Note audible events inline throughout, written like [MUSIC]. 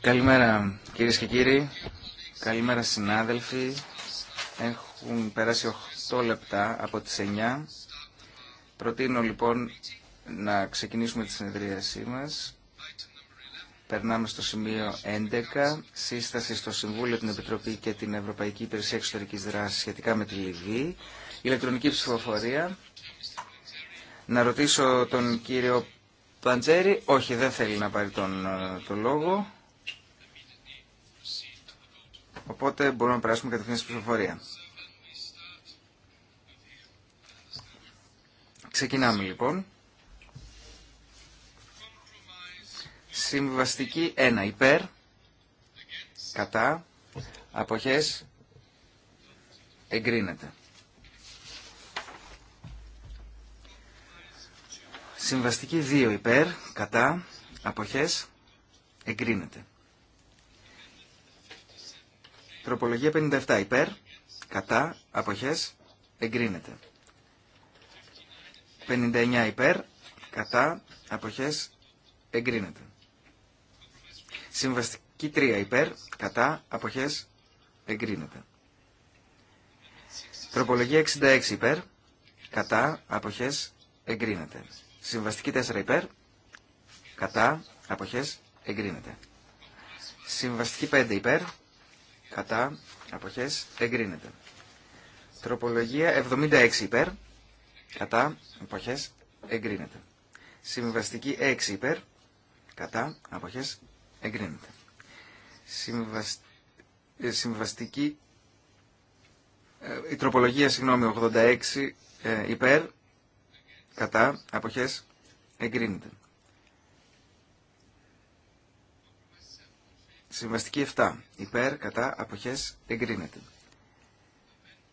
Καλημέρα κυρίες και κύριοι, καλημέρα συνάδελφοι. Έχουν περάσει 8 λεπτά από τις 9. Προτείνω λοιπόν να ξεκινήσουμε τη συνεδρίασή μας. Περνάμε στο σημείο 11, σύσταση στο Συμβούλιο, την Επιτροπή και την Ευρωπαϊκή Υπηρεσία Εξωτερικής Δράσης σχετικά με τη Λιβύη, ηλεκτρονική ψηφοφορία. Να ρωτήσω τον κύριο Αντζέρι, όχι, δεν θέλει να πάρει τον, ε, τον λόγο. Οπότε μπορούμε να περάσουμε κατευθείαν στην ψηφοφορία. Ξεκινάμε λοιπόν. Συμβαστική 1. Υπέρ. Κατά. Αποχές. Εγκρίνεται. Συμβαστική 2 υπέρ, κατά, αποχές, εγκρίνεται. Τροπολογία 57 υπέρ, κατά, αποχές, εγκρίνεται. 59 υπέρ, κατά, αποχές, εγκρίνεται. Συμβαστική 3 υπέρ, κατά, αποχές, εγκρίνεται. Τροπολογία 66 υπέρ, κατά, αποχές, εγκρίνεται. Συμβαστική 4 υπέρ. Κατά. Αποχές. Εγκρίνεται. Συμβαστική 5 υπέρ. Κατά. Αποχές. Εγκρίνεται. Τροπολογία 76 υπέρ. Κατά. Αποχές. Εγκρίνεται. Συμβαστική 6 υπέρ. Κατά. Αποχές. Εγκρίνεται. Ε, συμβαστική... Ε, η τροπολογία, συγγνώμη, 86 ε, υπέρ κατά αποχές εγκρίνεται. Συμβαστική 7. Υπέρ κατά αποχές εγκρίνεται.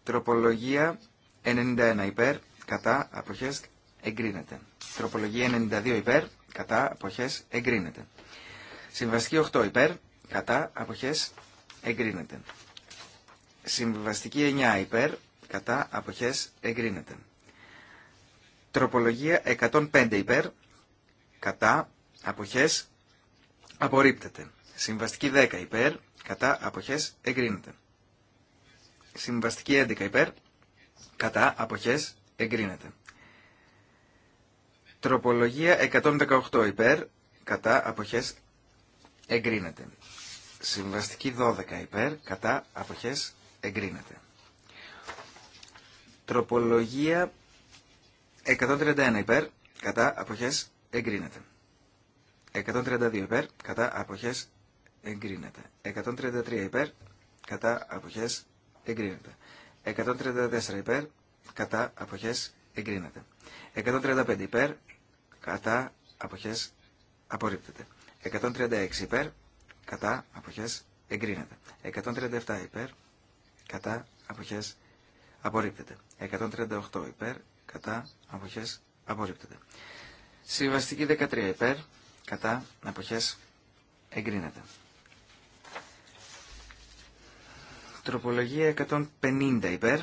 Τροπολογία 91 υπέρ κατά αποχές εγκρίνεται. Τροπολογία 92 υπέρ κατά αποχές εγκρίνεται. Συμβαστική 8 υπέρ κατά αποχές εγκρίνεται. Συμβαστική 9 υπέρ κατά αποχές εγκρίνεται. Τροπολογία 105 υπέρ, κατά, αποχές, απορρίπτεται. Συμβαστική 10 υπέρ, κατά, αποχές, εγκρίνεται. Συμβαστική 11 υπέρ, κατά, αποχές, εγκρίνεται. Τροπολογία 118 υπέρ, κατά, αποχές, εγκρίνεται. Συμβαστική 12 υπέρ, κατά, αποχές, εγκρίνεται. Τροπολογία 131 υπέρ, κατά αποχές εγκρίνεται. 132 υπέρ, κατά αποχές εγκρίνεται. 133 υπέρ, κατά αποχές εγκρίνεται. 134 υπέρ, κατά αποχές εγκρίνεται. 135 υπέρ, κατά αποχές απορρίπτεται. 136 υπέρ, κατά αποχές εγκρίνεται. 137 υπέρ, κατά αποχές απορρίπτεται. 138 υπέρ, κατά αποχές απορρίπτεται. Συμβαστική 13 υπέρ κατά αποχές εγκρίνεται. Τροπολογία 150 υπέρ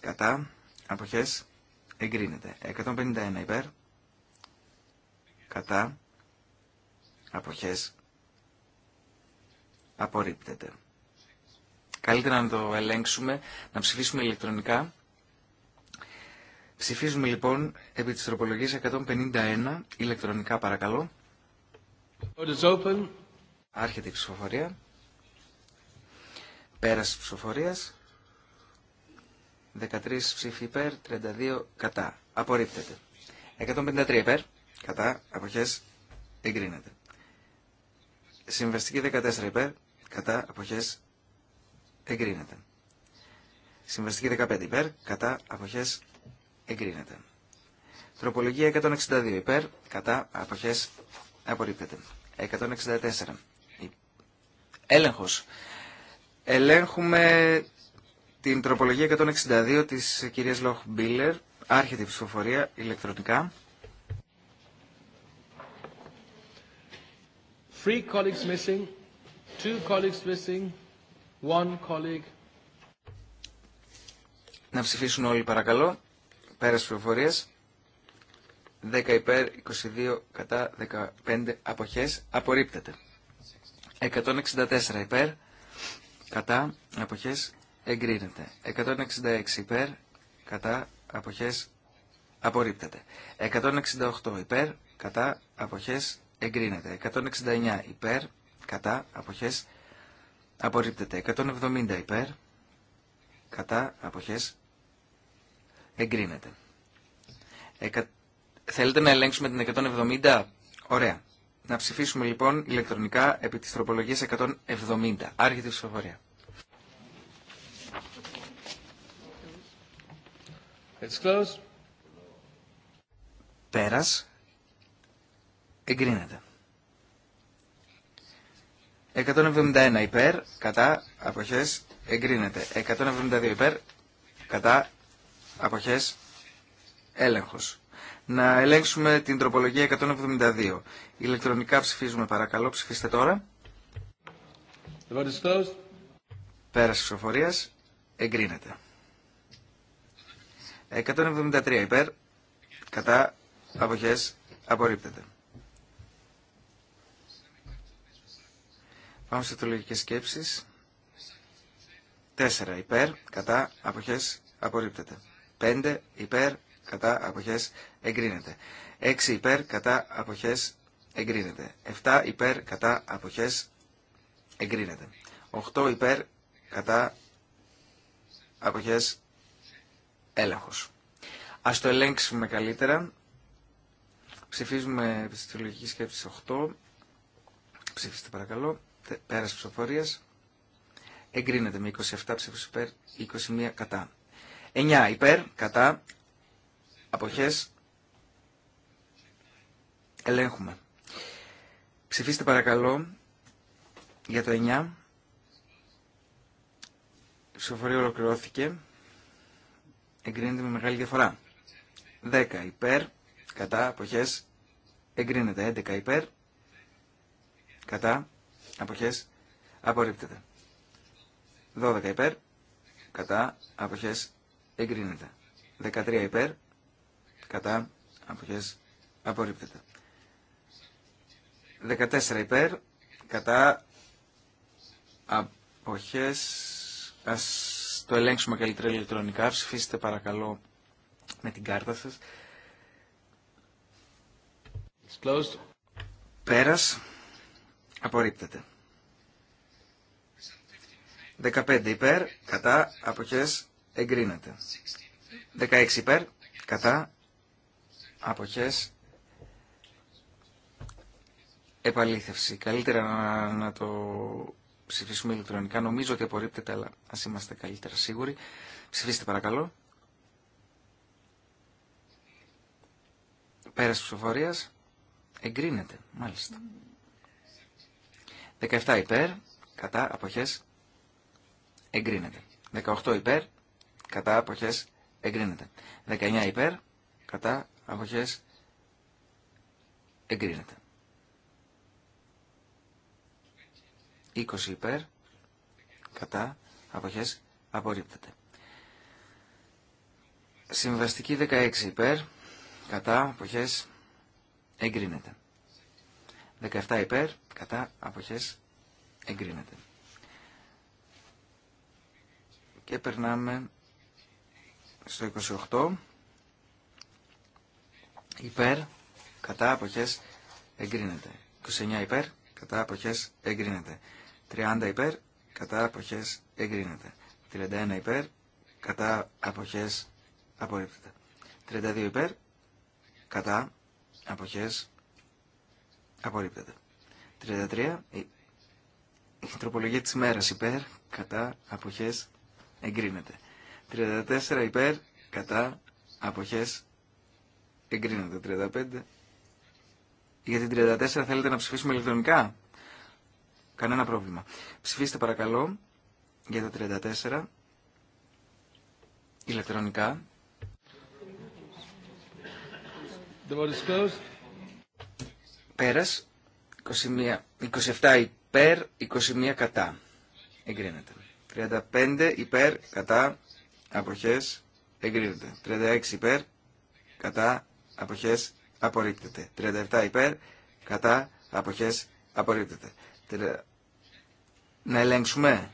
κατά αποχές εγκρίνεται. 151 υπέρ κατά αποχές απορρίπτεται. Καλύτερα να το ελέγξουμε, να ψηφίσουμε ηλεκτρονικά Ψηφίζουμε λοιπόν επί της τροπολογίας 151 ηλεκτρονικά παρακαλώ. Άρχεται η ψηφοφορία. Πέραση ψηφοφορίας. 13 ψηφί, υπέρ, 32 κατά. Απορρίπτεται. 153 υπέρ, κατά, αποχές, εγκρίνεται. Συμβαστική 14 υπέρ, κατά, αποχές, εγκρίνεται. Συμβαστική 15 υπέρ, κατά, αποχές, εγκρίνεται. Τροπολογία 162 υπέρ, κατά, αποχές, απορρίπτεται. 164. Έλεγχος. Ελέγχουμε την τροπολογία 162 της κυρίας Λόχ Μπίλερ, άρχεται η ψηφοφορία ηλεκτρονικά. Three colleagues missing, two colleagues missing, one colleague. Να ψηφίσουν όλοι παρακαλώ. Πέρας πληροφορία, 10 υπέρ, 22 κατά, 15 αποχές. Απορρίπτεται. 164 υπέρ, κατά, αποχές. Εγκρίνεται. 166 υπέρ, κατά, αποχές. Απορρίπτεται. 168 υπέρ, κατά, αποχές. Εγκρίνεται. 169 υπέρ, κατά, αποχές. Απορρίπτεται. 170 υπέρ, κατά, αποχές Εγκρίνεται. Θέλετε να ελέγξουμε την 170. Ωραία. Να ψηφίσουμε λοιπόν ηλεκτρονικά επί της τροπολογίας 170. Άρχεται η ψηφοφορία. It's Πέρας. Εγκρίνεται. 171 υπέρ, κατά, αποχές, εγκρίνεται. 172 υπέρ, κατά, αποχές, έλεγχος. Να ελέγξουμε την τροπολογία 172. Ηλεκτρονικά ψηφίζουμε παρακαλώ, ψηφίστε τώρα. Πέραση ψηφοφορίας, εγκρίνεται. 173 υπέρ, κατά, αποχές, απορρίπτεται. Πάμε σε τολογικές σκέψεις. 4 υπέρ, κατά, αποχές, απορρίπτεται. 5 υπέρ κατά αποχέ εγκρίνεται. 6 υπέρ κατά αποχέ, εγκρίνεται. 7 υπέρ κατά αποχές εγκρίνεται. 8 υπέρ κατά αποχές έλεγχος. Ας το ελέγξουμε καλύτερα. Ψηφίζουμε επιστημολογική σκέψη 8. Ψήφιστε παρακαλώ. Πέρας ψηφοφορίας. Εγκρίνεται με 27 ψήφου υπέρ, 21 κατά. 9 υπέρ, κατά, αποχές, ελέγχουμε. Ψηφίστε παρακαλώ για το 9. Η ψηφοφορία ολοκληρώθηκε. Εγκρίνεται με μεγάλη διαφορά. 10 υπέρ, κατά, αποχές, εγκρίνεται. 11 υπέρ, κατά, αποχές, απορρίπτεται. 12 υπέρ, κατά, αποχές, εγκρίνεται. 13 υπέρ, κατά, αποχές, απορρίπτεται. 14 υπέρ, κατά, αποχές, ας το ελέγξουμε καλύτερα ηλεκτρονικά, ψηφίστε παρακαλώ με την κάρτα σας. closed. Πέρας, απορρίπτεται. 15 υπέρ, κατά, αποχές, εγκρίνεται. 16 υπέρ, κατά, αποχές, επαλήθευση. Καλύτερα να, να το ψηφίσουμε ηλεκτρονικά. Νομίζω ότι απορρίπτεται, αλλά ας είμαστε καλύτερα σίγουροι. Ψηφίστε παρακαλώ. Πέρας ψηφοφορίας, εγκρίνεται, μάλιστα. 17 υπέρ, κατά, αποχές, εγκρίνεται. 18 υπέρ, κατά αποχές εγκρίνεται. 19 υπέρ, κατά αποχές εγκρίνεται. 20 υπέρ, κατά αποχές απορρίπτεται. Συμβαστική 16 υπέρ, κατά αποχές εγκρίνεται. 17 υπέρ, κατά αποχές εγκρίνεται. Και περνάμε στο 28 υπέρ κατά αποχές εγκρίνεται 29 υπέρ κατά αποχές εγκρίνεται 30 υπέρ κατά αποχές εγκρίνεται 31 υπέρ κατά αποχές απορρίπτεται 32 υπέρ κατά αποχές απορρίπτεται 33 η, τροπολογία της μέρας υπέρ κατά αποχές εγκρίνεται 34 υπέρ, κατά, αποχές, εγκρίνονται. 35. Γιατί 34 θέλετε να ψηφίσουμε ηλεκτρονικά. Κανένα πρόβλημα. Ψηφίστε παρακαλώ για τα 34 ηλεκτρονικά. Πέρας, 21, 27 υπέρ, 21 κατά. Εγκρίνεται. 35 υπέρ, κατά, αποχές εγκρίνεται. 36 υπέρ, κατά, αποχές απορρίπτεται. 37 υπέρ, κατά, αποχές απορρίπτεται. Να ελέγξουμε.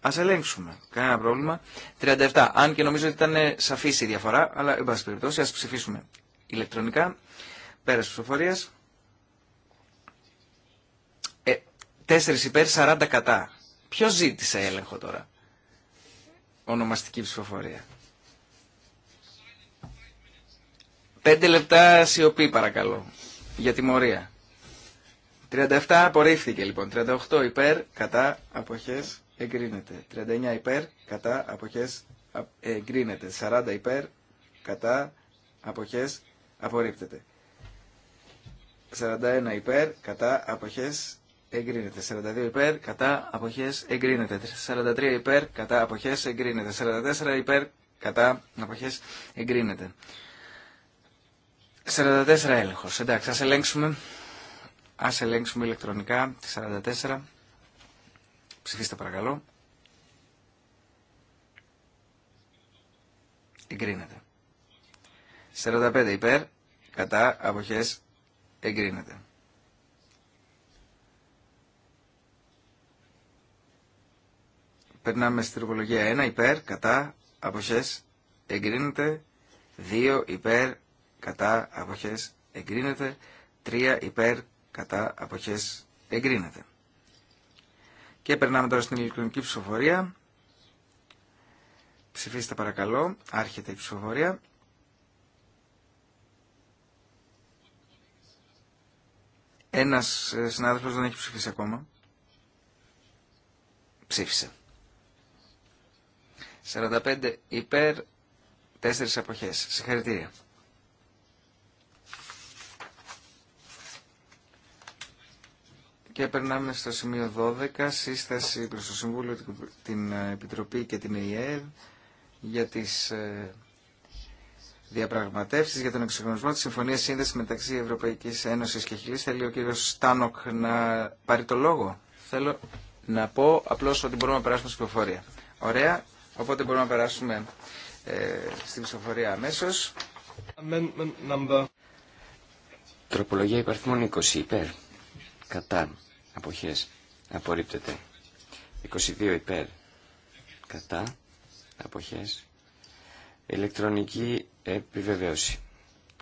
Ας ελέγξουμε. Κανένα πρόβλημα. 37. Αν και νομίζω ότι ήταν ε, σαφής η διαφορά, αλλά εν πάση περιπτώσει ας ψηφίσουμε ηλεκτρονικά. Πέρας ψηφοφορίας. Ε, 4 υπέρ, 40 κατά. Ποιο ζήτησε έλεγχο τώρα ονομαστική ψηφοφορία. Πέντε λεπτά σιωπή παρακαλώ, για τιμωρία. 37 απορρίφθηκε λοιπόν, 38 υπέρ, κατά, αποχές, εγκρίνεται. 39 υπέρ, κατά, αποχές, εγκρίνεται. 40 υπέρ, κατά, αποχές, απορρίπτεται. 41 υπέρ, κατά, αποχές, εγκρίνεται. 42 υπέρ, κατά αποχές εγκρίνεται. 43 υπέρ, κατά αποχέ, εγκρίνεται. 44 υπέρ, κατά αποχές εγκρίνεται. 44 έλεγχο. Εντάξει, α ελέγξουμε. Ας ελέγξουμε ηλεκτρονικά τη 44. Ψηφίστε παρακαλώ. Εγκρίνεται. 45 υπέρ, κατά αποχές εγκρίνεται. Περνάμε στην τροπολογία 1 υπέρ, κατά, αποχές, εγκρίνεται. 2 υπέρ, κατά, αποχές, εγκρίνεται. 3 υπέρ, κατά, αποχές, εγκρίνεται. Και περνάμε τώρα στην ηλεκτρονική ψηφοφορία. Ψηφίστε παρακαλώ. Άρχεται η ψηφοφορία. Ένας ε, συνάδελφος δεν έχει ψηφίσει ακόμα. Ψήφισε. 45 υπέρ, 4 εποχές. Συγχαρητήρια. Και περνάμε στο σημείο 12, σύσταση προς το Συμβούλιο, την ε, Επιτροπή και την ΕΕ για τις ε, διαπραγματεύσεις για τον εξοικονομισμό της Συμφωνίας Σύνδεσης μεταξύ Ευρωπαϊκής Ένωσης και Χιλής. Θέλει ο κύριος Στάνοκ να πάρει το λόγο. Θέλω να πω απλώς ότι μπορούμε να περάσουμε στην πληροφορία. Ωραία. Οπότε μπορούμε να περάσουμε ε, στην ψηφοφορία αμέσω. Τροπολογία υπαριθμών 20 υπέρ. Κατά. Αποχές. Απορρίπτεται. 22 υπέρ. Κατά. αποχέ. Ηλεκτρονική επιβεβαίωση.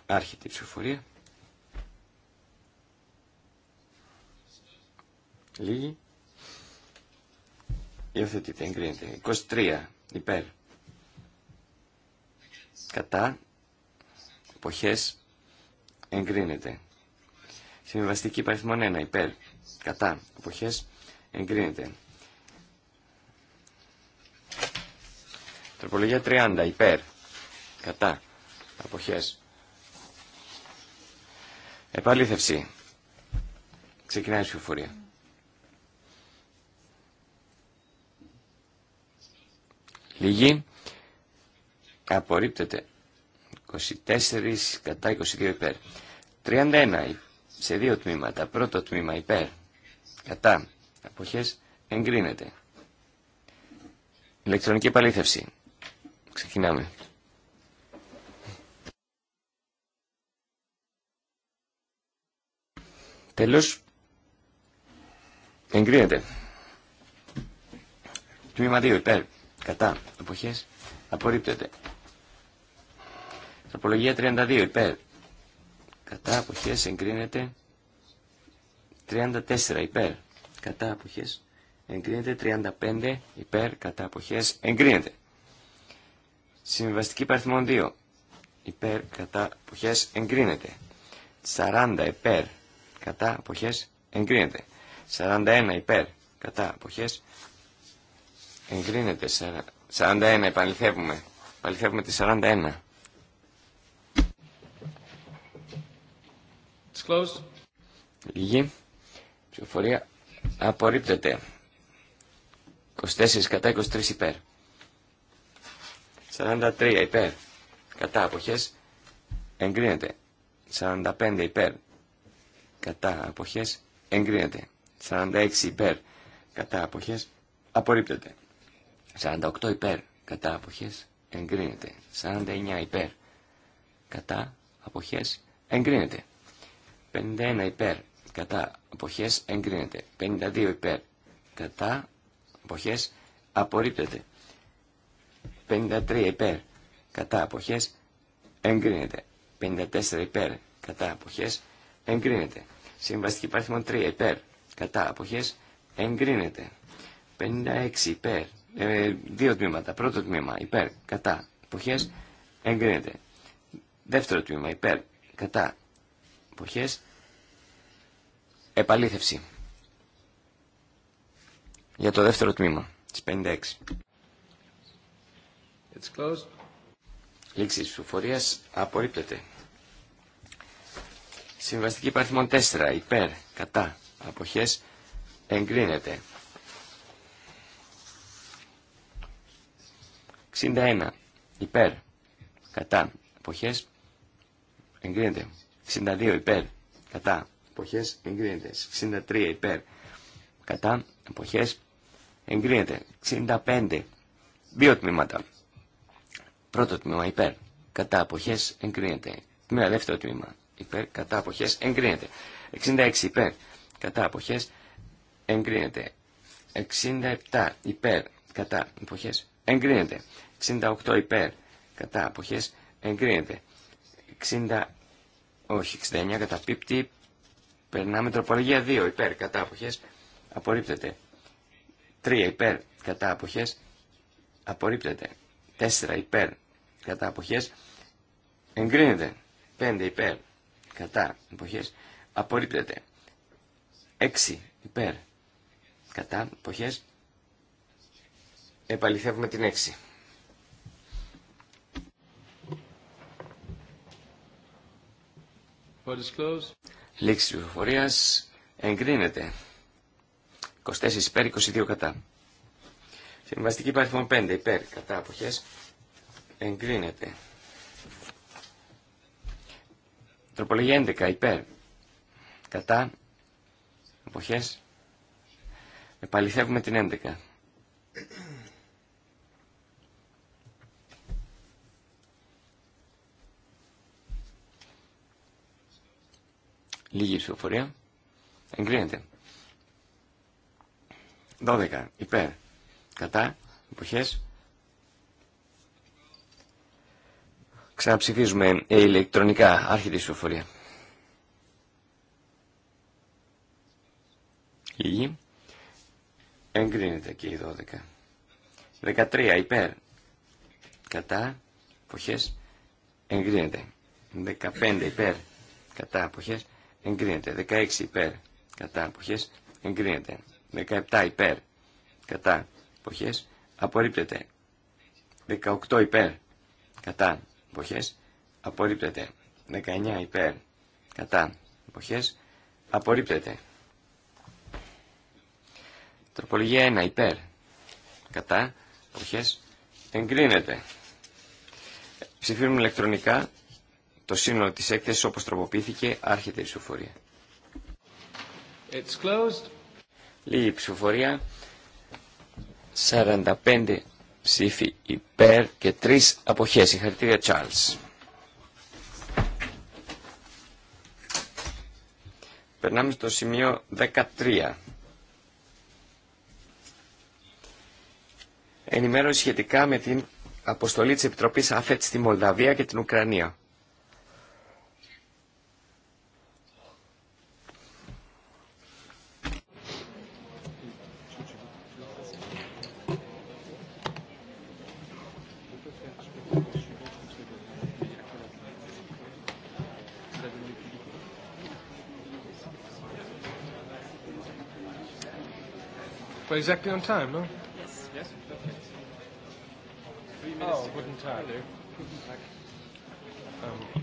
Άρχεται η ψηφοφορία. Λίγη. Υιοθετείται. Εγκρίνεται. 23 υπέρ κατά εποχές εγκρίνεται. Συμβαστική παριθμόν 1 υπέρ κατά εποχές εγκρίνεται. Τροπολογία 30 υπέρ κατά εποχές επαλήθευση. Ξεκινάει η ψηφοφορία. Λίγοι. Απορρίπτεται. 24 κατά 22 υπέρ. 31 σε δύο τμήματα. Πρώτο τμήμα υπέρ. Κατά. Αποχές εγκρίνεται. Ηλεκτρονική επαλήθευση. Ξεκινάμε. Τέλος. Εγκρίνεται. Τμήμα 2 υπέρ. Κατά. εποχέ, Απορρίπτεται. Τροπολογία 32. Υπέρ. Κατά. Αποχές. Εγκρίνεται. 34. Υπέρ. Κατά. Αποχές. Εγκρίνεται. 35. Υπέρ. Κατά. Αποχές. Εγκρίνεται. Συμβαστική παριθμών 2. Υπέρ. Κατά. Αποχές. Εγκρίνεται. 40. Υπέρ. Κατά. Αποχές. Εγκρίνεται. 41. Υπέρ. Κατά. Αποχές. Εγκρίνεται. 41. Επαληθεύουμε. Επαληθεύουμε τη 41. It's Λίγη. Ψηφοφορία. Απορρίπτεται. 24 κατά 23 υπέρ. 43 υπέρ. Κατά αποχές. Εγκρίνεται. 45 υπέρ. Κατά αποχές. Εγκρίνεται. 46 υπέρ. Κατά αποχές. Απορρίπτεται. 48 υπέρ κατά αποχές εγκρίνεται. 49 υπέρ κατά αποχές εγκρίνεται. 51 υπέρ κατά αποχές εγκρίνεται. 52 υπέρ κατά αποχές απορρίπτεται. 53 υπέρ κατά αποχές εγκρίνεται. 54 υπέρ κατά αποχές εγκρίνεται. Συμβαστική παρθμό 3 υπέρ κατά αποχές εγκρίνεται. 56 υπέρ ε, δύο τμήματα. Πρώτο τμήμα υπέρ, κατά, εποχές, εγκρίνεται. Δεύτερο τμήμα υπέρ, κατά, εποχές, επαλήθευση. Για το δεύτερο τμήμα, τις 56. It's Λήξη της ψηφοφορίας απορρίπτεται. Συμβαστική παριθμών 4, υπέρ, κατά, αποχές, εγκρίνεται. 61 υπέρ κατά εποχέ, εγκρίνεται. 62 υπέρ κατά Εποχέ. εγκρίνεται. 63 υπέρ κατά Εποχέ. εγκρίνεται. 65 δύο τμήματα. Πρώτο τμήμα υπέρ κατά Εποχέ. εγκρίνεται. Τμήμα δεύτερο τμήμα υπέρ κατά Εποχέ. εγκρίνεται. 66 υπέρ κατά Εποχέ. εγκρίνεται. 67 υπέρ κατά εποχέ, εγκρίνεται. 68 υπέρ κατά αποχές εγκρίνεται. 60, όχι, 69 κατά πίπτη. Περνάμε τροπολογία 2 υπέρ κατά αποχές απορρίπτεται. 3 υπέρ κατά αποχές απορρίπτεται. 4 υπέρ κατά αποχές εγκρίνεται. 5 υπέρ κατά αποχές απορρίπτεται. 6 υπέρ κατά αποχές επαληθεύουμε την 6. Λήξη της ψηφοφορίας εγκρίνεται. 24 υπέρ, 22 κατά. Συμβαστική παρελθόν 5 υπέρ, κατά αποχές εγκρίνεται. Τροπολογία 11 υπέρ, κατά αποχές επαληθεύουμε την 11. Λίγη ψηφοφορία. Εγκρίνεται. 12. Υπέρ. Κατά. εποχέ, Ξαναψηφίζουμε ηλεκτρονικά. Άρχεται η ψηφοφορία. Λίγη. Εγκρίνεται και η 12. 13. Υπέρ. Κατά. Εποχέ. Εγκρίνεται. 15. Υπέρ. Κατά. Εγκρίνεται εγκρίνεται. 16 υπέρ κατά εποχέ εγκρίνεται. 17 υπέρ κατά εποχέ απορρίπτεται. 18 υπέρ κατά εποχέ απορρίπτεται. 19 υπέρ κατά εποχέ απορρίπτεται. Τροπολογία 1 υπέρ κατά εποχέ εγκρίνεται. Ψηφίζουμε ηλεκτρονικά το σύνολο της έκθεσης όπως τροποποιήθηκε άρχεται η ψηφοφορία. Λίγη ψηφοφορία. 45 ψήφοι υπέρ και 3 αποχές. Συγχαρητήρια Charles. Περνάμε στο σημείο 13. Ενημέρωση σχετικά με την αποστολή της Επιτροπής ΑΦΕΤ στη Μολδαβία και την Ουκρανία. exactly on time, no? Yes. Yes, perfect. Three minutes. Oh, good time. Guten Um,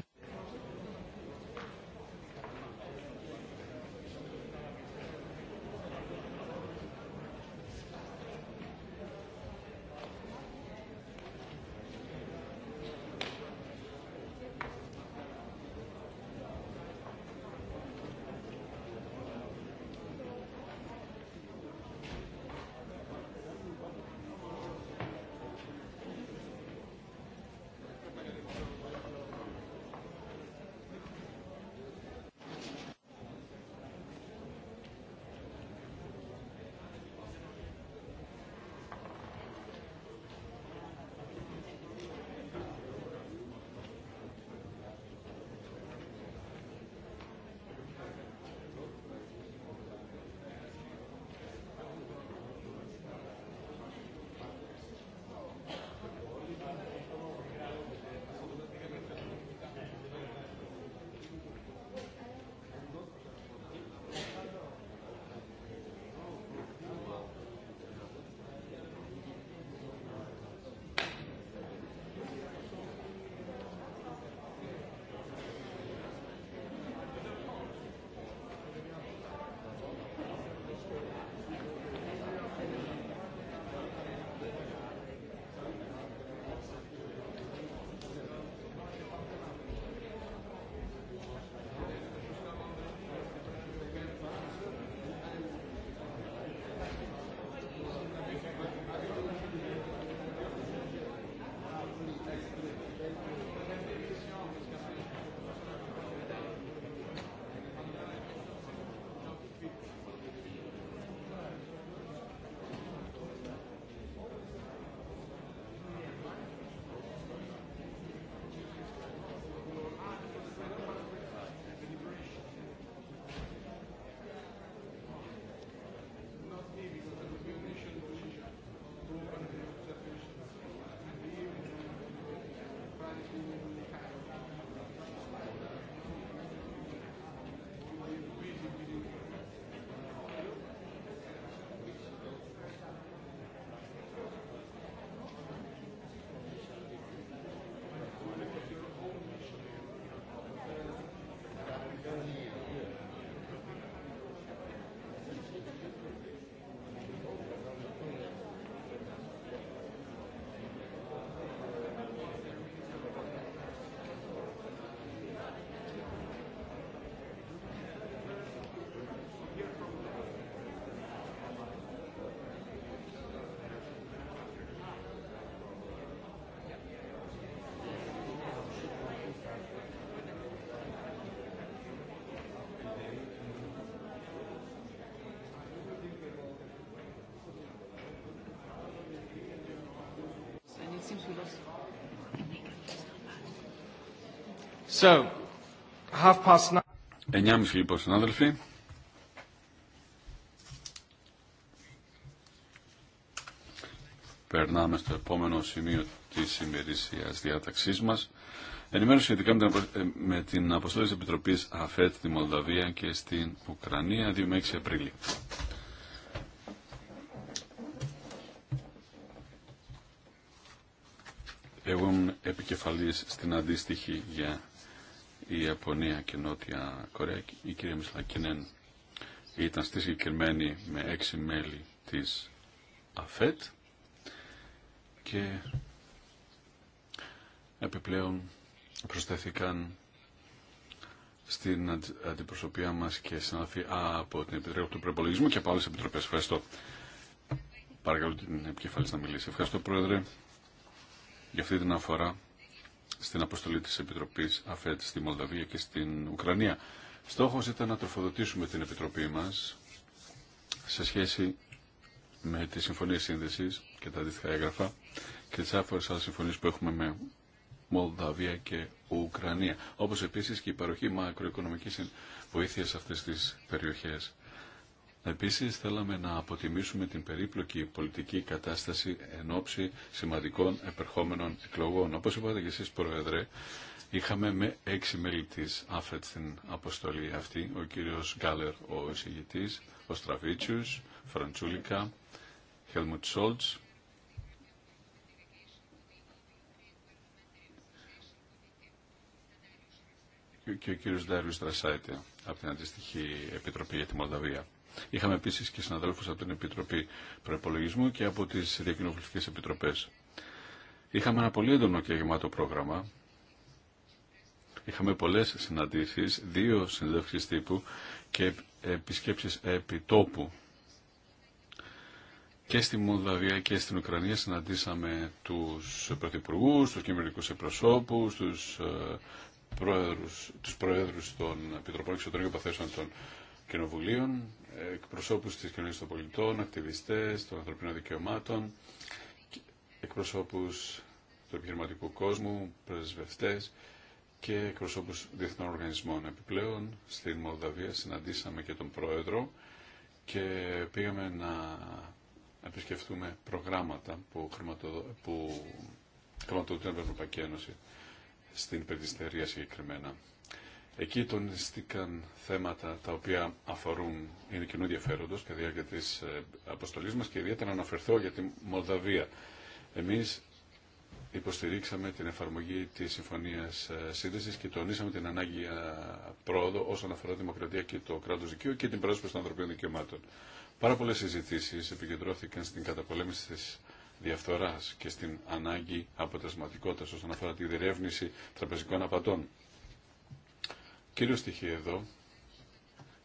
So, half past nine. 9.30 λοιπόν συνάδελφοι. Περνάμε στο επόμενο σημείο της ημερησία διάταξή μα. Ενημέρωση σχετικά ε, με την αποστολή της Επιτροπής ΑΦΕΤ στη Μολδαβία και στην Ουκρανία 2 με 6 Απριλίου. επικεφαλής στην αντίστοιχη για η Ιαπωνία και Νότια Κορέα. Η κυρία Μισλακινέν ήταν στη συγκεκριμένη με έξι μέλη της ΑΦΕΤ και επιπλέον προσθέθηκαν στην αντιπροσωπεία μας και συνάδελφοι από την Επιτροπή του Προπολογισμού και από άλλες επιτροπές. Ευχαριστώ. Παρακαλώ την επικεφαλής να μιλήσει. Ευχαριστώ Πρόεδρε για αυτή την αφορά στην αποστολή της Επιτροπής ΑΦΕΤ στη Μολδαβία και στην Ουκρανία. Στόχος ήταν να τροφοδοτήσουμε την Επιτροπή μας σε σχέση με τη Συμφωνία Σύνδεσης και τα αντίστοιχα έγγραφα και τις άφορες άλλες συμφωνίες που έχουμε με Μολδαβία και Ουκρανία. Όπως επίσης και η παροχή μακροοικονομικής βοήθειας σε αυτές τις περιοχές. Επίσης θέλαμε να αποτιμήσουμε την περίπλοκη πολιτική κατάσταση εν ώψη σημαντικών επερχόμενων εκλογών. Όπως είπατε και εσείς Πρόεδρε, είχαμε με έξι μέλη της ΑΦΕΤ στην αποστολή αυτή, ο κύριος Γκάλερ ο εισηγητής, ο Στραβίτσιους, Φραντσούλικα, Χέλμουτ Σόλτς, και ο κύριος Ντάριους Δρασάιτε από την αντιστοιχή Επιτροπή για τη Μολδαβία. Είχαμε επίση και συναδέλφου από την Επιτροπή Προπολογισμού και από τι Διακοινοβουλευτικέ Επιτροπέ. Είχαμε ένα πολύ έντονο και γεμάτο πρόγραμμα. Είχαμε πολλέ συναντήσει, δύο συνδεύξει τύπου και επισκέψει επιτόπου. Και στη Μολδαβία και στην Ουκρανία συναντήσαμε τους πρωθυπουργούς, τους κυβερνητικούς εκπροσώπους, τους ε, πρόεδρους, τους προέδρους των Επιτροπών Εξωτερικών Παθέσεων των Κοινοβουλίων, εκπροσώπους της κοινωνίας των πολιτών, ακτιβιστές των ανθρωπίνων δικαιωμάτων, εκπροσώπους του επιχειρηματικού κόσμου, πρεσβευτές και εκπροσώπους διεθνών οργανισμών. Επιπλέον, στην Μολδαβία συναντήσαμε και τον Πρόεδρο και πήγαμε να επισκεφτούμε προγράμματα που, χρηματοδο... που χρηματοδοτούν την Ευρωπαϊκή Ένωση στην περιστέρια συγκεκριμένα. Εκεί τονίστηκαν θέματα τα οποία αφορούν είναι ειδικινού ενδιαφέροντος και διάρκεια τη ε, αποστολή μα και ιδιαίτερα να αναφερθώ για τη Μολδαβία. Εμεί υποστηρίξαμε την εφαρμογή τη συμφωνία ε, Σύνδεση και τονίσαμε την ανάγκη ε, πρόοδο όσον αφορά τη δημοκρατία και το κράτο δικαίου και την πρόσφαση των ανθρωπίνων δικαιωμάτων. Πάρα πολλέ συζητήσει επικεντρώθηκαν στην καταπολέμηση τη διαφθορά και στην ανάγκη αποτελεσματικότητα όσον αφορά τη διερεύνηση τραπεζικών απατών. Κύριο στοιχείο εδώ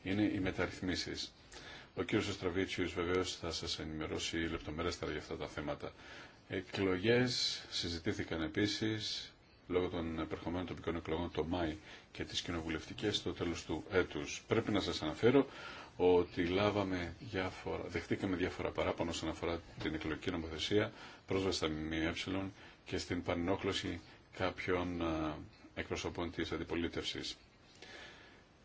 είναι οι μεταρρυθμίσεις. Ο κύριο Στραβίτσιος βεβαίω θα σα ενημερώσει λεπτομέρεστερα για αυτά τα θέματα. Εκλογέ συζητήθηκαν επίση λόγω των επερχομένων τοπικών εκλογών το Μάη και τι κοινοβουλευτικέ στο τέλο του έτου. Πρέπει να σα αναφέρω ότι λάβαμε διάφορα, δεχτήκαμε διάφορα παράπονα όσον αφορά την εκλογική νομοθεσία, πρόσβαση στα ΜΜΕ και στην πανενόχλωση κάποιων εκπροσωπών της αντιπολίτευση.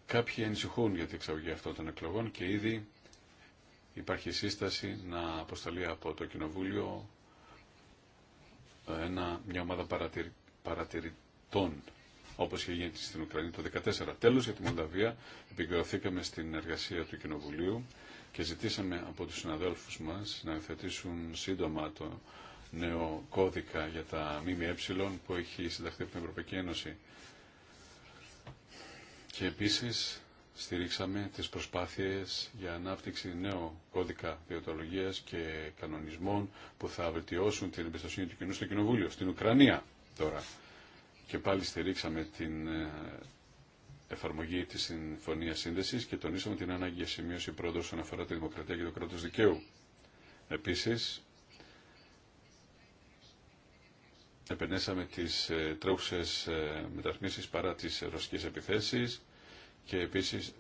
Κάποιοι ανησυχούν για την εξαγωγή αυτών των εκλογών και ήδη υπάρχει σύσταση να αποσταλεί από το Κοινοβούλιο ένα, μια ομάδα παρατηρητών όπως είχε γίνει στην Ουκρανία το 2014. Τέλος, για τη Μονταβία, επικοινωθήκαμε στην εργασία του Κοινοβουλίου και ζητήσαμε από τους συναδέλφους μας να ευθετήσουν σύντομα το νέο κώδικα για τα ΜΜΕ που έχει συνταχθεί από την Ευρωπαϊκή Ένωση και επίσης στηρίξαμε τις προσπάθειες για ανάπτυξη νέου κώδικα διοντολογίας και κανονισμών που θα βελτιώσουν την εμπιστοσύνη του κοινού στο Κοινοβούλιο, στην Ουκρανία τώρα. Και πάλι στηρίξαμε την ε, εφαρμογή της συμφωνία Σύνδεσης και τονίσαμε την ανάγκη για σημείωση πρόοδος όσον αφορά τη δημοκρατία και το κράτος δικαίου. Επίσης, επενέσαμε τις ε, τρέχουσες ε, μεταρρυθμίσεις παρά τις ε, ρωσικές επιθέσεις και επίσης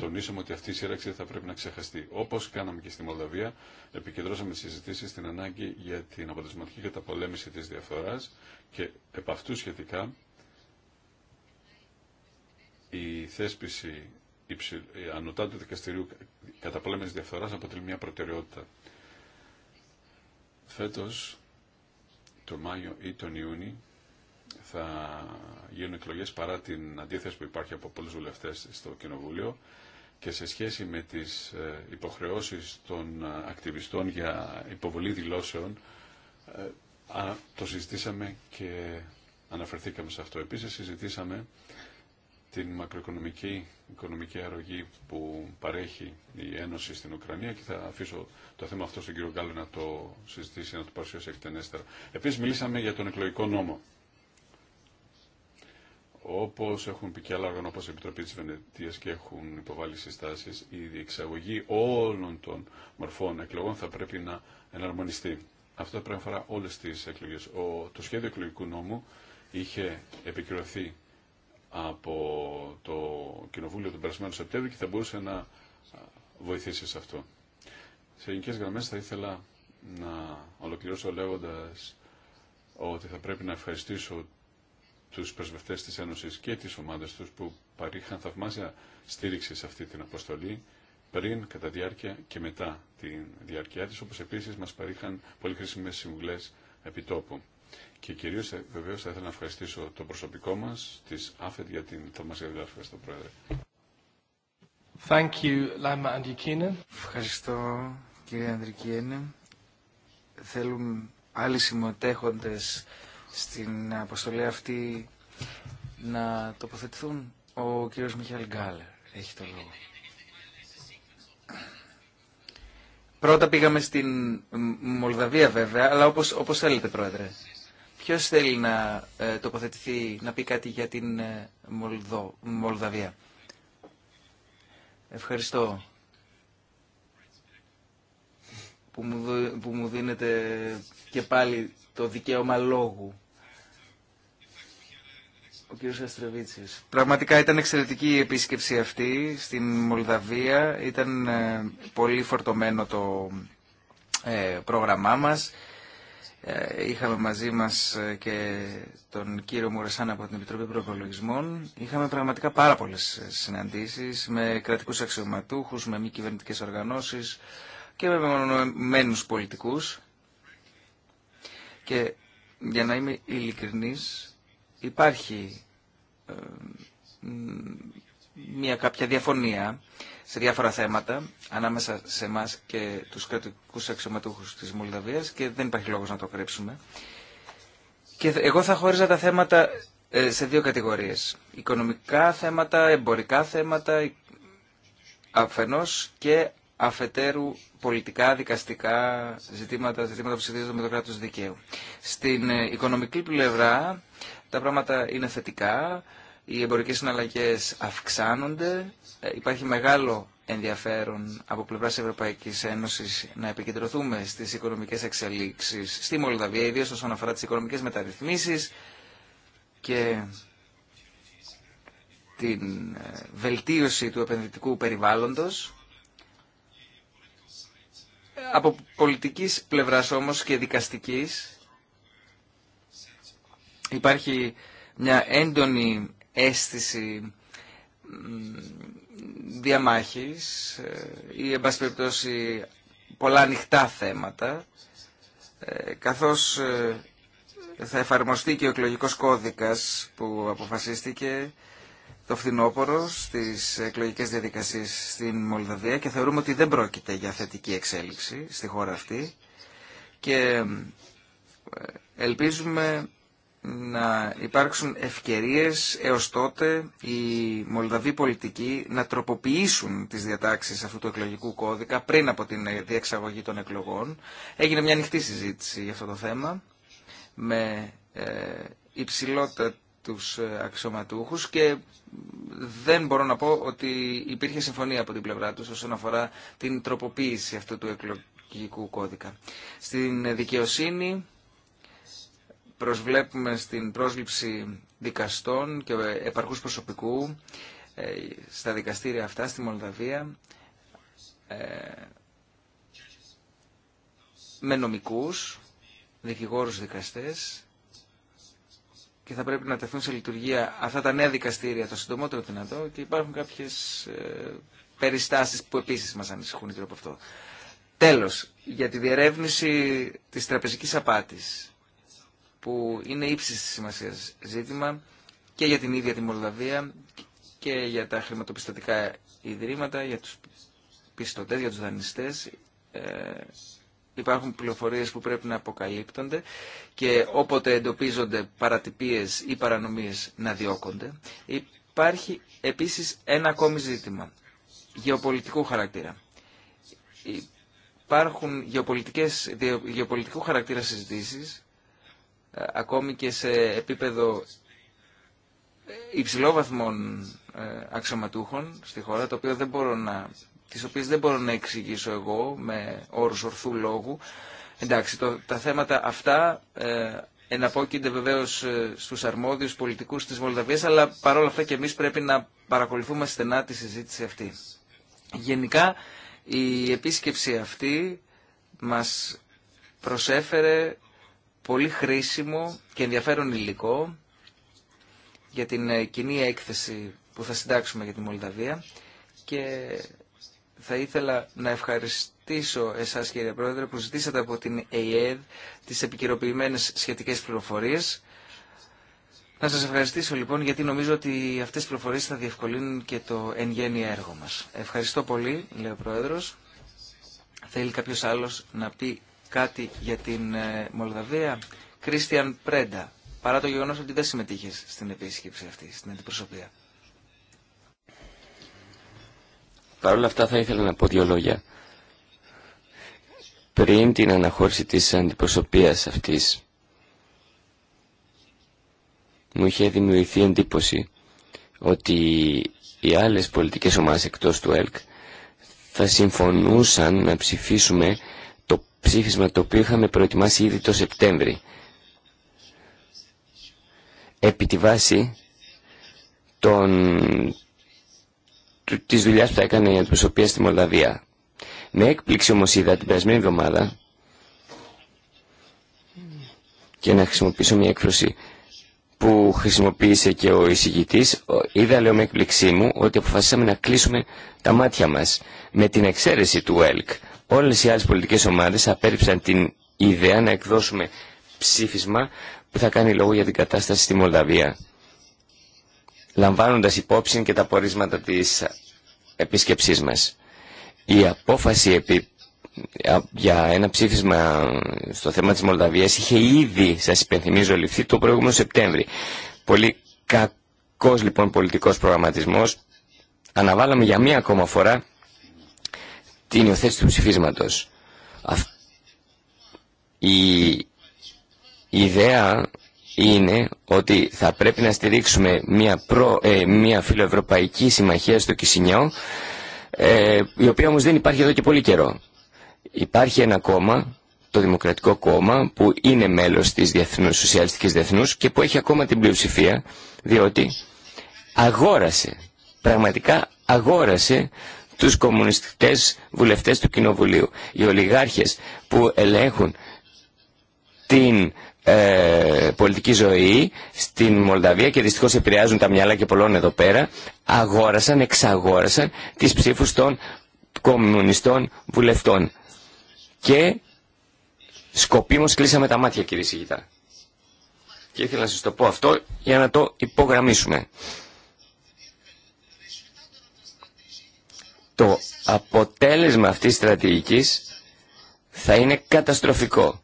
τονίσαμε ότι αυτή η σύραξη θα πρέπει να ξεχαστεί. Όπως κάναμε και στη Μολδαβία, επικεντρώσαμε τις συζητήσεις στην ανάγκη για την αποτελεσματική καταπολέμηση της διαφθοράς και επ' αυτού σχετικά η θέσπιση υψηλ... ανωτά του δικαστηρίου καταπολέμησης διαφθοράς αποτελεί μια προτεραιότητα. Φέτος τον Μάιο ή τον Ιούνιο θα γίνουν εκλογέ παρά την αντίθεση που υπάρχει από πολλού βουλευτέ στο Κοινοβούλιο και σε σχέση με τι ε, υποχρεώσει των ε, ακτιβιστών για υποβολή δηλώσεων. Ε, το συζητήσαμε και αναφερθήκαμε σε αυτό. Επίσης συζητήσαμε την μακροοικονομική οικονομική αρρωγή που παρέχει η Ένωση στην Ουκρανία και θα αφήσω το θέμα αυτό στον κύριο Γκάλου να το συζητήσει, να το παρουσιάσει εκτενέστερα. Επίσης μιλήσαμε για τον εκλογικό νόμο. Όπως έχουν πει και άλλα όργανα όπως η Επιτροπή της Βενετίας και έχουν υποβάλει συστάσεις, η διεξαγωγή όλων των μορφών εκλογών θα πρέπει να εναρμονιστεί. Αυτό πρέπει να αφορά όλες τις εκλογές. το σχέδιο εκλογικού νόμου είχε επικυρωθεί από το Κοινοβούλιο τον περασμένο Σεπτέμβριο και θα μπορούσε να βοηθήσει σε αυτό. Σε γενικέ γραμμέ θα ήθελα να ολοκληρώσω λέγοντα ότι θα πρέπει να ευχαριστήσω του πρεσβευτές της Ένωση και τις ομάδες τους που παρήχαν θαυμάσια στήριξη σε αυτή την αποστολή πριν, κατά διάρκεια και μετά τη διάρκεια τη, όπω επίση μα παρήχαν πολύ χρήσιμε συμβουλέ επιτόπου. Και κυρίω ε, βεβαίω θα ήθελα να ευχαριστήσω το προσωπικό μα τη ΑΦΕΤ για την θαυμασία δουλειά. Ευχαριστώ, Πρόεδρε. Thank you, Ευχαριστώ, κύριε Ανδρικίνε. Θέλουν άλλοι συμμετέχοντε στην αποστολή αυτή να τοποθετηθούν. Ο κύριος Μιχαήλ Γκάλερ έχει το λόγο. Πρώτα πήγαμε στην Μολδαβία βέβαια, αλλά όπως, όπως θέλετε πρόεδρε. Ποιος θέλει να ε, τοποθετηθεί, να πει κάτι για την ε, Μολδο, Μολδαβία. Ευχαριστώ που μου, δίνετε και πάλι το δικαίωμα λόγου. Ο κύριος Αστρεβίτσης. Πραγματικά ήταν εξαιρετική η επίσκεψη αυτή στην Μολδαβία. Ήταν ε, πολύ φορτωμένο το πρόγραμμά μας. Ε, είχαμε μαζί μας ε, και τον κύριο Μουρεσάν από την Επιτροπή Προπολογισμών. Είχαμε πραγματικά πάρα πολλές ε, συναντήσεις με κρατικούς αξιωματούχους, με μη κυβερνητικέ οργανώσεις και με μονομενούς πολιτικούς. Και για να είμαι ειλικρινής, υπάρχει μια κάποια διαφωνία σε διάφορα θέματα ανάμεσα σε εμά και του κρατικού αξιωματούχου της Μολδαβία και δεν υπάρχει λόγο να το κρύψουμε. Και εγώ θα χώριζα τα θέματα ε, σε δύο κατηγορίε: Οικονομικά θέματα, εμπορικά θέματα, ε, αφενός και αφετέρου πολιτικά, δικαστικά ζητήματα, ζητήματα που συνδέονται με το κράτο δικαίου. Στην ε, οικονομική πλευρά τα πράγματα είναι θετικά οι εμπορικές συναλλαγές αυξάνονται, ε, υπάρχει μεγάλο ενδιαφέρον από πλευράς Ευρωπαϊκής Ένωσης να επικεντρωθούμε στις οικονομικές εξελίξεις στη Μολδαβία, ιδίως όσον αφορά τις οικονομικές μεταρρυθμίσεις και την ε, βελτίωση του επενδυτικού περιβάλλοντος. Από πολιτικής πλευράς όμως και δικαστικής υπάρχει μια έντονη αίσθηση διαμάχης ε, ή εν πολλά ανοιχτά θέματα ε, καθώς ε, θα εφαρμοστεί και ο εκλογικός κώδικας που αποφασίστηκε το φθινόπωρο στις εκλογικές διαδικασίες στην Μολδαβία και θεωρούμε ότι δεν πρόκειται για θετική εξέλιξη στη χώρα αυτή και ελπίζουμε να υπάρξουν ευκαιρίες έως τότε οι Μολδαβοί πολιτικοί να τροποποιήσουν τις διατάξεις αυτού του εκλογικού κώδικα πριν από την διεξαγωγή των εκλογών. Έγινε μια ανοιχτή συζήτηση για αυτό το θέμα με ε, υψηλότητα τους ε, αξιωματούχους και δεν μπορώ να πω ότι υπήρχε συμφωνία από την πλευρά τους όσον αφορά την τροποποίηση αυτού του εκλογικού κώδικα. Στην δικαιοσύνη προσβλέπουμε στην πρόσληψη δικαστών και επαρκούς προσωπικού ε, στα δικαστήρια αυτά στη Μολδαβία ε, με νομικούς, δικηγόρους δικαστές και θα πρέπει να τεθούν σε λειτουργία αυτά τα νέα δικαστήρια το συντομότερο δυνατό και υπάρχουν κάποιες ε, περιστάσεις που επίσης μας ανησυχούν γύρω από αυτό. Τέλος, για τη διερεύνηση της τραπεζικής απάτης που είναι ύψη τη σημασίας ζήτημα και για την ίδια τη Μολδαβία και για τα χρηματοπιστωτικά ιδρύματα, για τους πιστωτές, για τους δανειστές. Ε, υπάρχουν πληροφορίες που πρέπει να αποκαλύπτονται και όποτε εντοπίζονται παρατυπίες ή παρανομίες να διώκονται. Υπάρχει επίσης ένα ακόμη ζήτημα γεωπολιτικού χαρακτήρα. Υπάρχουν γεωπολιτικές, γεωπολιτικού χαρακτήρα συζητήσεις ε, ακόμη και σε επίπεδο ε, υψηλόβαθμων ε, αξιωματούχων στη χώρα, το οποίο δεν μπορώ να, τις οποίες δεν μπορώ να εξηγήσω εγώ με όρους ορθού λόγου. Εντάξει, το, τα θέματα αυτά ε, εναπόκεινται βεβαίως στους αρμόδιους πολιτικούς της Μολδαβίας, αλλά παρόλα αυτά και εμείς πρέπει να παρακολουθούμε στενά τη συζήτηση αυτή. Γενικά, η επίσκεψη αυτή μας προσέφερε πολύ χρήσιμο και ενδιαφέρον υλικό για την ε, κοινή έκθεση που θα συντάξουμε για τη Μολδαβία και θα ήθελα να ευχαριστήσω εσάς κύριε Πρόεδρε που ζητήσατε από την ΕΕΔ τις επικαιροποιημένες σχετικές πληροφορίες. Να σας ευχαριστήσω λοιπόν γιατί νομίζω ότι αυτές οι πληροφορίες θα διευκολύνουν και το εν γέννη έργο μας. Ευχαριστώ πολύ, λέει ο Πρόεδρος. Θέλει κάποιος άλλος να πει κάτι για την ε, Μολδαβία. Κρίστιαν Πρέντα, παρά το γεγονός ότι δεν συμμετείχες στην επίσκεψη αυτή, στην αντιπροσωπεία. Παρ' όλα αυτά θα ήθελα να πω δύο λόγια. Πριν την αναχώρηση της αντιπροσωπείας αυτής, μου είχε δημιουργηθεί εντύπωση ότι οι άλλες πολιτικές ομάδες εκτός του ΕΛΚ θα συμφωνούσαν να ψηφίσουμε ψήφισμα το οποίο είχαμε προετοιμάσει ήδη το Σεπτέμβρη. Επί τη βάση των, της δουλειάς που θα έκανε η αντιπροσωπεία στη Μολδαβία. Με έκπληξη όμως είδα την περασμένη εβδομάδα και να χρησιμοποιήσω μια έκφραση που χρησιμοποίησε και ο εισηγητής, είδα λέω με έκπληξή μου ότι αποφασίσαμε να κλείσουμε τα μάτια μας. Με την εξαίρεση του ΕΛΚ, όλες οι άλλες πολιτικές ομάδες απέρριψαν την ιδέα να εκδώσουμε ψήφισμα που θα κάνει λόγο για την κατάσταση στη Μολδαβία. Λαμβάνοντας υπόψη και τα πορίσματα της επίσκεψής μας. Η απόφαση επί για ένα ψήφισμα στο θέμα της Μολδαβίας είχε ήδη, σας υπενθυμίζω, ληφθεί το προηγούμενο Σεπτέμβρη. Πολύ κακός λοιπόν πολιτικός προγραμματισμός. Αναβάλαμε για μία ακόμα φορά την υιοθέτηση του ψηφίσματος. Η... ιδέα είναι ότι θα πρέπει να στηρίξουμε ε, μία, φιλοευρωπαϊκή συμμαχία στο Κισινιό ε, η οποία όμως δεν υπάρχει εδώ και πολύ καιρό. Υπάρχει ένα κόμμα, το Δημοκρατικό Κόμμα, που είναι μέλος της διεθνούς, Σοσιαλιστικής Διεθνούς και που έχει ακόμα την πλειοψηφία, διότι αγόρασε, πραγματικά αγόρασε τους κομμουνιστές βουλευτές του Κοινοβουλίου. Οι ολιγάρχες που ελέγχουν την ε, πολιτική ζωή στην Μολδαβία και δυστυχώς επηρεάζουν τα μυαλά και πολλών εδώ πέρα αγόρασαν, εξαγόρασαν τις ψήφους των κομμουνιστών βουλευτών και σκοπίμως κλείσαμε τα μάτια κύριε Σιγητά. Και ήθελα να σας το πω αυτό για να το υπογραμμίσουμε. Το αποτέλεσμα αυτής της στρατηγικής θα είναι καταστροφικό.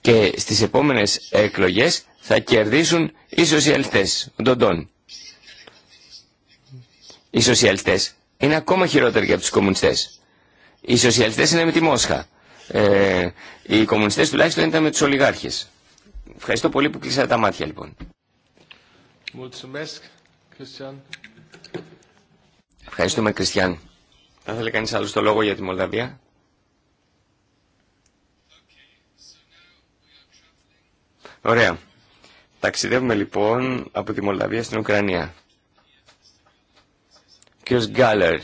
Και στις επόμενες εκλογές θα κερδίσουν οι σοσιαλιστές, ο Ντοντών. Οι σοσιαλιστές είναι ακόμα χειρότεροι για από τους κομμουνιστές. Οι σοσιαλιστές είναι με τη Μόσχα. Ε, οι κομμουνιστές τουλάχιστον ήταν με τους ολιγάρχες. Ευχαριστώ πολύ που κλείσατε τα μάτια λοιπόν. Ευχαριστούμε Κριστιαν. Θα ήθελε κανείς άλλο το λόγο για τη Μολδαβία. Ωραία. Ταξιδεύουμε λοιπόν από τη Μολδαβία στην Ουκρανία κύριος Γκάλερ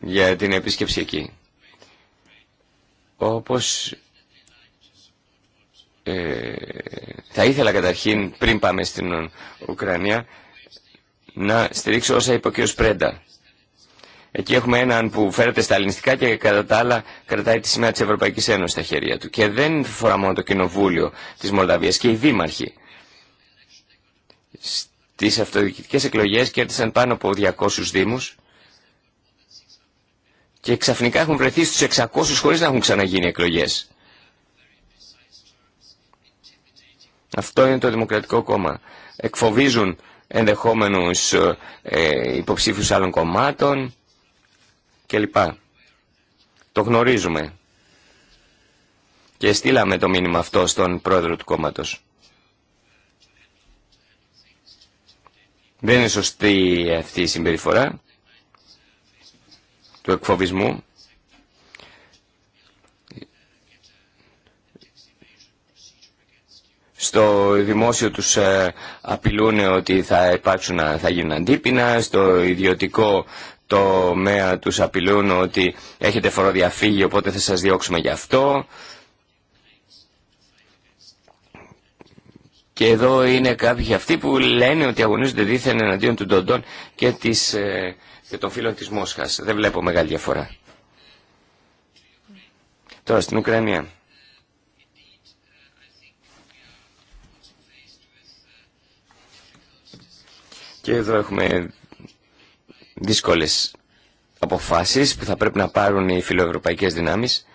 για την επίσκεψη εκεί. Όπως ε, θα ήθελα καταρχήν πριν πάμε στην Ουκρανία να στηρίξω όσα είπε ο κ. Πρέντα. Εκεί έχουμε έναν που φέρεται στα ελληνιστικά και κατά τα άλλα κρατάει τη σημαία της Ευρωπαϊκής Ένωσης στα χέρια του. Και δεν φορά μόνο το κοινοβούλιο της Μολδαβίας και οι δήμαρχοι. Στις αυτοδιοικητικές εκλογές κέρδισαν πάνω από 200 δήμους και ξαφνικά έχουν βρεθεί στους 600 χωρίς να έχουν ξαναγίνει εκλογές. Αυτό είναι το Δημοκρατικό Κόμμα. Εκφοβίζουν ενδεχόμενους ε, ε, υποψήφιους άλλων κομμάτων κλπ. Το γνωρίζουμε. Και στείλαμε το μήνυμα αυτό στον πρόεδρο του κόμματος. Δεν είναι σωστή αυτή η συμπεριφορά του εκφοβισμού στο δημόσιο τους ε, απειλούν ότι θα υπάρξουν, θα γίνουν αντίπεινα, στο ιδιωτικό τομέα τους απειλούν ότι έχετε φοροδιαφύγει οπότε θα σας διώξουμε γι' αυτό. Και εδώ είναι κάποιοι αυτοί που λένε ότι αγωνίζονται δίθεν εναντίον του Ντοντών και, ε, και των φίλων της Μόσχας. Δεν βλέπω μεγάλη διαφορά. Τώρα στην Ουκρανία. Και εδώ έχουμε δύσκολες αποφάσεις που θα πρέπει να πάρουν οι φιλοευρωπαϊκές δυνάμεις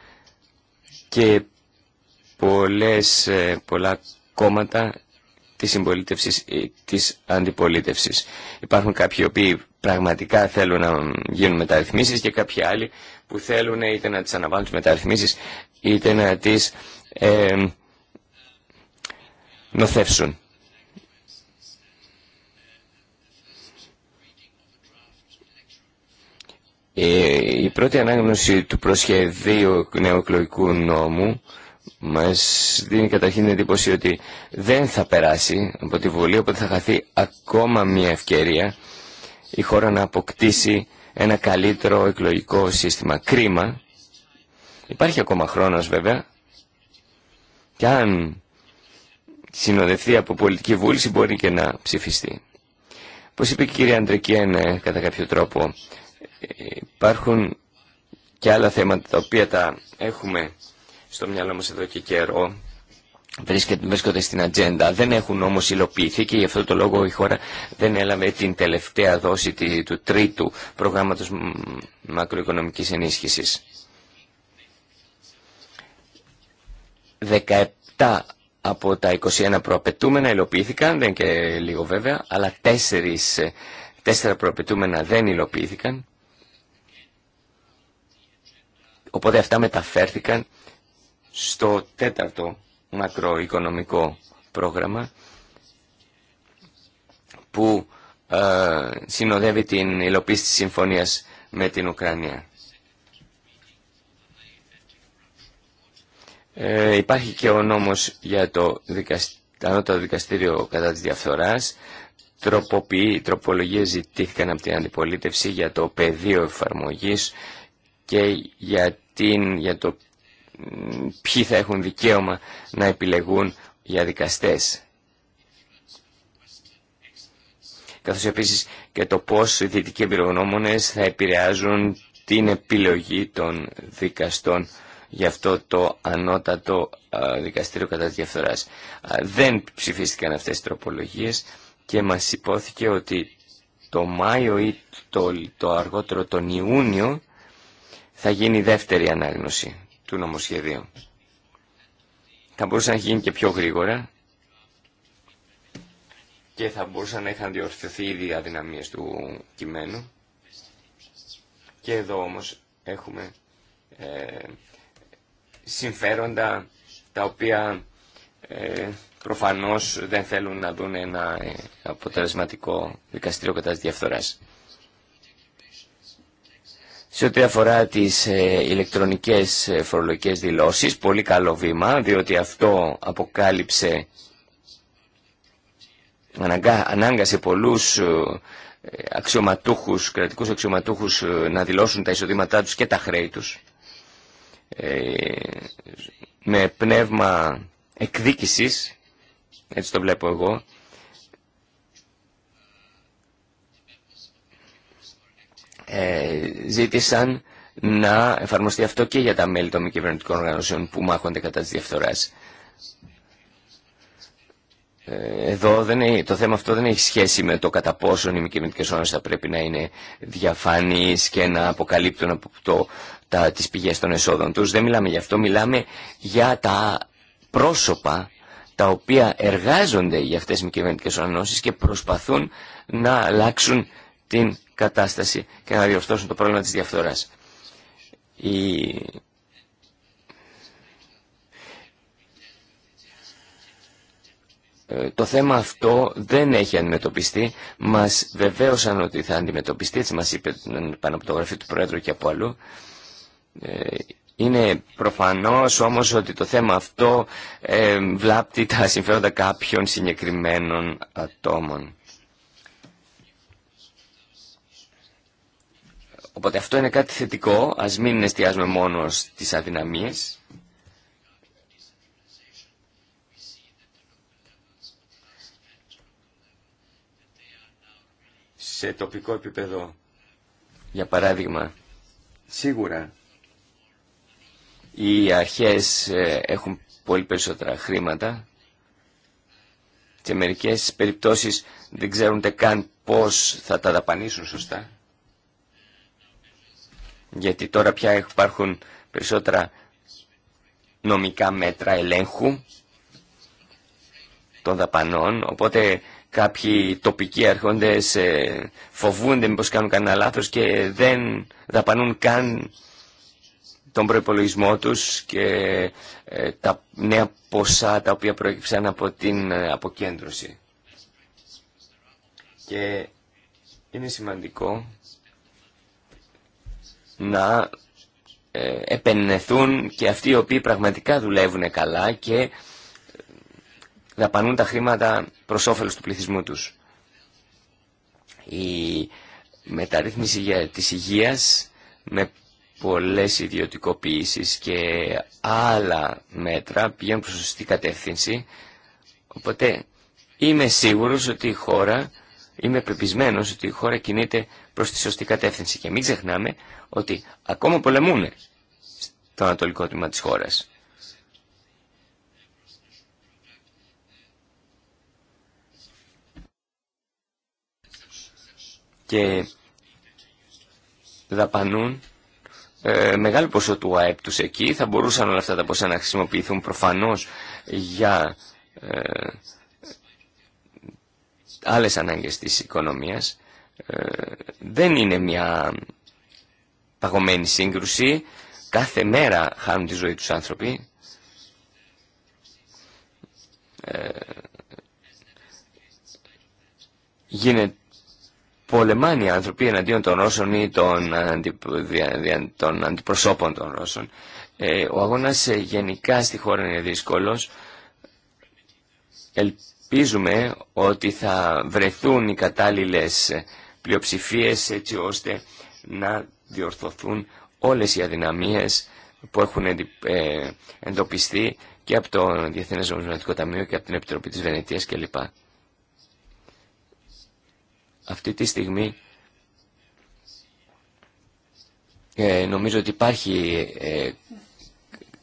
και πολλές, ε, πολλά κόμματα της συμπολίτευσης ή της αντιπολίτευσης. Υπάρχουν κάποιοι οποίοι πραγματικά θέλουν να γίνουν μεταρρυθμίσεις και κάποιοι άλλοι που θέλουν είτε να τις αναβάλουν τις μεταρρυθμίσεις είτε να τις ε, νοθεύσουν. Ε, η πρώτη ανάγνωση του προσχεδίου νεοκλογικού νόμου μα δίνει καταρχήν την εντύπωση ότι δεν θα περάσει από τη Βουλή, οπότε θα χαθεί ακόμα μια ευκαιρία η χώρα να αποκτήσει ένα καλύτερο εκλογικό σύστημα. Κρίμα. Υπάρχει ακόμα χρόνος βέβαια. Και αν συνοδευτεί από πολιτική βούληση μπορεί και να ψηφιστεί. Πώς είπε και η κυρία Αντρικέν ναι, κατά κάποιο τρόπο ε, υπάρχουν και άλλα θέματα τα οποία τα έχουμε στο μυαλό μας εδώ και καιρό βρίσκονται στην ατζέντα. Δεν έχουν όμως υλοποιηθεί και γι' αυτό το λόγο η χώρα δεν έλαβε την τελευταία δόση του τρίτου προγράμματος μακροοικονομικής ενίσχυσης. 17 από τα 21 προαπαιτούμενα υλοποιήθηκαν, δεν και λίγο βέβαια, αλλά 4, 4 προαπαιτούμενα δεν υλοποιήθηκαν. Οπότε αυτά μεταφέρθηκαν στο τέταρτο μακροοικονομικό πρόγραμμα που ε, συνοδεύει την υλοποίηση της συμφωνίας με την Ουκρανία. Ε, υπάρχει και ο νόμος για το ανώτατο δικαστήριο κατά της διαφθοράς. Τροποποιεί, τροπολογίες ζητήθηκαν από την αντιπολίτευση για το πεδίο εφαρμογής και για, την, για το ποιοι θα έχουν δικαίωμα να επιλεγούν για δικαστές. Καθώς επίσης και το πώς οι δυτικοί εμπειρογνώμονες θα επηρεάζουν την επιλογή των δικαστών για αυτό το ανώτατο δικαστήριο κατά τη διαφθοράς. Δεν ψηφίστηκαν αυτές οι τροπολογίες και μας υπόθηκε ότι το Μάιο ή το, το αργότερο τον Ιούνιο θα γίνει η δεύτερη ανάγνωση του νομοσχεδίου. Θα μπορούσαν να γίνει και πιο γρήγορα και θα μπορούσαν να είχαν διορθωθεί ήδη οι αδυναμίες του κειμένου. Και εδώ όμως έχουμε ε, συμφέροντα τα οποία ε, προφανώς δεν θέλουν να δουν ένα ε, αποτελεσματικό δικαστήριο κατά της διαφθοράς. Σε ό,τι αφορά τις ε, ηλεκτρονικές ε, φορολογικές δηλώσεις, πολύ καλό βήμα, διότι αυτό αποκάλυψε, ανάγκασε πολλούς ε, αξιωματούχους, κρατικούς αξιωματούχους να δηλώσουν τα εισοδήματά τους και τα χρέη τους. με πνεύμα εκδίκησης, έτσι το βλέπω εγώ, Ε, ζήτησαν να εφαρμοστεί αυτό και για τα μέλη των μη κυβερνητικών οργανώσεων που μάχονται κατά της διαφθοράς. Ε, εδώ δεν το θέμα αυτό δεν έχει σχέση με το κατά πόσον οι μη κυβερνητικέ οργανώσει θα πρέπει να είναι διαφανείς και να αποκαλύπτουν από το, τα, τις πηγές των εσόδων τους. Δεν μιλάμε γι' αυτό, μιλάμε για τα πρόσωπα τα οποία εργάζονται για αυτές τις μη κυβερνητικές και προσπαθούν να αλλάξουν την κατάσταση και να διορθώσουν το πρόβλημα της διαφθοράς. Η... Ε, το θέμα αυτό δεν έχει αντιμετωπιστεί. Μας βεβαίωσαν ότι θα αντιμετωπιστεί, έτσι μας είπε πάνω από το γραφείο του Πρόεδρου και από αλλού. Ε, είναι προφανώς όμως ότι το θέμα αυτό ε, βλάπτει τα συμφέροντα κάποιων συγκεκριμένων ατόμων. Οπότε αυτό είναι κάτι θετικό, ας μην εστιάζουμε μόνο στις αδυναμίες. Σε τοπικό επίπεδο, για παράδειγμα, σίγουρα οι αρχές ε, έχουν πολύ περισσότερα χρήματα. και μερικές περιπτώσεις δεν ξέρουν καν πώς θα τα δαπανίσουν σωστά γιατί τώρα πια υπάρχουν περισσότερα νομικά μέτρα ελέγχου των δαπανών, οπότε κάποιοι τοπικοί αρχόντες φοβούνται μήπως κάνουν κανένα λάθος και δεν δαπανούν καν τον προϋπολογισμό τους και ε, τα νέα ποσά τα οποία προέκυψαν από την ε, αποκέντρωση. Και είναι σημαντικό να ε, επενεθούν και αυτοί οι οποίοι πραγματικά δουλεύουν καλά και δαπανούν τα χρήματα προς όφελος του πληθυσμού τους. Η μεταρρύθμιση της υγείας με πολλές ιδιωτικοποιήσεις και άλλα μέτρα πηγαίνουν προς σωστή κατεύθυνση. Οπότε είμαι σίγουρος ότι η χώρα είμαι πεπισμένος ότι η χώρα κινείται προς τη σωστή κατεύθυνση και μην ξεχνάμε ότι ακόμα πολεμούν στο ανατολικό τμήμα της χώρας. Και δαπανούν ε, μεγάλο ποσό του ΑΕΠ τους εκεί. Θα μπορούσαν όλα αυτά τα ποσά να χρησιμοποιηθούν προφανώς για... Ε, άλλες ανάγκες της οικονομίας. Ε, δεν είναι μια παγωμένη σύγκρουση. Κάθε μέρα χάνουν τη ζωή τους άνθρωποι. Ε, γίνεται πολεμάνε οι άνθρωποι εναντίον των Ρώσων ή των, αντι... αντιπροσώπων των Ρώσων. Ε, ο αγώνας γενικά στη χώρα είναι δύσκολος ελπίζουμε ότι θα βρεθούν οι κατάλληλες πλειοψηφίες έτσι ώστε να διορθωθούν όλες οι αδυναμίες που έχουν ε, εντοπιστεί και από το Διεθνές Νομισματικό Ταμείο και από την Επιτροπή της Βενετίας κλπ. Αυτή τη στιγμή ε, νομίζω ότι υπάρχει ε,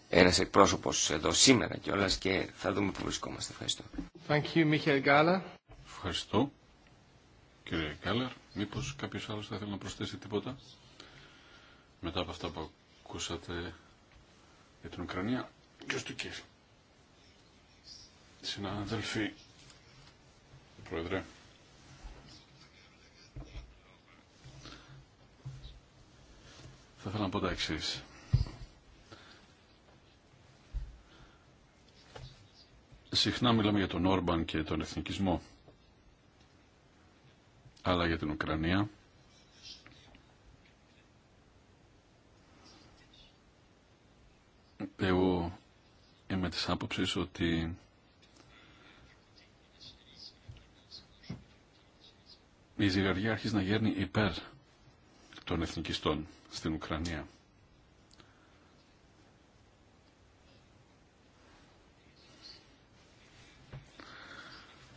ένας εκπρόσωπος εδώ σήμερα κιόλα και θα δούμε που βρισκόμαστε. Ευχαριστώ. Thank you, Ευχαριστώ. Κύριε Γκάλερ, μήπως κάποιος άλλο θα ηθελε να προσθέσει τίποτα μετά από αυτά που ακούσατε για την Ουκρανία. Ποιο του κύριε. Συνάδελφοι, Πρόεδρε, θα ήθελα να πω τα εξής. συχνά μιλάμε για τον Όρμπαν και τον εθνικισμό. Αλλά για την Ουκρανία εγώ είμαι της άποψης ότι η ζυγαριά αρχίζει να γέρνει υπέρ των εθνικιστών στην Ουκρανία.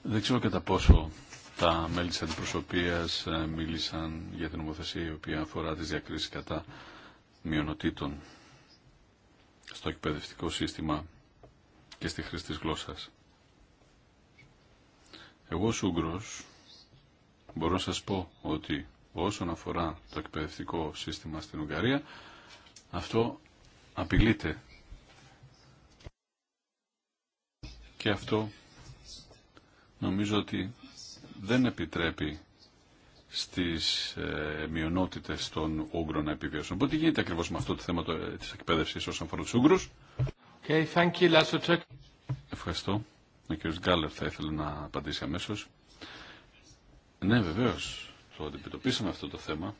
Δεν ξέρω κατά πόσο τα μέλη της αντιπροσωπείας ε, μίλησαν για την νομοθεσία η οποία αφορά τις διακρίσεις κατά μειονοτήτων στο εκπαιδευτικό σύστημα και στη χρήση της γλώσσας. Εγώ ως Ούγγρος μπορώ να σας πω ότι όσον αφορά το εκπαιδευτικό σύστημα στην Ουγγαρία αυτό απειλείται και αυτό νομίζω ότι δεν επιτρέπει στις ε, μειονότητες των Ούγγρων να επιβιώσουν. Οπότε γίνεται ακριβώς με αυτό το θέμα το, ε, της εκπαίδευσης όσον αφορά τους Ούγγρους. Okay, thank you, Ευχαριστώ. Ο κ. Γκάλερ θα ήθελε να απαντήσει αμέσω. Ναι, βεβαίω Το αντιμετωπίσαμε αυτό το θέμα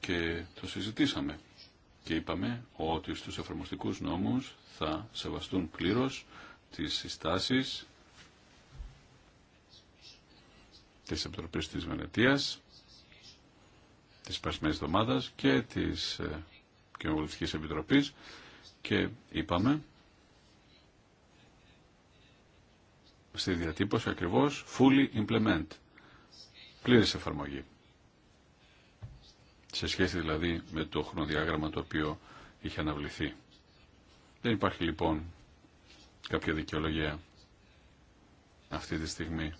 και το συζητήσαμε. Και είπαμε ότι στους εφαρμοστικούς νόμους θα σεβαστούν πλήρως τις συστάσεις της Επιτροπής της Βενετίας της περσμένης εβδομάδα και της ε, Κοινοβουλευτικής Επιτροπής και είπαμε στη διατύπωση ακριβώς fully implement πλήρης εφαρμογή σε σχέση δηλαδή με το χρονοδιάγραμμα το οποίο είχε αναβληθεί. Δεν υπάρχει λοιπόν κάποια δικαιολογία αυτή τη στιγμή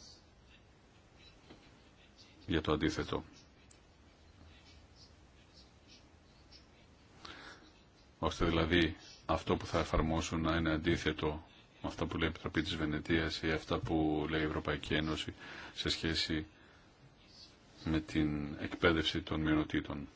για το αντίθετο. Ώστε δηλαδή αυτό που θα εφαρμόσουν να είναι αντίθετο με αυτά που λέει η Επιτροπή της Βενετίας ή αυτά που λέει η Ευρωπαϊκή Ένωση σε σχέση με την εκπαίδευση των μειονοτήτων.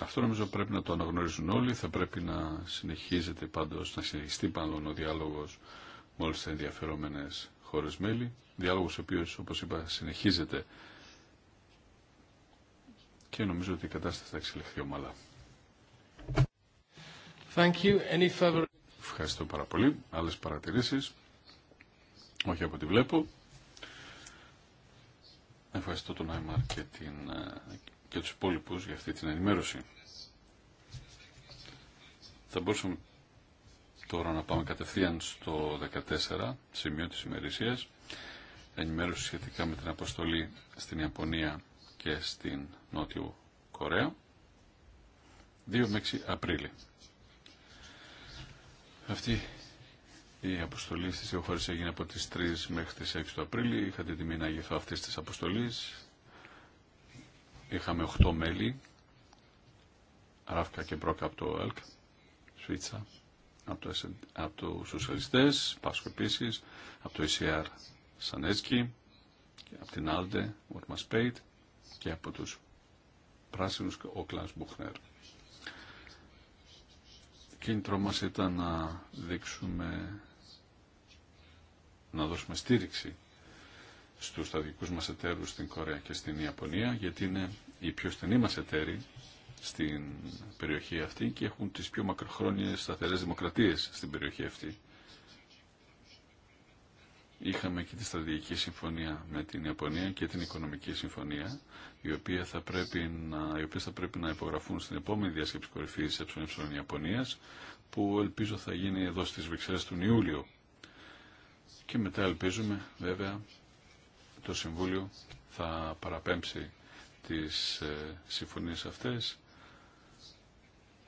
Αυτό νομίζω πρέπει να το αναγνωρίζουν όλοι. Θα πρέπει να συνεχίζεται πάντω, να συνεχιστεί πάντων ο διάλογος με όλε τι ενδιαφερόμενες χώρες μέλη. Διάλογος ο οποίο, όπως είπα, συνεχίζεται και νομίζω ότι η κατάσταση θα εξελιχθεί ομαλά. Ευχαριστώ πάρα πολύ. άλλε παρατηρήσεις. Όχι από ό,τι βλέπω. Ευχαριστώ τον Άιμαρ και την ε, και τους υπόλοιπους για αυτή την ενημέρωση. Θα μπορούσαμε τώρα να πάμε κατευθείαν στο 14, σημείο της ημερησίας, ενημέρωση σχετικά με την αποστολή στην Ιαπωνία και στην Νότιο Κορέα, 2 με 6 Απρίλη. Αυτή η αποστολή στις δύο έγινε από τις 3 μέχρι τις 6 του Απρίλη. Είχατε τιμή να αυτής της αποστολής Είχαμε 8 μέλη, Ράφκα και Μπρόκα από το ΕΛΚ, Σφίτσα, από, το, από τους Σοσιαλιστές, Πάσχο επίση, από το ECR ε Σανέσκι από την Άλντε, Ορμα και από τους Πράσινους ο Κλάνς Μπουχνέρ. Κίνητρο μας ήταν να δείξουμε, να δώσουμε στήριξη στους σταδικούς μας εταίρους στην Κορέα και στην Ιαπωνία, γιατί είναι οι πιο στενοί μας εταίροι στην περιοχή αυτή και έχουν τις πιο μακροχρόνιες σταθερές δημοκρατίες στην περιοχή αυτή. Είχαμε και τη στρατηγική συμφωνία με την Ιαπωνία και την οικονομική συμφωνία, η οποία θα πρέπει να, οι οποίες θα πρέπει να υπογραφούν στην επόμενη διάσκεψη κορυφής ΕΕ Ιαπωνίας, που ελπίζω θα γίνει εδώ στις Βρυξέλλες του Ιούλιο. Και μετά ελπίζουμε βέβαια το Συμβούλιο θα παραπέμψει τις ε, συμφωνίες αυτές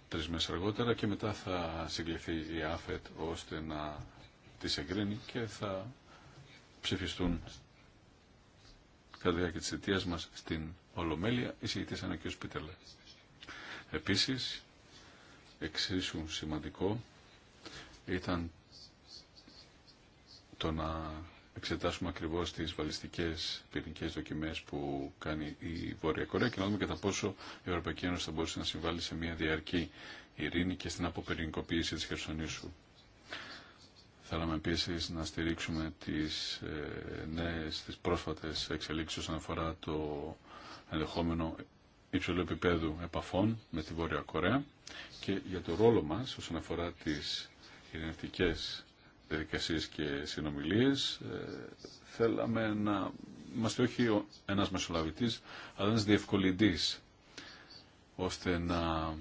τρεις μέρες αργότερα και μετά θα συγκληθεί η ΑΦΕΤ ώστε να τις εγκρίνει και θα ψηφιστούν κατά τη διάρκεια της θητείας μας στην Ολομέλεια εισηγητής και ο Πίτελε. Επίσης, εξίσου σημαντικό ήταν το να εξετάσουμε ακριβώς τις βαλιστικέ πυρηνικέ δοκιμέ που κάνει η Βόρεια Κορέα και να δούμε κατά πόσο η Ευρωπαϊκή Ένωση θα μπορούσε να συμβάλλει σε μια διαρκή ειρήνη και στην αποπυρηνικοποίηση τη Χερσονήσου. Θέλαμε επίση να στηρίξουμε τις ε, νέες, τις πρόσφατες εξελίξεις όσον αφορά το ενδεχόμενο υψηλού επίπεδου επαφών με τη Βόρεια Κορέα και για το ρόλο μα όσον αφορά τι ειρηνευτικές διαδικασίε και συνομιλίες ε, θέλαμε να είμαστε όχι ένας μεσολαβητή, αλλά ένα διευκολυντής ώστε να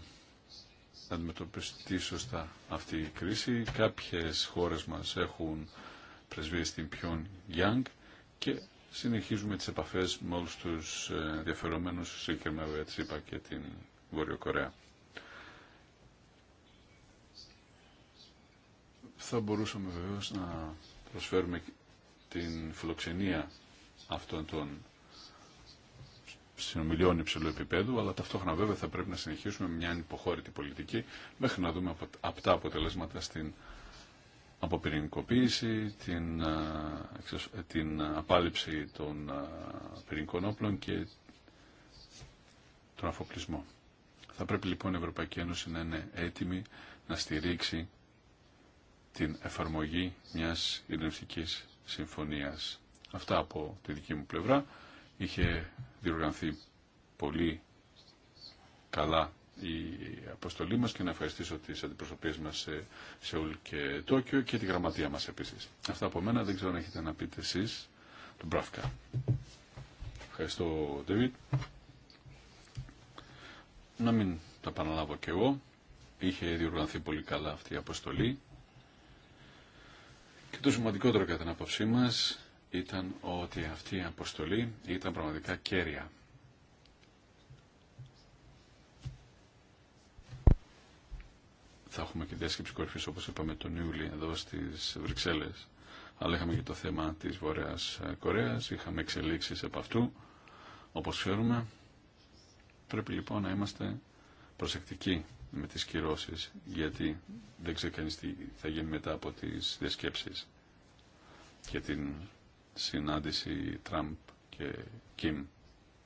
αντιμετωπιστεί σωστά αυτή η κρίση. Κάποιες χώρες μας έχουν πρεσβείε στην Πιόν Γιάνγκ και συνεχίζουμε τις επαφές με όλου τους ε, ενδιαφερόμενου, συγκεκριμένα βέβαια είπα και την Βόρειο Κορέα. θα μπορούσαμε βεβαίως να προσφέρουμε την φιλοξενία αυτών των συνομιλιών υψηλού επίπεδου, αλλά ταυτόχρονα βέβαια θα πρέπει να συνεχίσουμε μια ανυποχώρητη πολιτική μέχρι να δούμε αυτά αποτελέσματα στην αποπυρηνικοποίηση, την, ε, την απάλληψη των πυρηνικών όπλων και τον αφοπλισμό. Θα πρέπει λοιπόν η Ευρωπαϊκή Ένωση να είναι έτοιμη να στηρίξει την εφαρμογή μιας ειρηνευτικής συμφωνίας. Αυτά από τη δική μου πλευρά. Είχε διοργανθεί πολύ καλά η αποστολή μας και να ευχαριστήσω τις αντιπροσωπείες μας σε Σεούλ και Τόκιο και τη γραμματεία μας επίσης. Αυτά από μένα δεν ξέρω αν έχετε να πείτε εσείς τον Μπράφκα. Ευχαριστώ, Ντεβίτ. Να μην τα επαναλάβω και εγώ. Είχε διοργανωθεί πολύ καλά αυτή η αποστολή. Το σημαντικότερο κατά την άποψή μα ήταν ότι αυτή η αποστολή ήταν πραγματικά κέρια. Θα έχουμε και διάσκεψη κορυφή όπω είπαμε τον Ιούλιο εδώ στι Βρυξέλλε. Αλλά είχαμε και το θέμα τη Βορεια Κορέα. Είχαμε εξελίξει από αυτού. Όπω ξέρουμε, πρέπει λοιπόν να είμαστε προσεκτικοί με τις κυρώσεις, γιατί δεν ξέρει κανείς τι θα γίνει μετά από τις διασκέψεις και την συνάντηση Τραμπ και Κιμ.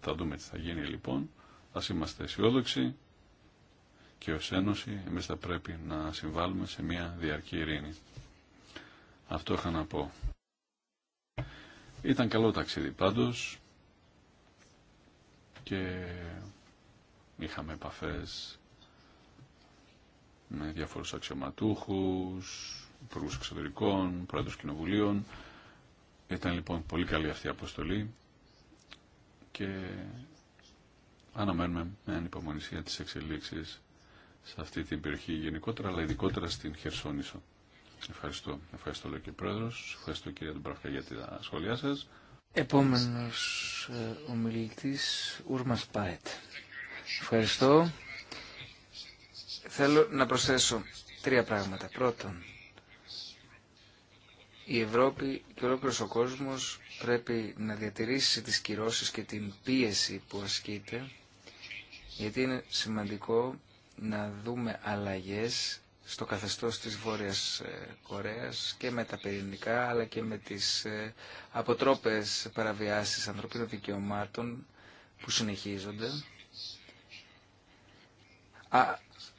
Θα δούμε τι θα γίνει λοιπόν. Ας είμαστε αισιόδοξοι και ως Ένωση εμείς θα πρέπει να συμβάλλουμε σε μια διαρκή ειρήνη. Αυτό είχα να πω. Ήταν καλό ταξίδι πάντως και είχαμε επαφές με διάφορους αξιωματούχους, υπουργούς εξωτερικών, πρόεδρους κοινοβουλίων. Ήταν λοιπόν πολύ καλή αυτή η αποστολή και αναμένουμε με ανυπομονησία τις εξελίξεις σε αυτή την περιοχή γενικότερα, αλλά ειδικότερα στην Χερσόνησο. Ευχαριστώ. Ευχαριστώ, λέει και πρόεδρος. Ευχαριστώ, κυρία Ντουμπραφιά, για τη σχόλιά σας. Επόμενος ε, ομιλητής, Ούρμας Πάετ. Ευχαριστώ. Θέλω να προσθέσω τρία πράγματα. Πρώτον, η Ευρώπη και ολόκληρο ο κόσμος πρέπει να διατηρήσει τις κυρώσεις και την πίεση που ασκείται γιατί είναι σημαντικό να δούμε αλλαγές στο καθεστώς της Βόρειας ε, Κορέας και με τα πυρηνικά αλλά και με τις ε, αποτρόπες παραβιάσεις ανθρωπίνων δικαιωμάτων που συνεχίζονται.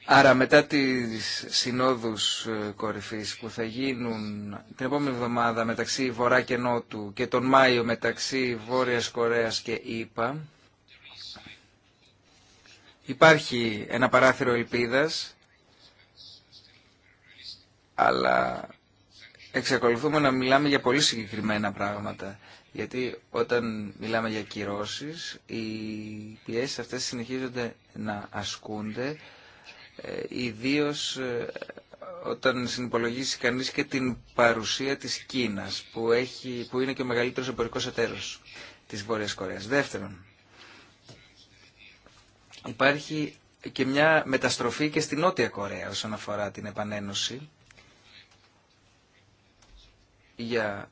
Άρα μετά τις συνόδους ε, κορυφής που θα γίνουν την επόμενη εβδομάδα μεταξύ Βορρά και Νότου και τον Μάιο μεταξύ Βόρειας Κορέας και ΙΠΑ υπάρχει ένα παράθυρο ελπίδας αλλά εξακολουθούμε να μιλάμε για πολύ συγκεκριμένα πράγματα γιατί όταν μιλάμε για κυρώσεις οι πιέσεις αυτές συνεχίζονται να ασκούνται ε, ιδίως ε, όταν συνυπολογίσει κανείς και την παρουσία της Κίνας που, έχει, που είναι και ο μεγαλύτερος εμπορικός εταίρος της Βόρειας Κορέας. Δεύτερον, υπάρχει και μια μεταστροφή και στη Νότια Κορέα όσον αφορά την επανένωση για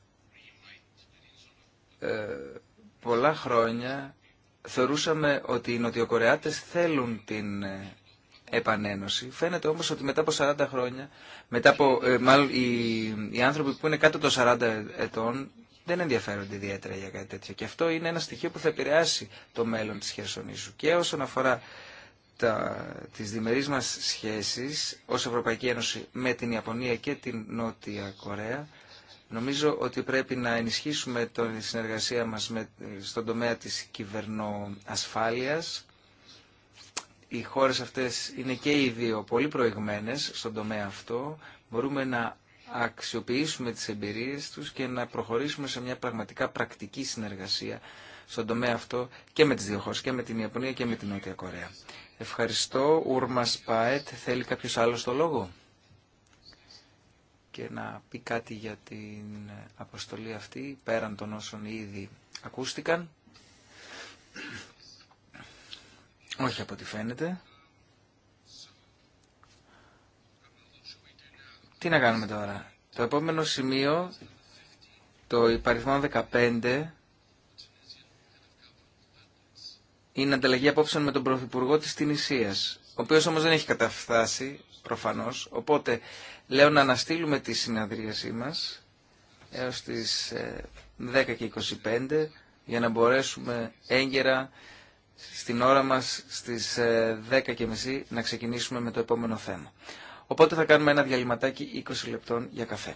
ε, πολλά χρόνια θεωρούσαμε ότι οι Νοτιοκορεάτες θέλουν την επανένωση. Φαίνεται όμως ότι μετά από 40 χρόνια, μετά από, ε, μάλλον οι, άνθρωποι που είναι κάτω των 40 ετών δεν ενδιαφέρονται ιδιαίτερα για κάτι τέτοιο. Και αυτό είναι ένα στοιχείο που θα επηρεάσει το μέλλον της Χερσονήσου. Και όσον αφορά τα, τις διμερείς μας σχέσεις ως Ευρωπαϊκή Ένωση με την Ιαπωνία και την Νότια Κορέα, Νομίζω ότι πρέπει να ενισχύσουμε τη συνεργασία μας με, ε, στον τομέα της κυβερνοασφάλειας οι χώρες αυτές είναι και οι δύο πολύ προηγμένες στον τομέα αυτό. Μπορούμε να αξιοποιήσουμε τις εμπειρίες τους και να προχωρήσουμε σε μια πραγματικά πρακτική συνεργασία στον τομέα αυτό και με τις δύο χώρες, και με την Ιαπωνία και με την Νότια Κορέα. Ευχαριστώ. Ούρμα Σπάετ, θέλει κάποιος άλλος το λόγο και να πει κάτι για την αποστολή αυτή πέραν των όσων ήδη ακούστηκαν. Όχι από ό,τι φαίνεται. Τι να κάνουμε τώρα. Το επόμενο σημείο, το υπαριθμό 15, είναι ανταλλαγή απόψεων με τον Πρωθυπουργό της Τινησίας, ο οποίος όμως δεν έχει καταφθάσει προφανώς, οπότε λέω να αναστείλουμε τη συναδρίασή μας έως τις 10 ε, και 25 για να μπορέσουμε έγκαιρα στην ώρα μας στις 10.30 ε, να ξεκινήσουμε με το επόμενο θέμα. Οπότε θα κάνουμε ένα διαλυματάκι 20 λεπτών για καφέ.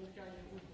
Bulgarien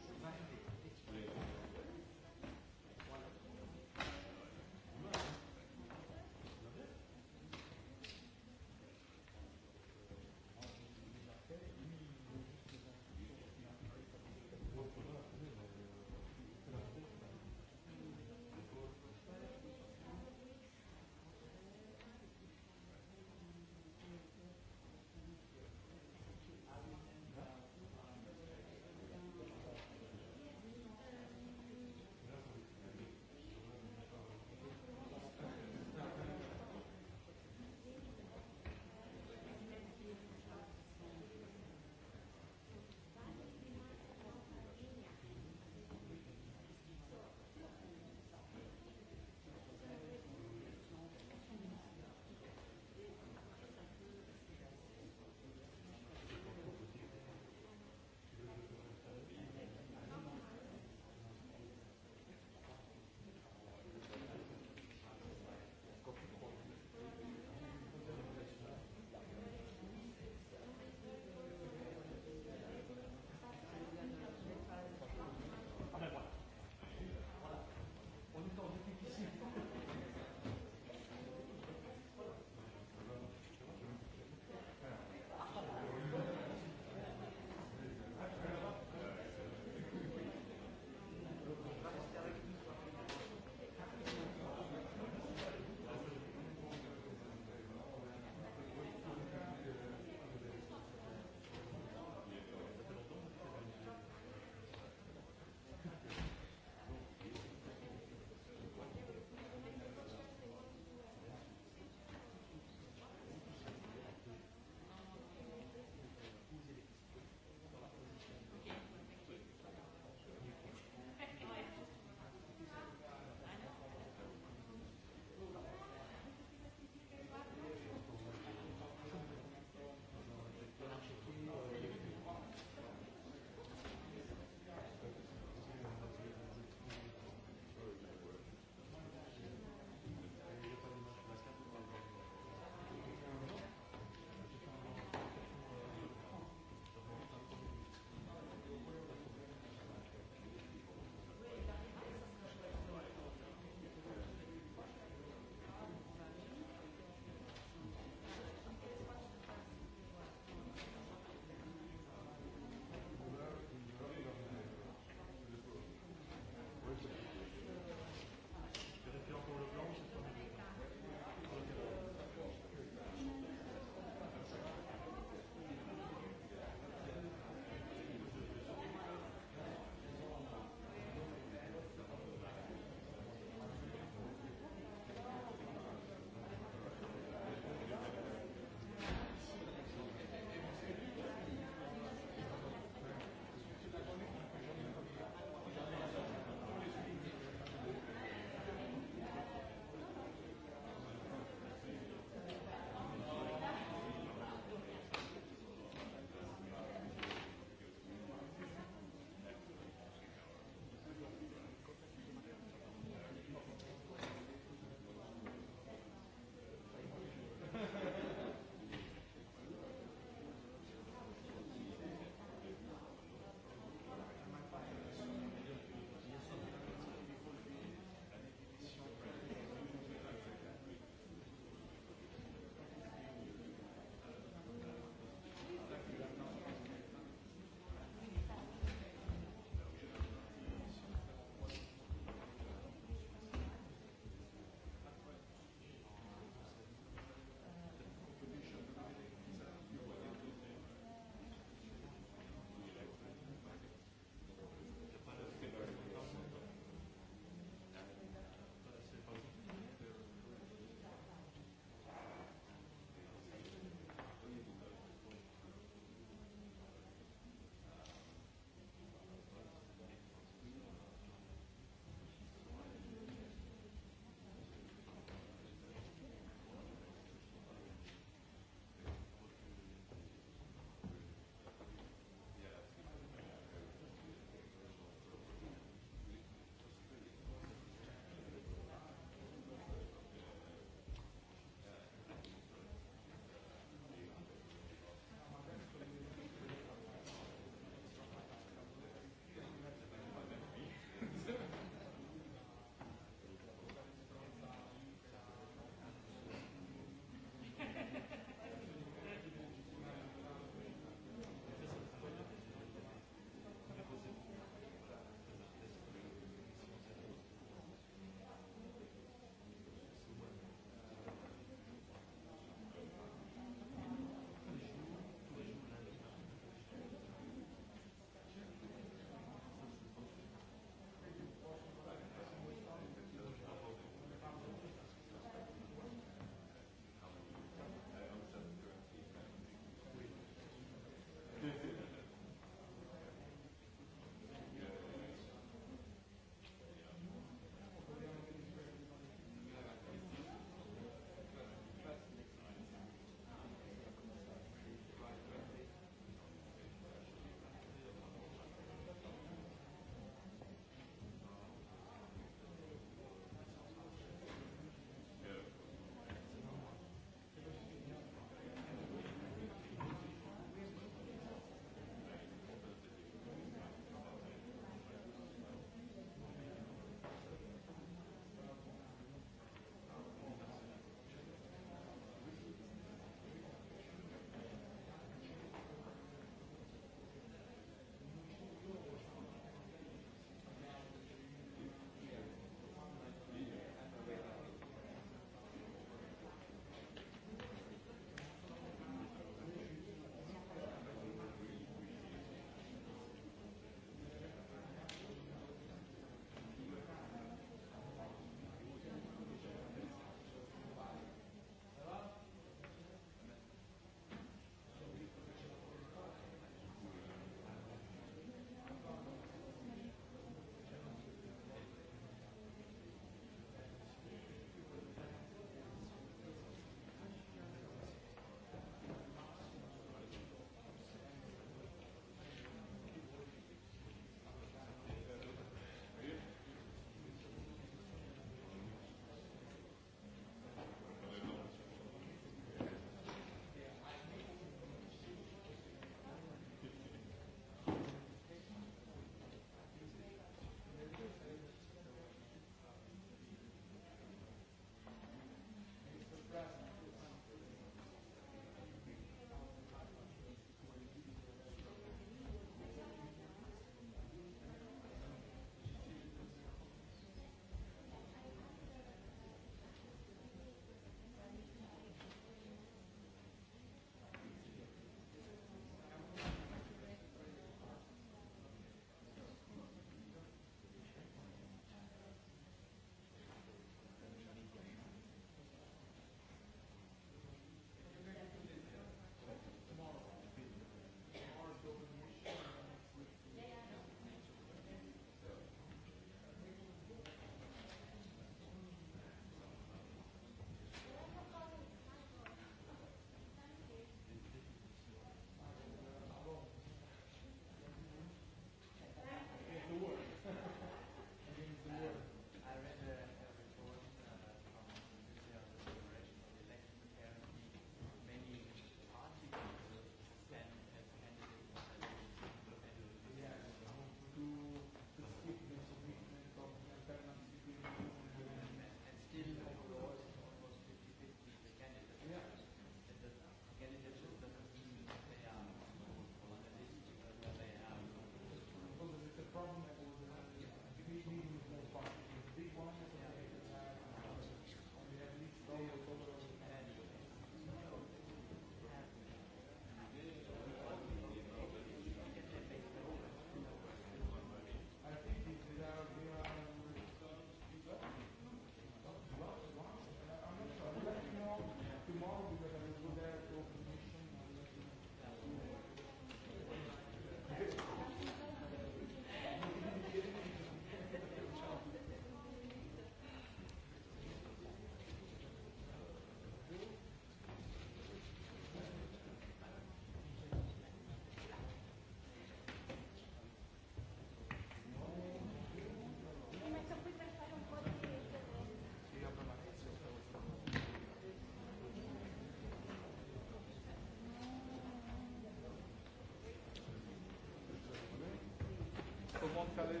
comment allez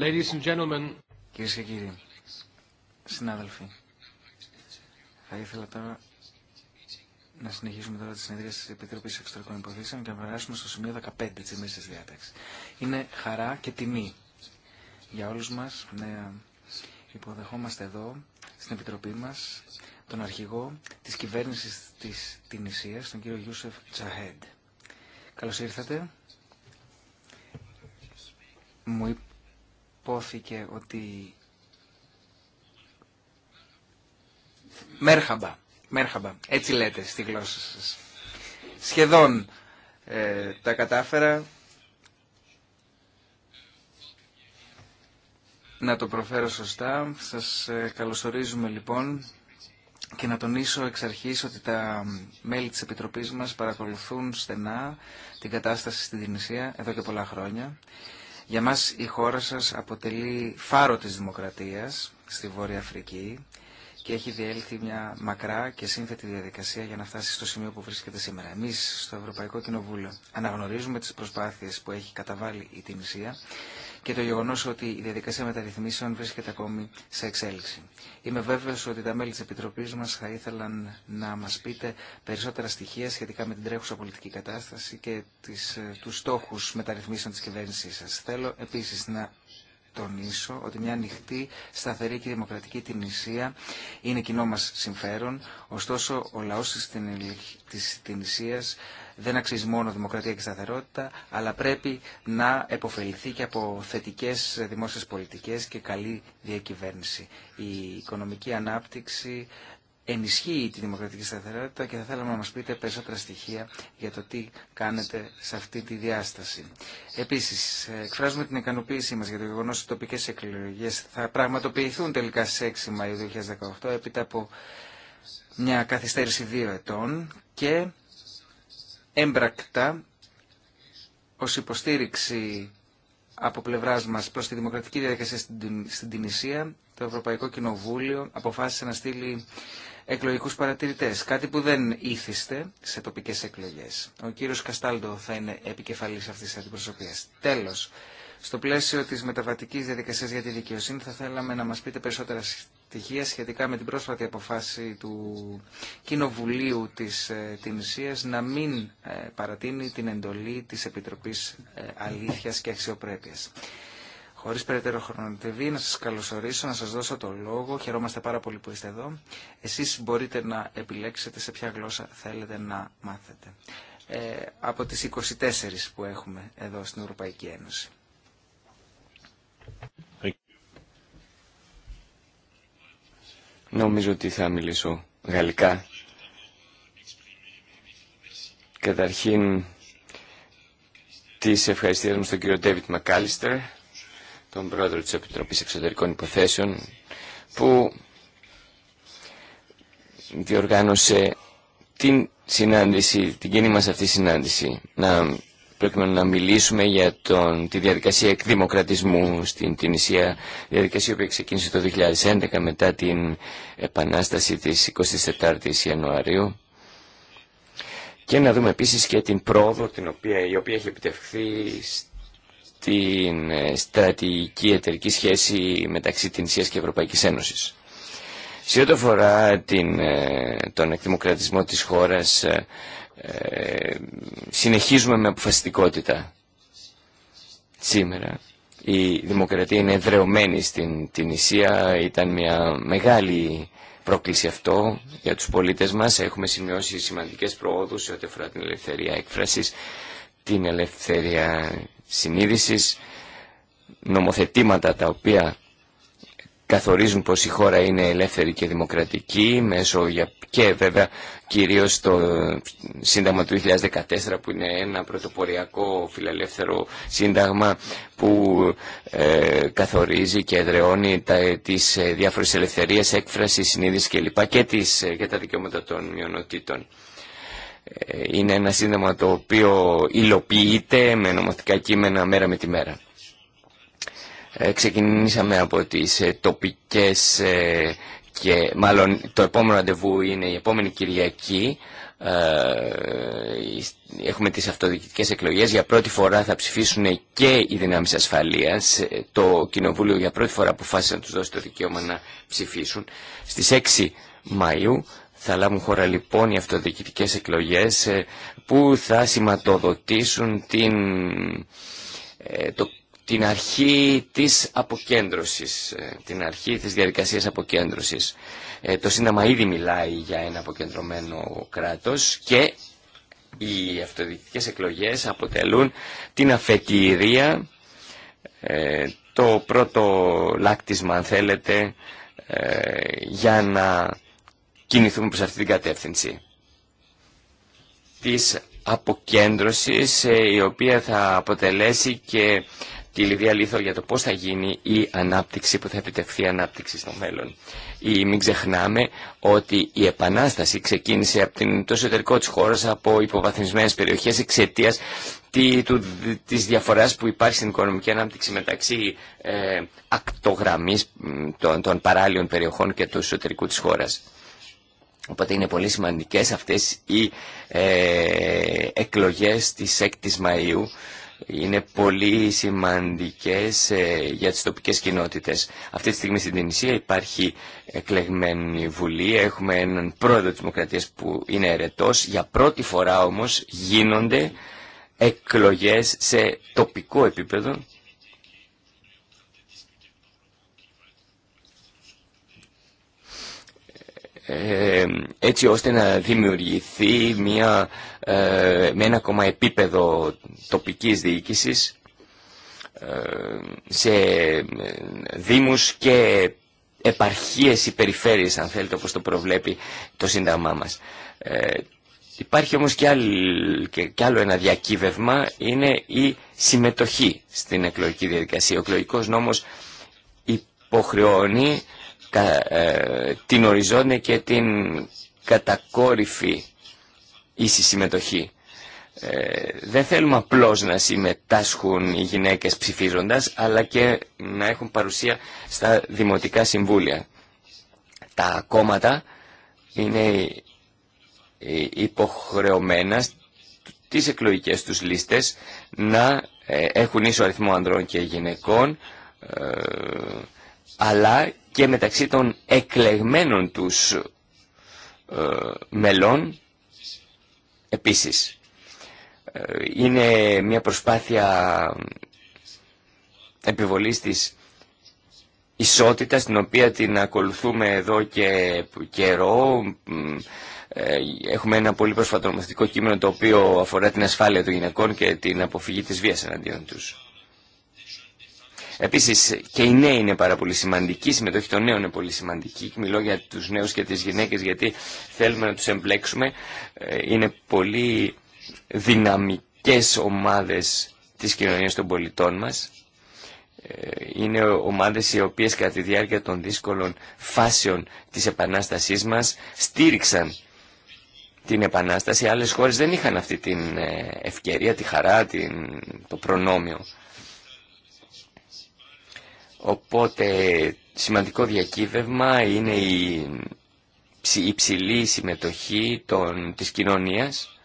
Κυριε and gentlemen. Κυρίες και κύριοι, συνάδελφοι, θα ήθελα τώρα να συνεχίσουμε τώρα τη συνεδρία τη Επιτροπή Εξωτερικών Υποθέσεων και να περάσουμε στο σημείο 15 τη ημέρα διάταξη. Είναι χαρά και τιμή για όλου μα να υποδεχόμαστε εδώ στην Επιτροπή μα τον αρχηγό τη κυβέρνηση τη Τινησία, τον κύριο Γιούσεφ Τσαχέντ. Καλώ ήρθατε. Μου υπόθηκε ότι... Μέρχαμπα, μέρχαμπα, έτσι λέτε στη γλώσσα σας. Σχεδόν ε, τα κατάφερα να το προφέρω σωστά. Σας ε, καλωσορίζουμε λοιπόν και να τονίσω εξ αρχής ότι τα μέλη της Επιτροπής μας παρακολουθούν στενά την κατάσταση στη Δυνησία εδώ και πολλά χρόνια για μας η χώρα σας αποτελεί φάρο της δημοκρατίας στη Βόρεια Αφρική και έχει διέλθει μια μακρά και σύνθετη διαδικασία για να φτάσει στο σημείο που βρίσκεται σήμερα. Εμείς στο Ευρωπαϊκό Κοινοβούλιο αναγνωρίζουμε τις προσπάθειες που έχει καταβάλει η Τινησία και το γεγονό ότι η διαδικασία μεταρρυθμίσεων βρίσκεται ακόμη σε εξέλιξη. Είμαι βέβαιο ότι τα μέλη τη Επιτροπή μα θα ήθελαν να μα πείτε περισσότερα στοιχεία σχετικά με την τρέχουσα πολιτική κατάσταση και ε, του στόχου μεταρρυθμίσεων τη κυβέρνησή σα. Θέλω επίση να τονίσω ότι μια ανοιχτή, σταθερή και δημοκρατική Ισία είναι κοινό μας συμφέρον, ωστόσο ο λαός της Τινησίας δεν αξίζει μόνο δημοκρατία και σταθερότητα, αλλά πρέπει να επωφεληθεί και από θετικέ δημόσιες πολιτικέ και καλή διακυβέρνηση. Η οικονομική ανάπτυξη ενισχύει τη δημοκρατική σταθερότητα και θα θέλαμε να μας πείτε περισσότερα στοιχεία για το τι κάνετε σε αυτή τη διάσταση. Επίσης, εκφράζουμε την ικανοποίησή μας για το γεγονός ότι οι τοπικές εκλογές θα πραγματοποιηθούν τελικά σε 6 Μαΐου 2018 έπειτα από μια καθυστέρηση δύο ετών και έμπρακτα ως υποστήριξη από πλευράς μας προς τη δημοκρατική διαδικασία στην Τινησία, το Ευρωπαϊκό Κοινοβούλιο αποφάσισε να στείλει εκλογικούς παρατηρητές, κάτι που δεν ήθιστε σε τοπικές εκλογές. Ο κύριος Καστάλτο θα είναι επικεφαλής αυτής της αντιπροσωπείας. Τέλος, στο πλαίσιο της μεταβατικής διαδικασίας για τη δικαιοσύνη θα θέλαμε να μας πείτε περισσότερα στοιχεία σχετικά με την πρόσφατη αποφάση του Κοινοβουλίου της ε, Τινησίας να μην ε, παρατείνει την εντολή της Επιτροπής ε, Αλήθειας και Αξιοπρέπειας. Χωρίς περαιτέρω χρονοτεβή, να σας καλωσορίσω, να σας δώσω το λόγο. Χαιρόμαστε πάρα πολύ που είστε εδώ. Εσείς μπορείτε να επιλέξετε σε ποια γλώσσα θέλετε να μάθετε. Ε, από τις 24 που έχουμε εδώ στην Ευρωπαϊκή Ένωση. Νομίζω ότι θα μιλήσω γαλλικά. Καταρχήν, τις ευχαριστίες μου στον κύριο Ντέβιτ Μακάλιστερ, τον πρόεδρο της Επιτροπής Εξωτερικών Υποθέσεων, που διοργάνωσε την συνάντηση, την κοινή τη αυτή συνάντηση. Να Πρέπει να μιλήσουμε για τον, τη διαδικασία εκδημοκρατισμού στην Τινησία, διαδικασία που ξεκίνησε το 2011 μετά την επανάσταση της 24ης Ιανουαρίου. Και να δούμε επίσης και την πρόοδο την οποία, η οποία έχει επιτευχθεί στην ε, στρατηγική εταιρική σχέση μεταξύ Τινησίας και Ευρωπαϊκής Ένωσης. Σε ό,τι αφορά ε, τον εκδημοκρατισμό της χώρας ε, ε, συνεχίζουμε με αποφασιστικότητα. Σήμερα η δημοκρατία είναι εδρεωμένη στην την Ισία, ήταν μια μεγάλη πρόκληση αυτό για τους πολίτες μας. Έχουμε σημειώσει σημαντικές προόδους σε ό,τι αφορά την ελευθερία έκφρασης, την ελευθερία συνείδησης, νομοθετήματα τα οποία καθορίζουν πως η χώρα είναι ελεύθερη και δημοκρατική μέσω για... και βέβαια κυρίως το Σύνταγμα του 2014 που είναι ένα πρωτοποριακό φιλελεύθερο σύνταγμα που ε, καθορίζει και εδραιώνει τα, ε, τις ε, διάφορες ελευθερίες, έκφραση, συνείδηση κλπ. Και, τις, και τα δικαιώματα των μειονοτήτων. Είναι ένα σύνταγμα το οποίο υλοποιείται με νομοθετικά κείμενα μέρα με τη μέρα. Ε, ξεκινήσαμε από τις ε, τοπικές ε, και μάλλον το επόμενο ραντεβού είναι η επόμενη Κυριακή. Έχουμε τις αυτοδιοικητικές εκλογές. Για πρώτη φορά θα ψηφίσουν και οι δυνάμεις ασφαλείας. Το Κοινοβούλιο για πρώτη φορά αποφάσισε να τους δώσει το δικαίωμα να ψηφίσουν. Στις 6 Μαΐου θα λάβουν χώρα λοιπόν οι αυτοδιοικητικές εκλογές που θα σηματοδοτήσουν την, το την αρχή της αποκέντρωσης, ε, την αρχή της διαδικασίας αποκέντρωσης. Ε, το Σύνταγμα ήδη μιλάει για ένα αποκεντρωμένο κράτος και οι αυτοδιοικητικές εκλογές αποτελούν την αφετηρία, ε, το πρώτο λάκτισμα αν θέλετε, για να κινηθούμε προς αυτή την κατεύθυνση της αποκέντρωσης η οποία θα αποτελέσει και τη Λιβία Λίθο για το πώς θα γίνει η ανάπτυξη που θα επιτευχθεί η ανάπτυξη στο μέλλον. Ή μην ξεχνάμε ότι η επανάσταση ξεκίνησε από την, το εσωτερικό της χώρας από υποβαθμισμένες περιοχές εξαιτίας τη, του, της διαφοράς που υπάρχει στην οικονομική ανάπτυξη μεταξύ ε, ακτογραμμής των, των παράλληλων περιοχών και του εσωτερικού της χώρας. Οπότε είναι πολύ σημαντικές αυτές οι ε, εκλογές της 6ης Μαΐου είναι πολύ σημαντικές ε, για τις τοπικές κοινότητες. Αυτή τη στιγμή στην Τινησία υπάρχει εκλεγμένη βουλή, έχουμε έναν πρόεδρο της Δημοκρατίας που είναι ερετός. Για πρώτη φορά όμως γίνονται εκλογές σε τοπικό επίπεδο. Ε, έτσι ώστε να δημιουργηθεί μια ε, με ένα ακόμα επίπεδο τοπικής διοίκησης ε, σε ε, δήμους και επαρχίες ή περιφέρειες αν θέλετε όπως το προβλέπει το Σύνταγμά μας. Υπάρχει όμως και, άλλο ένα διακύβευμα, είναι η συμμετοχή στην εκλογική διαδικασία. Ο εκλογικός νόμος υποχρεώνει την οριζόντια και την κατακόρυφη ίση συμμετοχή. Ε, δεν θέλουμε απλώς να συμμετάσχουν οι γυναίκες ψηφίζοντας, αλλά και να έχουν παρουσία στα δημοτικά συμβούλια. Τα κόμματα είναι ε, υποχρεωμένα τις εκλογικές τους λίστες να ε, έχουν ίσο αριθμό ανδρών και γυναικών, αλλά και μεταξύ των εκλεγμένων τους μελών Επίσης, ε, είναι μια προσπάθεια επιβολής της ισότητας, την οποία την ακολουθούμε εδώ και καιρό. Ε, έχουμε ένα πολύ προσφατονομαστικό κείμενο το οποίο αφορά την ασφάλεια των γυναικών και την αποφυγή της βίας εναντίον τους. Επίση και οι νέοι είναι πάρα πολύ σημαντικοί, η συμμετοχή των νέων είναι πολύ σημαντική. Μιλώ για του νέου και τι γυναίκε γιατί θέλουμε να του εμπλέξουμε. Ε, είναι πολύ δυναμικές ομάδες της κοινωνία των πολιτών μα. Ε, είναι ομάδες οι οποίες κατά τη διάρκεια των δύσκολων φάσεων της επανάστασής μας στήριξαν την επανάσταση. Άλλες χώρες δεν είχαν αυτή την ε, ευκαιρία, τη χαρά, την... το προνόμιο. Οπότε σημαντικό διακύβευμα είναι η υψηλή συμμετοχή των, της κοινωνίας,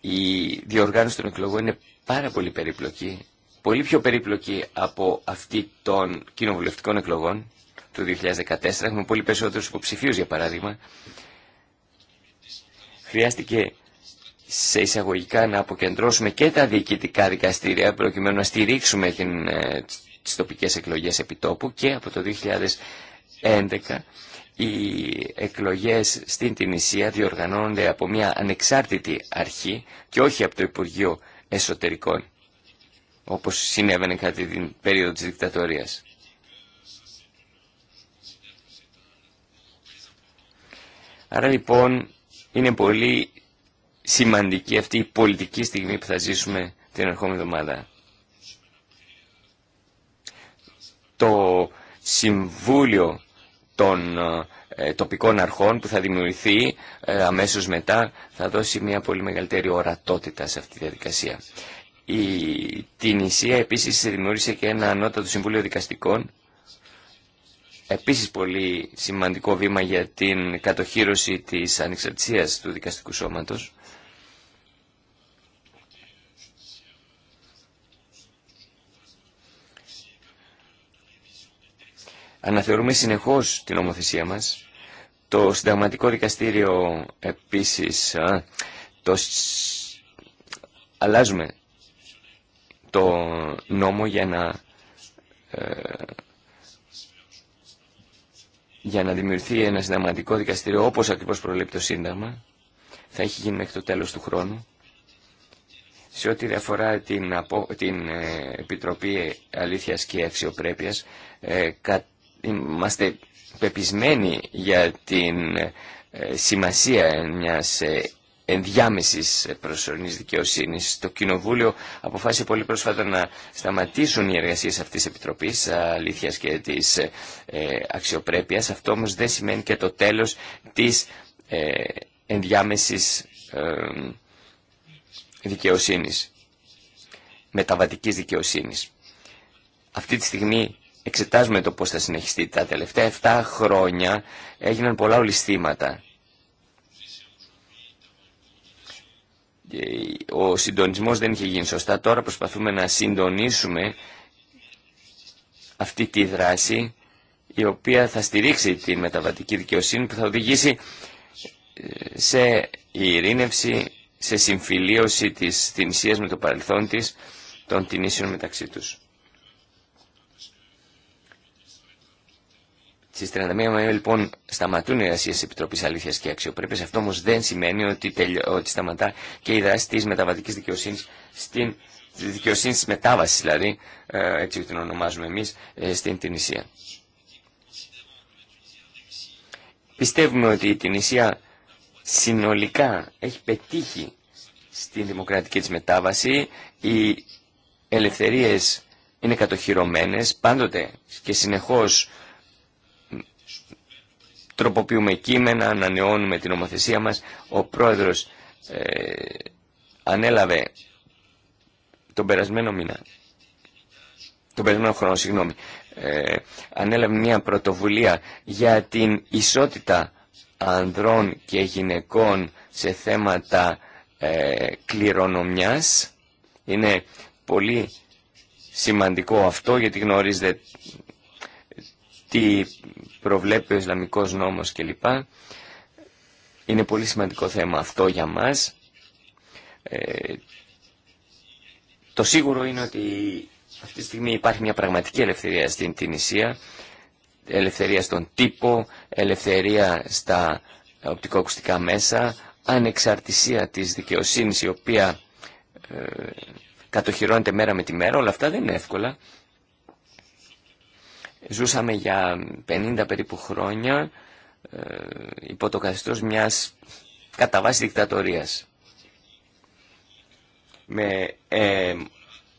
η διοργάνωση των εκλογών είναι πάρα πολύ περίπλοκη, πολύ πιο περίπλοκη από αυτή των κοινοβουλευτικών εκλογών του 2014. Έχουμε πολύ περισσότερους υποψηφίους, για παράδειγμα. Χρειάστηκε σε εισαγωγικά να αποκεντρώσουμε και τα διοικητικά δικαστήρια προκειμένου να στηρίξουμε την, ε, τις τοπικές εκλογές επιτόπου και από το 2011 οι εκλογές στην Τινησία διοργανώνονται από μια ανεξάρτητη αρχή και όχι από το Υπουργείο Εσωτερικών όπως συνέβαινε κατά την περίοδο της δικτατορίας. Άρα λοιπόν είναι πολύ σημαντική αυτή η πολιτική στιγμή που θα ζήσουμε την ερχόμενη εβδομάδα. Το Συμβούλιο των ε, τοπικών αρχών που θα δημιουργηθεί ε, αμέσως μετά θα δώσει μια πολύ μεγαλύτερη ορατότητα σε αυτή τη διαδικασία. Η την Ισία επίσης δημιούργησε και ένα ανώτατο Συμβούλιο Δικαστικών επίσης πολύ σημαντικό βήμα για την κατοχήρωση της ανεξαρτησίας του δικαστικού σώματος Αναθεωρούμε συνεχώς την ομοθεσία μας. Το συνταγματικό δικαστήριο επίσης το... αλλάζουμε το νόμο για να, ε, για να δημιουργηθεί ένα συνταγματικό δικαστήριο όπως ακριβώς προλείπει το Σύνταγμα. Θα έχει γίνει μέχρι το τέλος του χρόνου. Σε ό,τι αφορά την, την ε, Επιτροπή Αλήθειας και Αξιοπρέπειας, ε, Είμαστε πεπισμένοι για την ε, σημασία μιας ε, ενδιάμεσης προσωρινής δικαιοσύνης. Το Κοινοβούλιο αποφάσισε πολύ πρόσφατα να σταματήσουν οι εργασίες αυτής της Επιτροπής αλήθειας και της ε, αξιοπρέπειας. Αυτό όμως δεν σημαίνει και το τέλος της ενδιάμεσης δικαιοσύνης, μεταβατικής δικαιοσύνης. Αυτή τη στιγμή εξετάζουμε το πώς θα συνεχιστεί. Τα τελευταία 7 χρόνια έγιναν πολλά ολισθήματα. Ο συντονισμός δεν είχε γίνει σωστά. Τώρα προσπαθούμε να συντονίσουμε αυτή τη δράση η οποία θα στηρίξει τη μεταβατική δικαιοσύνη που θα οδηγήσει ε, σε ειρήνευση, σε συμφιλίωση της θυνησίας με το παρελθόν της των τινήσεων μεταξύ τους. Στι 31 Μαου λοιπόν σταματούν οι εργασίε τη Επιτροπή Αλήθεια και Αξιοπρέπεια. Αυτό όμω δεν σημαίνει ότι, ότι σταματά και η δράση τη μεταβατική δικαιοσύνη στην τη δικαιοσύνη τη μετάβαση, δηλαδή, ε, έτσι την ονομάζουμε εμεί, ε, στην Τινησία. Πιστεύουμε ότι η Τινησία συνολικά έχει πετύχει στην δημοκρατική της μετάβαση. Οι ελευθερίες είναι κατοχυρωμένες, πάντοτε και συνεχώς τροποποιούμε κείμενα, ανανεώνουμε την ομοθεσία μας. Ο πρόεδρος ε, ανέλαβε τον περασμένο μήνα, τον περασμένο χρόνο, ε, ανέλαβε μια πρωτοβουλία για την ισότητα ανδρών και γυναικών σε θέματα ε, κληρονομιάς. Είναι πολύ σημαντικό αυτό γιατί γνωρίζετε τι προβλέπει ο Ισλαμικός νόμος κλπ. Είναι πολύ σημαντικό θέμα αυτό για μας. Ε, το σίγουρο είναι ότι αυτή τη στιγμή υπάρχει μια πραγματική ελευθερία στην Τινησία, ελευθερία στον τύπο, ελευθερία στα οπτικοακουστικά μέσα, ανεξαρτησία της δικαιοσύνης η οποία ε, κατοχυρώνεται μέρα με τη μέρα, όλα αυτά δεν είναι εύκολα. Ζούσαμε για 50 περίπου χρόνια ε, υπό το καθεστώς μιας κατά βάση δικτατορίας. Με ε,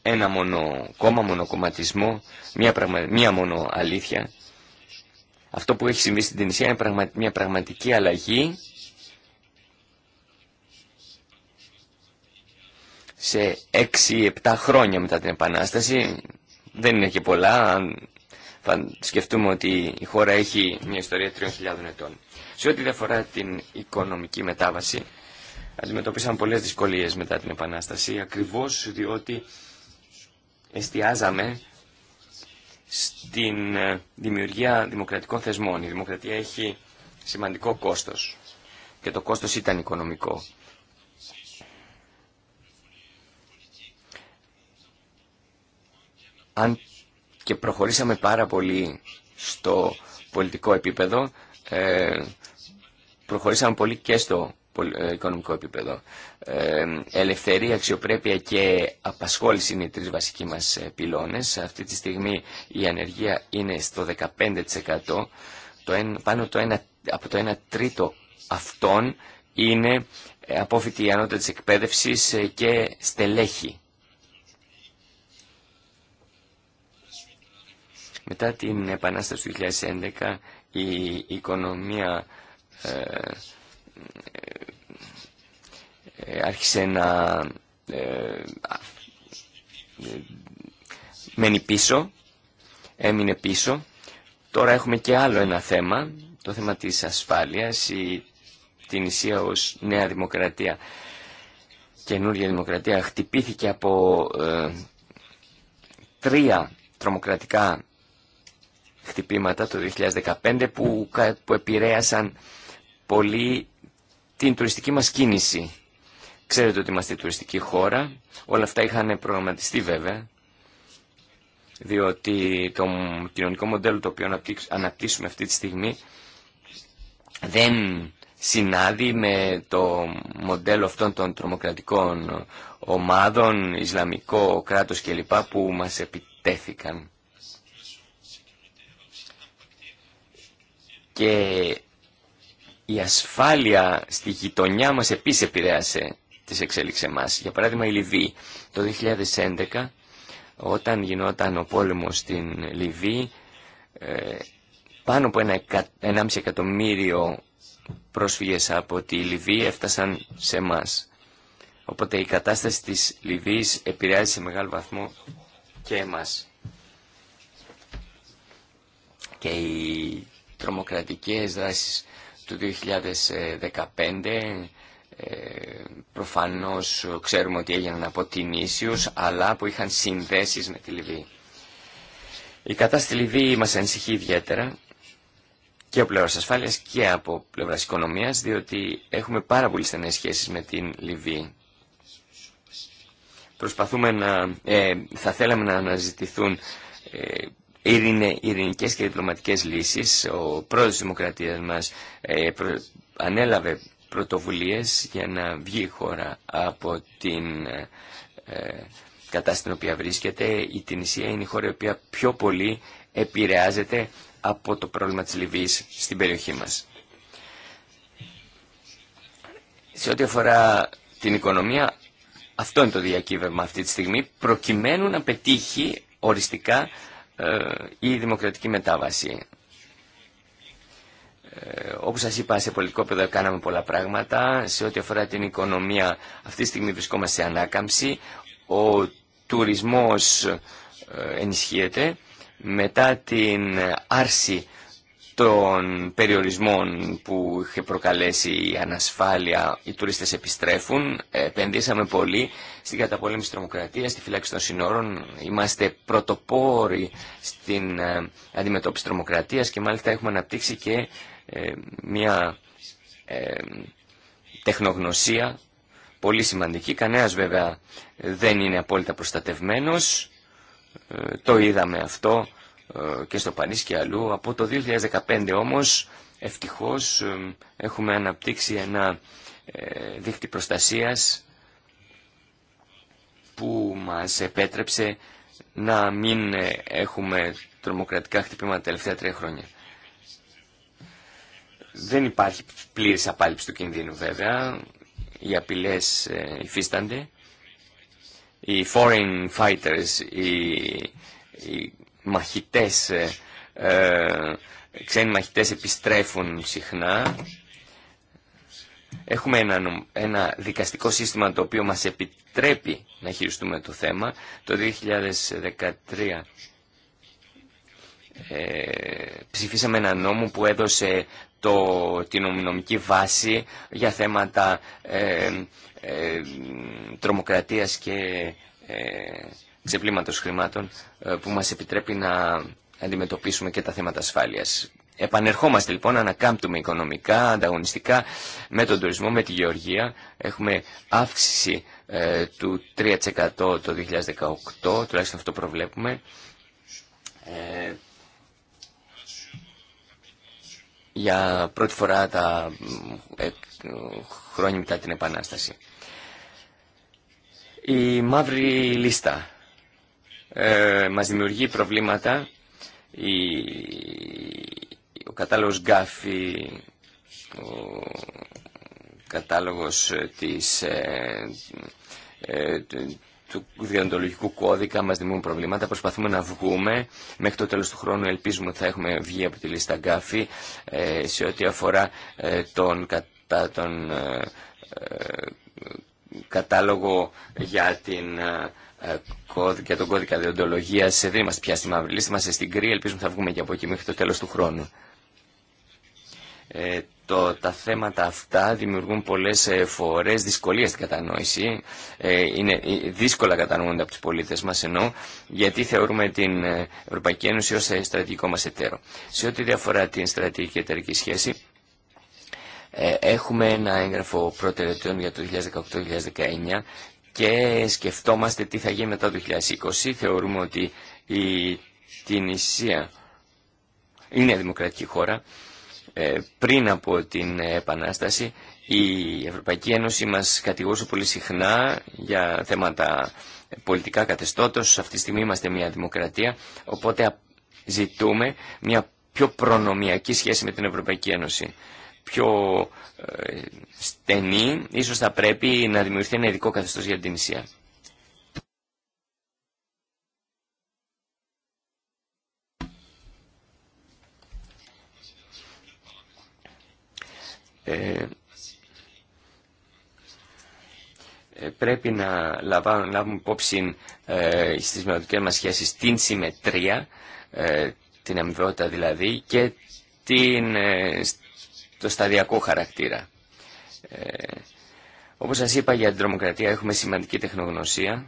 ένα μόνο κόμμα, μονοκομματισμό, μία, πραγμα... μία μόνο αλήθεια. Αυτό που έχει συμβεί στην Τινησία είναι μια πραγματική τινησια ειναι μια πραγματικη αλλαγη σε 6-7 χρόνια μετά την Επανάσταση. Δεν είναι και πολλά, σκεφτούμε ότι η χώρα έχει μια ιστορία 3.000 ετών. Σε ό,τι διαφορά την οικονομική μετάβαση, αντιμετωπίσαμε πολλές δυσκολίες μετά την Επανάσταση, ακριβώς διότι εστιάζαμε στην ε, δημιουργία δημοκρατικών θεσμών. Η δημοκρατία έχει σημαντικό κόστος και το κόστος ήταν οικονομικό. Αν και προχωρήσαμε πάρα πολύ στο πολιτικό επίπεδο, ε, προχωρήσαμε πολύ και στο ε, οικονομικό επίπεδο. Ε, ελευθερία, αξιοπρέπεια και απασχόληση είναι οι τρεις βασικοί μας πυλώνες. Αυτή τη στιγμή η ανεργία είναι στο 15%. πάνω από το 1 τρίτο αυτών είναι απόφοιτοι ανώτατης εκπαίδευσης και στελέχη. Μετά την Επανάσταση του 2011 η οικονομία ε, ε, ε, άρχισε να ε, μένει πίσω, έμεινε πίσω. Τώρα έχουμε και άλλο ένα θέμα, το θέμα της ασφάλειας, η, την Ισία ως νέα δημοκρατία, καινούργια δημοκρατία, χτυπήθηκε από τρία τρομοκρατικά χτυπήματα το 2015 που, που επηρέασαν πολύ την τουριστική μας κίνηση. Ξέρετε ότι είμαστε η τουριστική χώρα. Όλα αυτά είχαν προγραμματιστεί βέβαια, διότι το κοινωνικό μοντέλο το οποίο αναπτύσσουμε αυτή τη στιγμή δεν συνάδει με το μοντέλο αυτών των τρομοκρατικών ομάδων, Ισλαμικό κράτος κλπ. που μας επιτέθηκαν. και η ασφάλεια στη γειτονιά μας επίσης επηρέασε τις εξέλιξεις μας. Για παράδειγμα η Λιβύη. Το 2011 όταν γινόταν ο πόλεμος στην Λιβύη ε, πάνω από ένα, 1,5 εκατομμύριο πρόσφυγες από τη Λιβύη έφτασαν σε μας. Οπότε η κατάσταση της Λιβύης επηρεάζει σε μεγάλο βαθμό και εμάς. Και η τρομοκρατικές δράσεις του 2015 ε, προφανώς ξέρουμε ότι έγιναν από την Ίσιους, αλλά που είχαν συνδέσεις με τη Λιβύη. Η κατάσταση στη Λιβύη μας ανησυχεί ιδιαίτερα και από πλευράς ασφάλειας και από πλευράς οικονομίας, διότι έχουμε πάρα πολύ στενέ σχέσεις με την Λιβύη. Προσπαθούμε να, ε, θα θέλαμε να αναζητηθούν ε, ειρηνικές και διπλωματικές λύσεις. Ο πρόεδρος της Δημοκρατίας μας ε, ανέλαβε πρωτοβουλίες για να βγει η χώρα από την ε, κατάσταση στην οποία βρίσκεται. Η Τινησία είναι η χώρα η οποία πιο πολύ επηρεάζεται από το πρόβλημα της Λιβύης στην περιοχή μας. Σε ό,τι αφορά την οικονομία, αυτό είναι το διακύβευμα αυτή τη στιγμή, προκειμένου να πετύχει οριστικά ε, η δημοκρατική μετάβαση. Ε, όπως σας είπα σε πολιτικό πεδίο κάναμε πολλά πράγματα σε ό,τι αφορά την οικονομία αυτή τη στιγμή βρισκόμαστε σε ανάκαμψη ο τουρισμός ε, ενισχύεται μετά την άρση των περιορισμών που είχε προκαλέσει η ανασφάλεια οι τουρίστες επιστρέφουν. Επενδύσαμε πολύ στην καταπολέμηση της τρομοκρατίας, στη φυλάξη των συνόρων. Είμαστε πρωτοπόροι στην ε, αντιμετώπιση τρομοκρατίας και μάλιστα έχουμε αναπτύξει και ε, μια ε, τεχνογνωσία πολύ σημαντική. Κανένας βέβαια δεν είναι απόλυτα προστατευμένος. Το είδαμε αυτό ε, και στο Παρίσι και αλλού. Από το 2015 όμως ευτυχώς ε, έχουμε αναπτύξει ένα ε, δίχτυ προστασίας που μας επέτρεψε να μην έχουμε τρομοκρατικά χτυπήματα τα τελευταία τρία χρόνια. Δεν υπάρχει πλήρης απάλληψη του κινδύνου βέβαια. Οι απειλές υφίστανται. Οι foreign fighters, οι, οι μαχητές, ε, ε, ξένοι μαχητές επιστρέφουν συχνά. Έχουμε ένα, ένα δικαστικό σύστημα το οποίο μας επιτρέπει να χειριστούμε το θέμα. Το 2013 ε, ψηφίσαμε ένα νόμο που έδωσε το, την νομική βάση για θέματα ε, ε τρομοκρατίας και ε, ξεπλήματος χρημάτων ε, που μας επιτρέπει να αντιμετωπίσουμε και τα θέματα ασφάλειας. Επανερχόμαστε λοιπόν, ανακάμπτουμε οικονομικά, ανταγωνιστικά με τον τουρισμό, με τη γεωργία. Έχουμε αύξηση ε, του 3% το 2018, τουλάχιστον αυτό προβλέπουμε. Ε, για πρώτη φορά τα ε, χρόνια μετά την Επανάσταση. Η μαύρη λίστα ε, μας δημιουργεί προβλήματα. ο κατάλογος Γκάφη, ο κατάλογος ε, ε, του διοντολογικού κώδικα μας δημιουργούν προβλήματα. Προσπαθούμε να βγούμε. Μέχρι το τέλος του χρόνου ελπίζουμε ότι θα έχουμε βγει από τη λίστα Γκάφη σε ό,τι αφορά τον, κατά, τον κατάλογο για την για ε, τον κώδικα διοντολογία. Δεν είμαστε πια στη μαύρη λίστα, είμαστε στην κρύη. Ελπίζουμε θα βγούμε και από εκεί μέχρι το τέλο του χρόνου. Ε, το, τα θέματα αυτά δημιουργούν πολλές ε, φορές δυσκολίες στην κατανόηση. Ε, είναι δύσκολα κατανοούνται από τους πολίτες μας ενώ γιατί θεωρούμε την Ευρωπαϊκή Ένωση ως στρατηγικό μας εταίρο. Σε ό,τι διαφορά την στρατηγική εταιρική σχέση έχουμε ένα έγγραφο προτεραιοτήτων για το 2018-2019 και σκεφτόμαστε τι θα γίνει μετά το 2020. Θεωρούμε ότι η Τινησία είναι δημοκρατική χώρα. Ε, πριν από την Επανάσταση η Ευρωπαϊκή Ένωση μας κατηγόρησε πολύ συχνά για θέματα πολιτικά καθεστώτος. Αυτή τη στιγμή είμαστε μια δημοκρατία, οπότε ζητούμε μια πιο προνομιακή σχέση με την Ευρωπαϊκή Ένωση πιο ε, στενή, ίσως θα πρέπει να δημιουργηθεί ένα ειδικό καθεστώς για την νησία. Ε, ε, πρέπει να λάβουμε υπόψη ε, στις μελλοντικές μας σχέσεις την συμμετρία, ε, την αμοιβαιότητα δηλαδή, και την, το σταδιακό χαρακτήρα. Ε, όπως σας είπα για την τρομοκρατία έχουμε σημαντική τεχνογνωσία.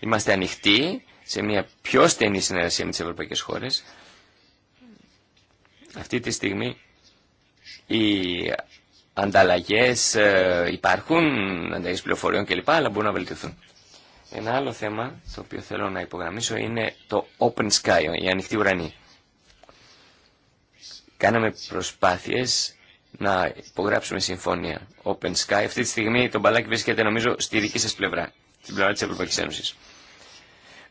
Είμαστε ανοιχτοί σε μια πιο στενή συνεργασία με τις ευρωπαϊκές χώρες. Αυτή τη στιγμή οι ανταλλαγές ε, υπάρχουν, ανταλλαγές πληροφοριών κλπ, αλλά μπορούν να βελτιωθούν. Ένα άλλο θέμα το οποίο θέλω να υπογραμμίσω είναι το Open Sky, η ανοιχτή ουρανή. Κάναμε προσπάθειες να υπογράψουμε συμφωνία Open Sky. Αυτή τη στιγμή το μπαλάκι βρίσκεται νομίζω στη δική σας πλευρά, στην πλευρά της Ευρωπαϊκής Ένωσης.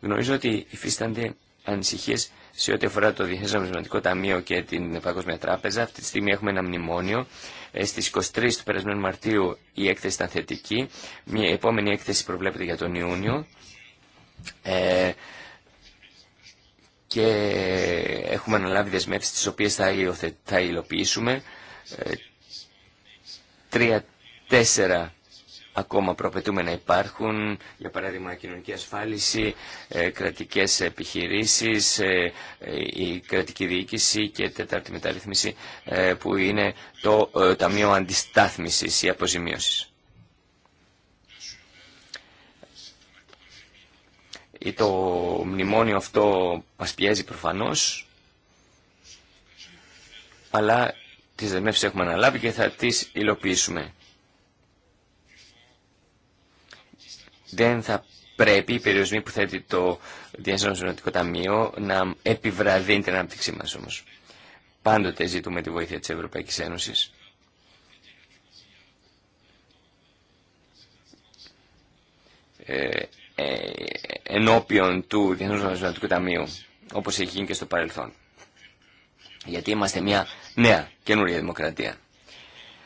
Γνωρίζω ότι υφίστανται ανησυχίες σε ό,τι αφορά το Διεθνές Νομισματικό Ταμείο και την Παγκόσμια Τράπεζα. Αυτή τη στιγμή έχουμε ένα μνημόνιο. Ε, στις 23 του περασμένου Μαρτίου η έκθεση ήταν θετική. Μια επόμενη έκθεση προβλέπεται για τον Ιούνιο. Ε, και έχουμε αναλάβει δεσμεύσει τις οποίες θα, θα υλοποιήσουμε. Ε, Τρία-τέσσερα ακόμα να υπάρχουν, για παράδειγμα κοινωνική ασφάλιση, ε, κρατικές επιχειρήσεις, ε, η κρατική διοίκηση και τέταρτη μεταρρύθμιση που είναι το Ταμείο Αντιστάθμισης ή Αποζημίωσης. Ή το μνημόνιο αυτό μας πιέζει προφανώς, αλλά τις δεσμεύσεις έχουμε αναλάβει και θα τις υλοποιήσουμε. Δεν θα πρέπει οι περιορισμοί που θέτει το Διεθνές Ζωνοτικό Ταμείο να επιβραδύνει την ανάπτυξή μας όμως. Πάντοτε ζητούμε τη βοήθεια της Ευρωπαϊκής Ένωσης. Ε, ε, ενώπιον του Διεθνούς Νομισματικού Ταμείου, όπως έχει γίνει και στο παρελθόν. Γιατί είμαστε μια νέα καινούρια δημοκρατία.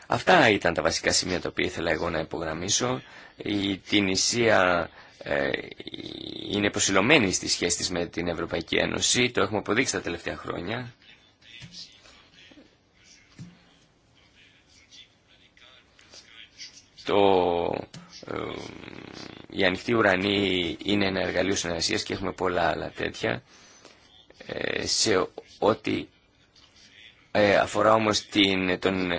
Αυτά ήταν τα βασικά σημεία τα οποία ήθελα εγώ να υπογραμμίσω. Η Τινησία ε, είναι προσιλωμένη στη σχέση με την Ευρωπαϊκή Ένωση. Το έχουμε αποδείξει τα τελευταία χρόνια. Το ε, η ανοιχτή ουρανή είναι ένα εργαλείο συνεργασίας και έχουμε πολλά άλλα τέτοια. Ε, σε ό,τι ε, αφορά όμως την, τον,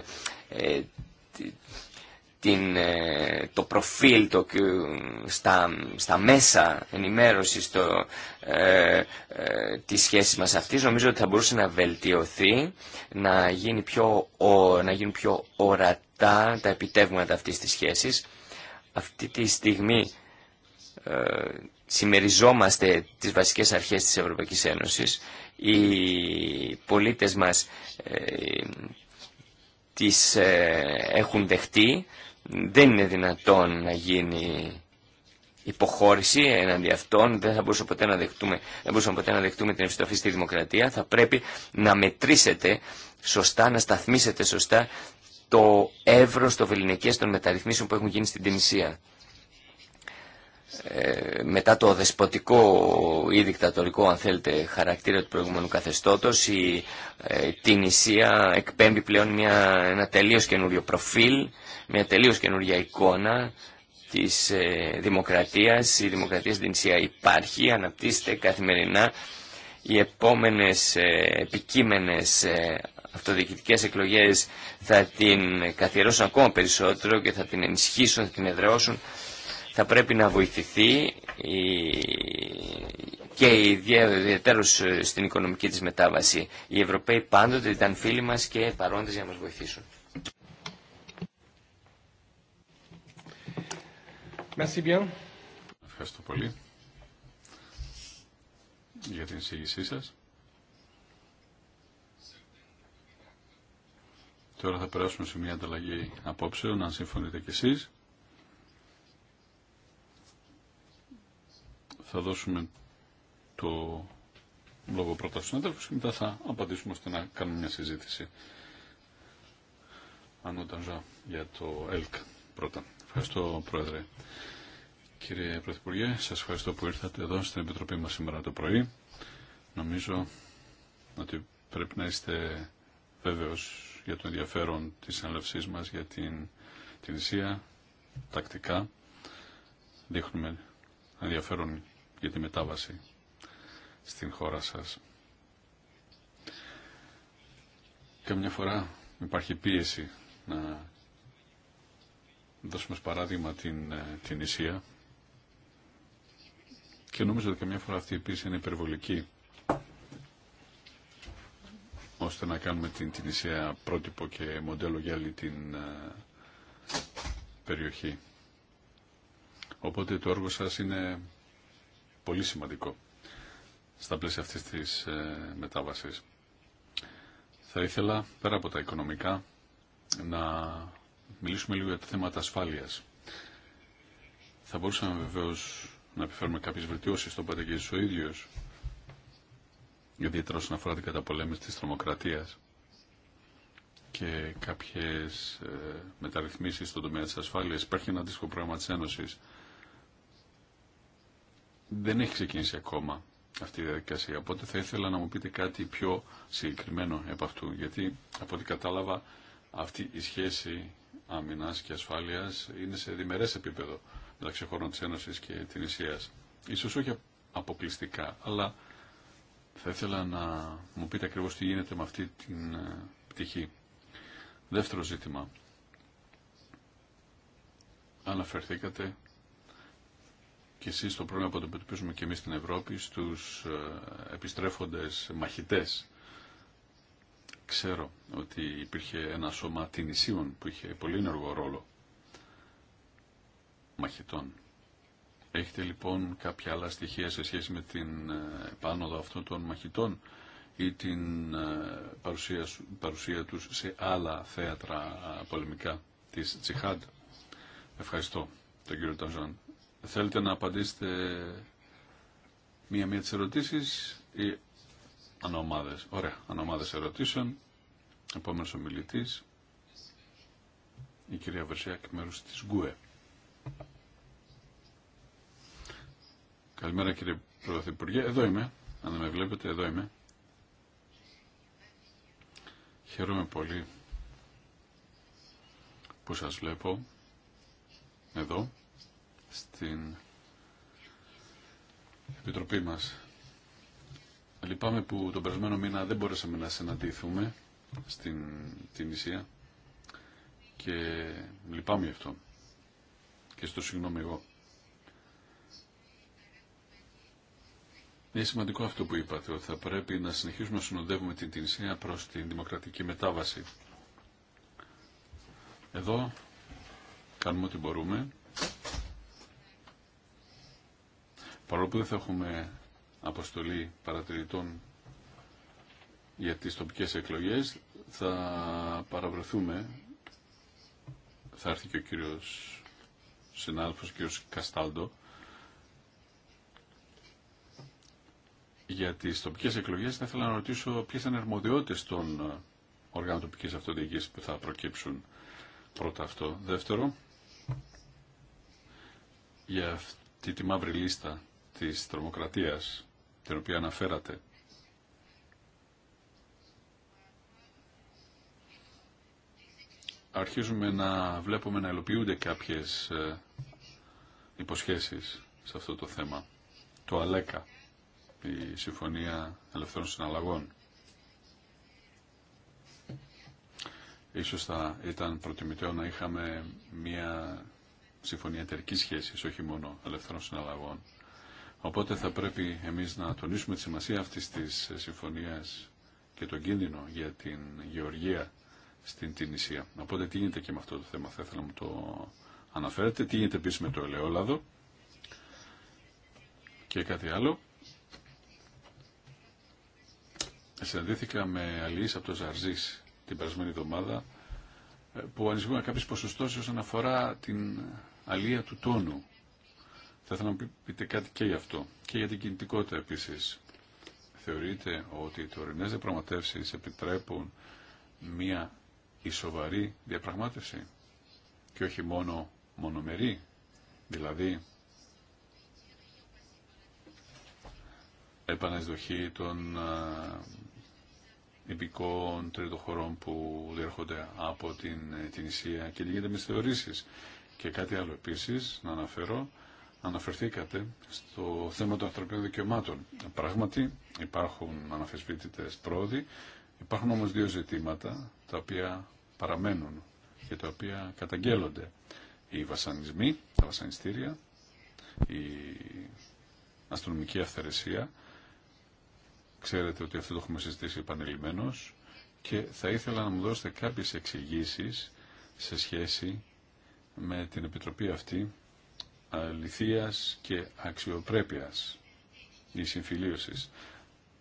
το προφίλ το, στα, στα μέσα ενημέρωσης το, ε, ε, της σχέσης μας αυτής νομίζω ότι θα μπορούσε να βελτιωθεί να, γίνει πιο, να γίνουν πιο ορατά τα επιτεύγματα αυτής της σχέσης αυτή τη στιγμή ε, συμμεριζόμαστε τις βασικές αρχές της Ευρωπαϊκής Ένωσης. Οι πολίτες μας ε, τις ε, έχουν δεχτεί. Δεν είναι δυνατόν να γίνει υποχώρηση εναντί αυτών. Δεν θα μπορούσαμε ποτέ να δεχτούμε, δεν ποτέ να δεχτούμε την επιστροφή στη δημοκρατία. Θα πρέπει να μετρήσετε σωστά, να σταθμίσετε σωστά το εύρος, των βεληνικές των μεταρρυθμίσεων που έχουν γίνει στην Τινησία. Ε, μετά το δεσποτικό ή δικτατορικό αν θέλετε χαρακτήρα του προηγούμενου καθεστώτος η ε, την εκπέμπει πλέον μια, ένα τελείως καινούριο προφίλ μια τελείως καινούρια εικόνα της ε, δημοκρατίας η δημοκρατία στην Τινησία υπάρχει αναπτύσσεται καθημερινά οι επόμενες ε, επικείμενες ε, αυτοδιοικητικές εκλογές θα την καθιερώσουν ακόμα περισσότερο και θα την ενισχύσουν, θα την εδραιώσουν. Θα πρέπει να βοηθηθεί και ιδιαίτερως ε, στην οικονομική της μετάβαση. Οι Ευρωπαίοι πάντοτε ήταν φίλοι μας και παρόντες για να μας βοηθήσουν. Ευχαριστώ πολύ για την εισήγησή σας. Τώρα θα περάσουμε σε μια ανταλλαγή απόψεων, αν συμφωνείτε κι εσείς. Θα δώσουμε το λόγο πρώτα στους συνάδελφους και μετά θα απαντήσουμε ώστε να κάνουμε μια συζήτηση. αν ζω για το ΕΛΚ πρώτα. Ευχαριστώ Πρόεδρε. Κύριε Πρωθυπουργέ, σας ευχαριστώ που ήρθατε εδώ στην Επιτροπή μας σήμερα το πρωί. Νομίζω ότι πρέπει να είστε βέβαιος για το ενδιαφέρον της συνέλευσής μας για την Ισία Τακτικά δείχνουμε ενδιαφέρον για τη μετάβαση στην χώρα σας. Καμιά φορά υπάρχει πίεση να δώσουμε ως παράδειγμα την, ε, την Ισία και νομίζω ότι καμιά φορά αυτή η πίεση είναι υπερβολική ώστε να κάνουμε την Τινησία πρότυπο και μοντέλο για όλη την ε, περιοχή. Οπότε το έργο σας είναι πολύ σημαντικό στα πλαίσια αυτής της ε, μετάβασης. Θα ήθελα, πέρα από τα οικονομικά, να μιλήσουμε λίγο για τα θέματα ασφάλειας. Θα μπορούσαμε βεβαίως να επιφέρουμε κάποιες βελτιώσεις, στον είπατε ο ιδιαίτερα όσον αφορά την καταπολέμηση της τρομοκρατίας και κάποιες ε, μεταρρυθμίσεις στον τομέα της ασφάλειας. Υπάρχει ένα αντίστοιχο πρόγραμμα της Ένωσης. Δεν έχει ξεκινήσει ακόμα αυτή η διαδικασία. Οπότε θα ήθελα να μου πείτε κάτι πιο συγκεκριμένο από αυτού. Γιατί από ό,τι κατάλαβα αυτή η σχέση αμυνάς και ασφάλειας είναι σε διμερές επίπεδο μεταξύ χωρών της Ένωσης και την Ισίας. Ίσως όχι αποκλειστικά, αλλά θα ήθελα να μου πείτε ακριβώς τι γίνεται με αυτή την ε, πτυχή. Δεύτερο ζήτημα. Αναφερθήκατε και εσείς το πρόβλημα που αντιμετωπίζουμε και εμείς στην Ευρώπη στους ε, επιστρέφοντες μαχητές. Ξέρω ότι υπήρχε ένα σώμα τυνησίων που είχε πολύ ενεργό ρόλο μαχητών Έχετε λοιπόν κάποια άλλα στοιχεία σε σχέση με την ε, επάνωδο αυτών των μαχητών ή την ε, παρουσία, παρουσία τους σε άλλα θέατρα πολεμικά της Τσιχάντ. Ευχαριστώ τον κύριο Ταζάν. Θέλετε να απαντήσετε μία-μία τις ερωτήσεις ή ανομάδες. Ωραία, ανομάδες ερωτήσεων. Επόμενος ομιλητής, η κυρία Βερσιάκη μέρους της ΓΚΟΕ. Καλημέρα κύριε Πρωθυπουργέ. Εδώ είμαι. Αν δεν με βλέπετε, εδώ είμαι. Χαίρομαι πολύ που σας βλέπω εδώ στην Επιτροπή μας. Λυπάμαι που τον περασμένο μήνα δεν μπορέσαμε να συναντηθούμε στην την Ισία και λυπάμαι γι' αυτό και στο συγγνώμη εγώ. Είναι σημαντικό αυτό που είπατε, ότι θα πρέπει να συνεχίσουμε να συνοδεύουμε την Τινησία προς την δημοκρατική μετάβαση. Εδώ κάνουμε ό,τι μπορούμε. Παρόλο που δεν θα έχουμε αποστολή παρατηρητών για τις τοπικές εκλογές, θα παραβρεθούμε, θα έρθει και ο κύριος συνάδελφος, ο κύριος Καστάλντο, για τις τοπικές εκλογές θα ήθελα να ρωτήσω ποιες είναι αρμοδιότητε των ε, οργάνων τοπικής αυτοδιοίκησης που θα προκύψουν πρώτα αυτό. Δεύτερο, για αυτή τη μαύρη λίστα της τρομοκρατίας την οποία αναφέρατε αρχίζουμε να βλέπουμε να ελοποιούνται κάποιες ε, υποσχέσεις σε αυτό το θέμα. Το ΑΛΕΚΑ η Συμφωνία Ελευθερών Συναλλαγών. Ίσως θα ήταν προτιμητέο να είχαμε μια συμφωνία εταιρική σχέση, όχι μόνο ελευθερών συναλλαγών. Οπότε θα πρέπει εμείς να τονίσουμε τη σημασία αυτής της συμφωνίας και τον κίνδυνο για την γεωργία στην Τινησία. Οπότε τι γίνεται και με αυτό το θέμα, θα ήθελα να μου το αναφέρετε. Τι γίνεται επίσης με το ελαιόλαδο και κάτι άλλο. συναντήθηκα με αλληλείς από το Ζαρζής την περασμένη εβδομάδα ε, που ανησυχούν κάποιες ποσοστώσει όσον αφορά την αλία του τόνου. Θα ήθελα να μου πείτε κάτι και γι' αυτό και για την κινητικότητα επίσης. Θεωρείτε ότι οι τωρινέ διαπραγματεύσει επιτρέπουν μία ισοβαρή διαπραγμάτευση και όχι μόνο μονομερή, δηλαδή επανασδοχή των υπηκών τρίτων χωρών που διέρχονται από την, ε, Ισία και λύγεται με τι θεωρήσεις. Και κάτι άλλο επίση να αναφέρω, αναφερθήκατε στο θέμα των ανθρωπίνων δικαιωμάτων. Πράγματι υπάρχουν αναφεσβήτητε πρόοδοι, υπάρχουν όμω δύο ζητήματα τα οποία παραμένουν και τα οποία καταγγέλλονται. Οι βασανισμοί, τα βασανιστήρια, η αστυνομική αυθαιρεσία Ξέρετε ότι αυτό το έχουμε συζητήσει επανειλημμένω και θα ήθελα να μου δώσετε κάποιες εξηγήσει σε σχέση με την Επιτροπή αυτή αληθεία και αξιοπρέπειας ή συμφιλίωσης.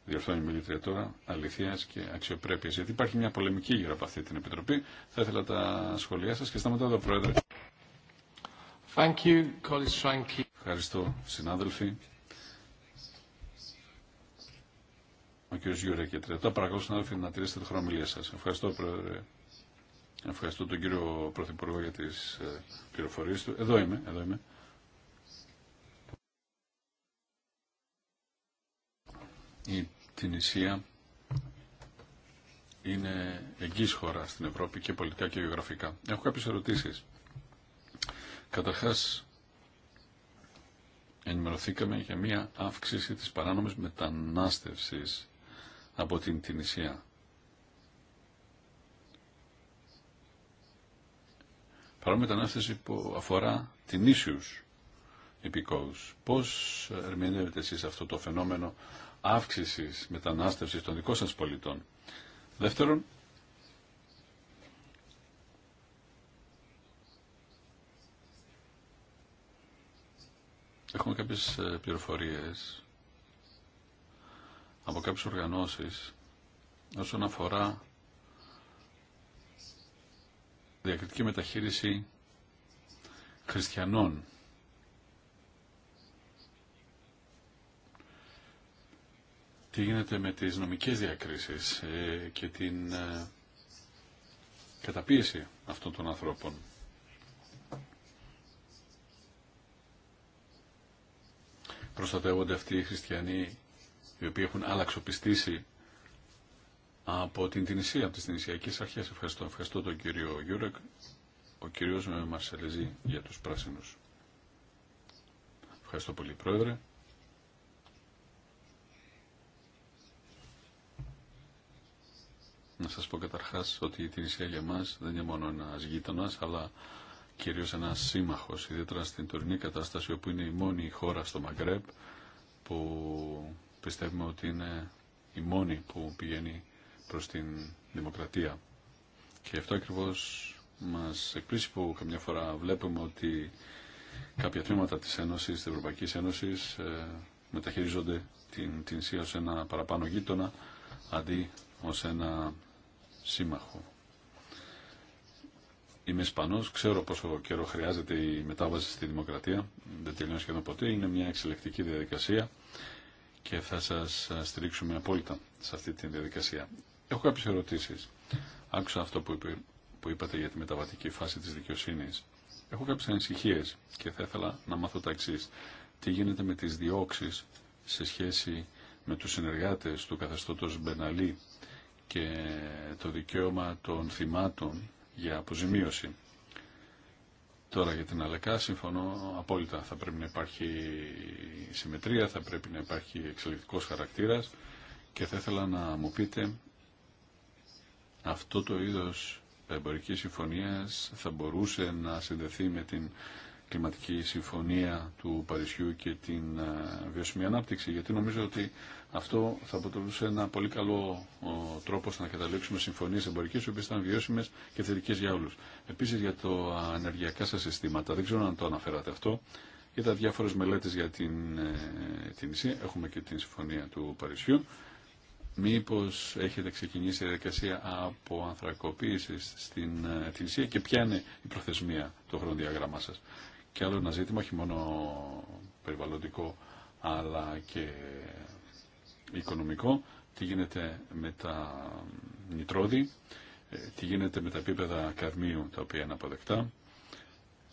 Διορθώνει η μιλήτρια τώρα, τωρα αληθεια και αξιοπρέπειας. Γιατί υπάρχει μια πολεμική γύρω από αυτή την Επιτροπή. Θα ήθελα τα σχόλιά σα και σταματάω εδώ, Πρόεδρε. Ευχαριστώ, συνάδελφοι. ο κ. Γιούρα και Παρακαλώ, συνάδελφοι, να τηρήσετε τη χρονομιλία σα. Ευχαριστώ, Πρόεδρε. Ευχαριστώ τον κύριο Πρωθυπουργό για τι ε, πληροφορίε του. Εδώ είμαι, εδώ είμαι. Η Τινησία είναι εγγύης χώρα στην Ευρώπη και πολιτικά και γεωγραφικά. Έχω κάποιες ερωτήσεις. Καταρχάς, ενημερωθήκαμε για μία αύξηση της παράνομης μετανάστευσης από την Τινησία. Παρόμοια μετανάστευση που αφορά την ίσιους υπηκόους. Πώς ερμηνεύετε εσείς αυτό το φαινόμενο αύξησης μετανάστευσης των δικών σας πολιτών. Δεύτερον, έχουμε κάποιες ε, πληροφορίες από κάποιες οργανώσεις όσον αφορά διακριτική μεταχείριση χριστιανών. Τι γίνεται με τις νομικές διακρίσεις ε, και την ε, καταπίεση αυτών των ανθρώπων. Προστατεύονται αυτοί οι χριστιανοί οι οποίοι έχουν αλλαξοπιστήσει από την Τινησία, από τις Τινησιακές Αρχές. Ευχαριστώ, ευχαριστώ τον κύριο Γιούρεκ, ο κύριος Μαρσελεζή για τους πράσινους. Ευχαριστώ πολύ, Πρόεδρε. Να σας πω καταρχάς ότι η Τινησία για μας δεν είναι μόνο ένας γείτονας, αλλά κυρίως ένας σύμμαχος, ιδιαίτερα στην τωρινή κατάσταση όπου είναι η μόνη χώρα στο Μαγκρέπ που πιστεύουμε ότι είναι η μόνη που πηγαίνει προς την δημοκρατία. Και αυτό ακριβώς μας εκπλήσει που καμιά φορά βλέπουμε ότι κάποια τμήματα της Ένωσης, της Ευρωπαϊκής Ένωσης ε, μεταχειρίζονται την, την ΣΥΑ ως ένα παραπάνω γείτονα αντί ως ένα σύμμαχο. Είμαι Ισπανό, ξέρω πόσο καιρό χρειάζεται η μετάβαση στη δημοκρατία, δεν τελειώνει σχεδόν ποτέ, είναι μια εξελεκτική διαδικασία και θα σας στηρίξουμε απόλυτα σε αυτή τη διαδικασία. Έχω κάποιες ερωτήσεις. Άκουσα αυτό που, που είπατε για τη μεταβατική φάση της δικαιοσύνης. Έχω κάποιες ανησυχίες και θα ήθελα να μάθω τα εξή. Τι γίνεται με τις διώξεις σε σχέση με τους συνεργάτες του καθεστώτος Μπεναλή και το δικαίωμα των θυμάτων για αποζημίωση. Τώρα για την ΑΛΕΚΑ συμφωνώ απόλυτα. Θα πρέπει να υπάρχει συμμετρία, θα πρέπει να υπάρχει εξελικτικός χαρακτήρας και θα ήθελα να μου πείτε αυτό το είδος εμπορική συμφωνίας θα μπορούσε να συνδεθεί με την κλιματική συμφωνία του Παρισιού και την ε, βιώσιμη ανάπτυξη γιατί νομίζω ότι αυτό θα αποτελούσε ένα πολύ καλό τρόπος να καταλήξουμε συμφωνίε εμπορικέ, οι οποίε ήταν βιώσιμες και θετικέ για όλου. Επίση για το ενεργειακά σα συστήματα, δεν ξέρω αν το αναφέρατε αυτό, για τα διάφορε μελέτε για την, ε, την έχουμε και την συμφωνία του Παρισιού. Μήπως έχετε ξεκινήσει η διαδικασία από ανθρακοποίηση στην ε, νησία και ποια είναι η προθεσμία, το χρονοδιαγράμμα σα. Και άλλο ένα ζήτημα, όχι μόνο περιβαλλοντικό, αλλά και οικονομικό, τι γίνεται με τα νητρόδη, ε, τι γίνεται με τα επίπεδα καρμίου τα οποία είναι αποδεκτά.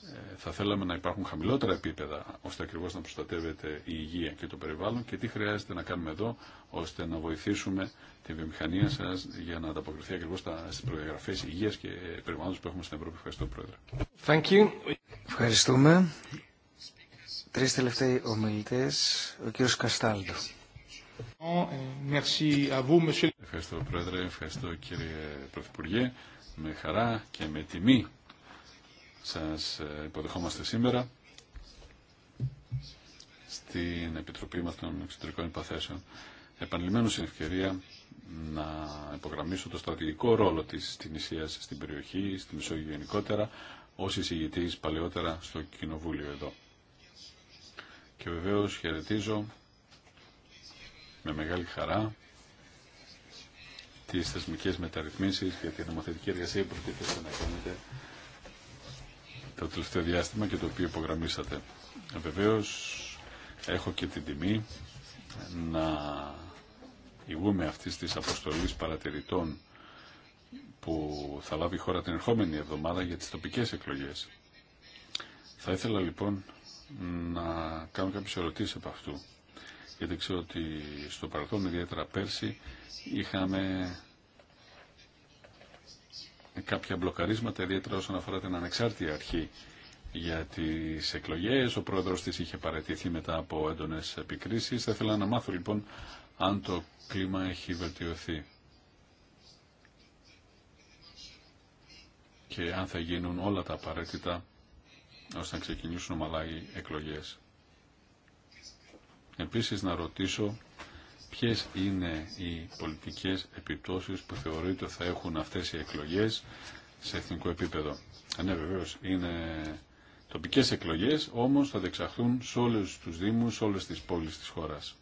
Ε, θα θέλαμε να υπάρχουν χαμηλότερα επίπεδα ώστε ακριβώς να προστατεύεται η υγεία και το περιβάλλον και τι χρειάζεται να κάνουμε εδώ ώστε να βοηθήσουμε τη βιομηχανία σας για να ανταποκριθεί ακριβώς στις προδιαγραφές υγείας και ε, περιβάλλοντος που έχουμε στην Ευρώπη. Ευχαριστώ Πρόεδρε. Thank you. Ευχαριστούμε. Τρεις τελευταίοι ομιλητές. Ο κύριος Καστάλτο. Ευχαριστώ Πρόεδρε, ευχαριστώ κύριε Πρωθυπουργέ. Με χαρά και με τιμή σας ε, υποδεχόμαστε σήμερα στην Επιτροπή μας των Εξωτερικών Υπαθέσεων Επανειλημμένως στην ευκαιρία να υπογραμμίσω το στρατηγικό ρόλο της Τινησίας στην περιοχή, στη Μεσόγειο γενικότερα, ως εισηγητής παλαιότερα στο Κοινοβούλιο εδώ. Και βεβαίως χαιρετίζω με μεγάλη χαρά τις θεσμικές μεταρρυθμίσεις για τη νομοθετική εργασία που προτίθεστε να κάνετε το τελευταίο διάστημα και το οποίο υπογραμμίσατε. Ε, Βεβαίω έχω και την τιμή να ηγούμε αυτή της αποστολής παρατηρητών που θα λάβει η χώρα την ερχόμενη εβδομάδα για τις τοπικές εκλογές. Θα ήθελα λοιπόν να κάνω κάποιες ερωτήσεις από αυτού γιατί ξέρω ότι στο παρελθόν, ιδιαίτερα πέρσι, είχαμε κάποια μπλοκαρίσματα, ιδιαίτερα όσον αφορά την ανεξάρτητη αρχή για τις εκλογές. Ο πρόεδρος της είχε παρετηθεί μετά από έντονες επικρίσεις. Θα ήθελα να μάθω λοιπόν αν το κλίμα έχει βελτιωθεί. και αν θα γίνουν όλα τα απαραίτητα ώστε να ξεκινήσουν ομαλά οι εκλογές. Επίσης να ρωτήσω ποιες είναι οι πολιτικές επιπτώσεις που θεωρείται θα έχουν αυτές οι εκλογές σε εθνικό επίπεδο. Ε, ναι, βεβαίω, είναι τοπικές εκλογές, όμως θα δεξαχθούν σε όλους τους Δήμους, σε όλες τις πόλεις της χώρας.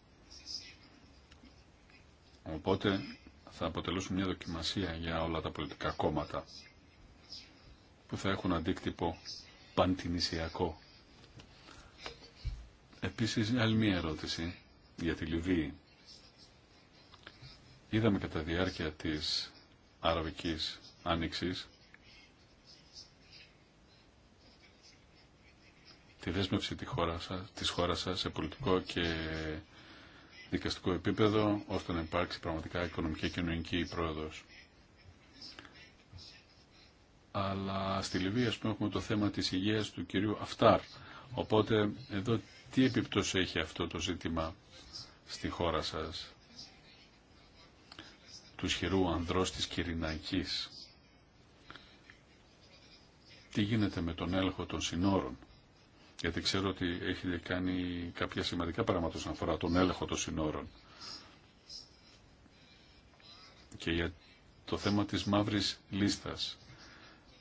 Οπότε θα αποτελούσουν μια δοκιμασία για όλα τα πολιτικά κόμματα που θα έχουν αντίκτυπο παντινησιακό Επίσης, άλλη μία ερώτηση για τη Λιβύη. Είδαμε κατά διάρκεια της Αραβικής Άνοιξης τη δέσμευση της χώρας, σας, της χώρας σε πολιτικό και δικαστικό επίπεδο ώστε να υπάρξει πραγματικά οικονομική και κοινωνική πρόοδος. Αλλά στη Λιβύη, ας πούμε, έχουμε το θέμα της υγείας του κυρίου Αφτάρ. Οπότε, εδώ τι επίπτωση έχει αυτό το ζήτημα στη χώρα σας του ισχυρού ανδρός της Κυριναϊκής. Τι γίνεται με τον έλεγχο των συνόρων, γιατί ξέρω ότι έχετε κάνει κάποια σημαντικά πράγματα όσον αφορά τον έλεγχο των συνόρων. Και για το θέμα της μαύρης λίστας.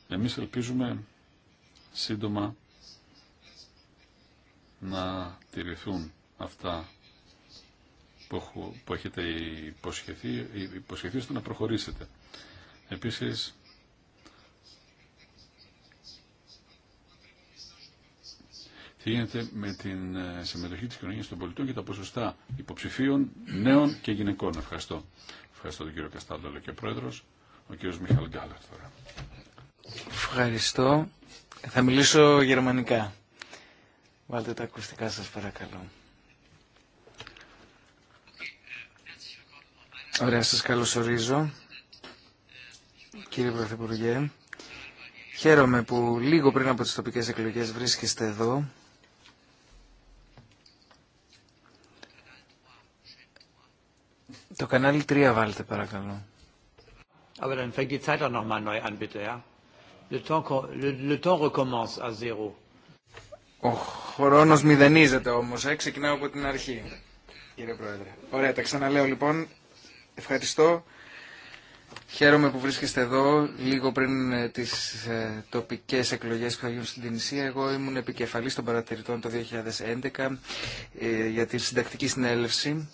Εμείς ελπίζουμε σύντομα να τηρηθούν αυτά που έχετε υποσχεθεί, υποσχεθεί ώστε να προχωρήσετε. Επίσης, τι γίνεται με την ε, συμμετοχή της κοινωνίας των πολιτών και τα ποσοστά υποψηφίων νέων και γυναικών. Ευχαριστώ. Ευχαριστώ τον κύριο Καστάλλο και ο πρόεδρος, ο κύριος Μιχαλ Γκάλερ τώρα. Ευχαριστώ. Θα μιλήσω γερμανικά. Βάλτε τα ακουστικά σας παρακαλώ. Ωραία, σας καλωσορίζω. Κύριε Πρωθυπουργέ, χαίρομαι που λίγο πριν από τις τοπικές εκλογές βρίσκεστε εδώ. Το κανάλι 3 βάλτε παρακαλώ. Αλλά δεν fängt die Zeit auch nochmal neu an, bitte, ja? Ο χρόνος μηδενίζεται όμως, ε. ξεκινάω από την αρχή, κύριε Πρόεδρε. Ωραία, τα ξαναλέω λοιπόν. Ευχαριστώ. Χαίρομαι που βρίσκεστε εδώ λίγο πριν ε, τις ε, τοπικές εκλογές που θα γίνουν στην Τινησία. Εγώ ήμουν επικεφαλής των παρατηρητών το 2011 ε, για τη συντακτική συνέλευση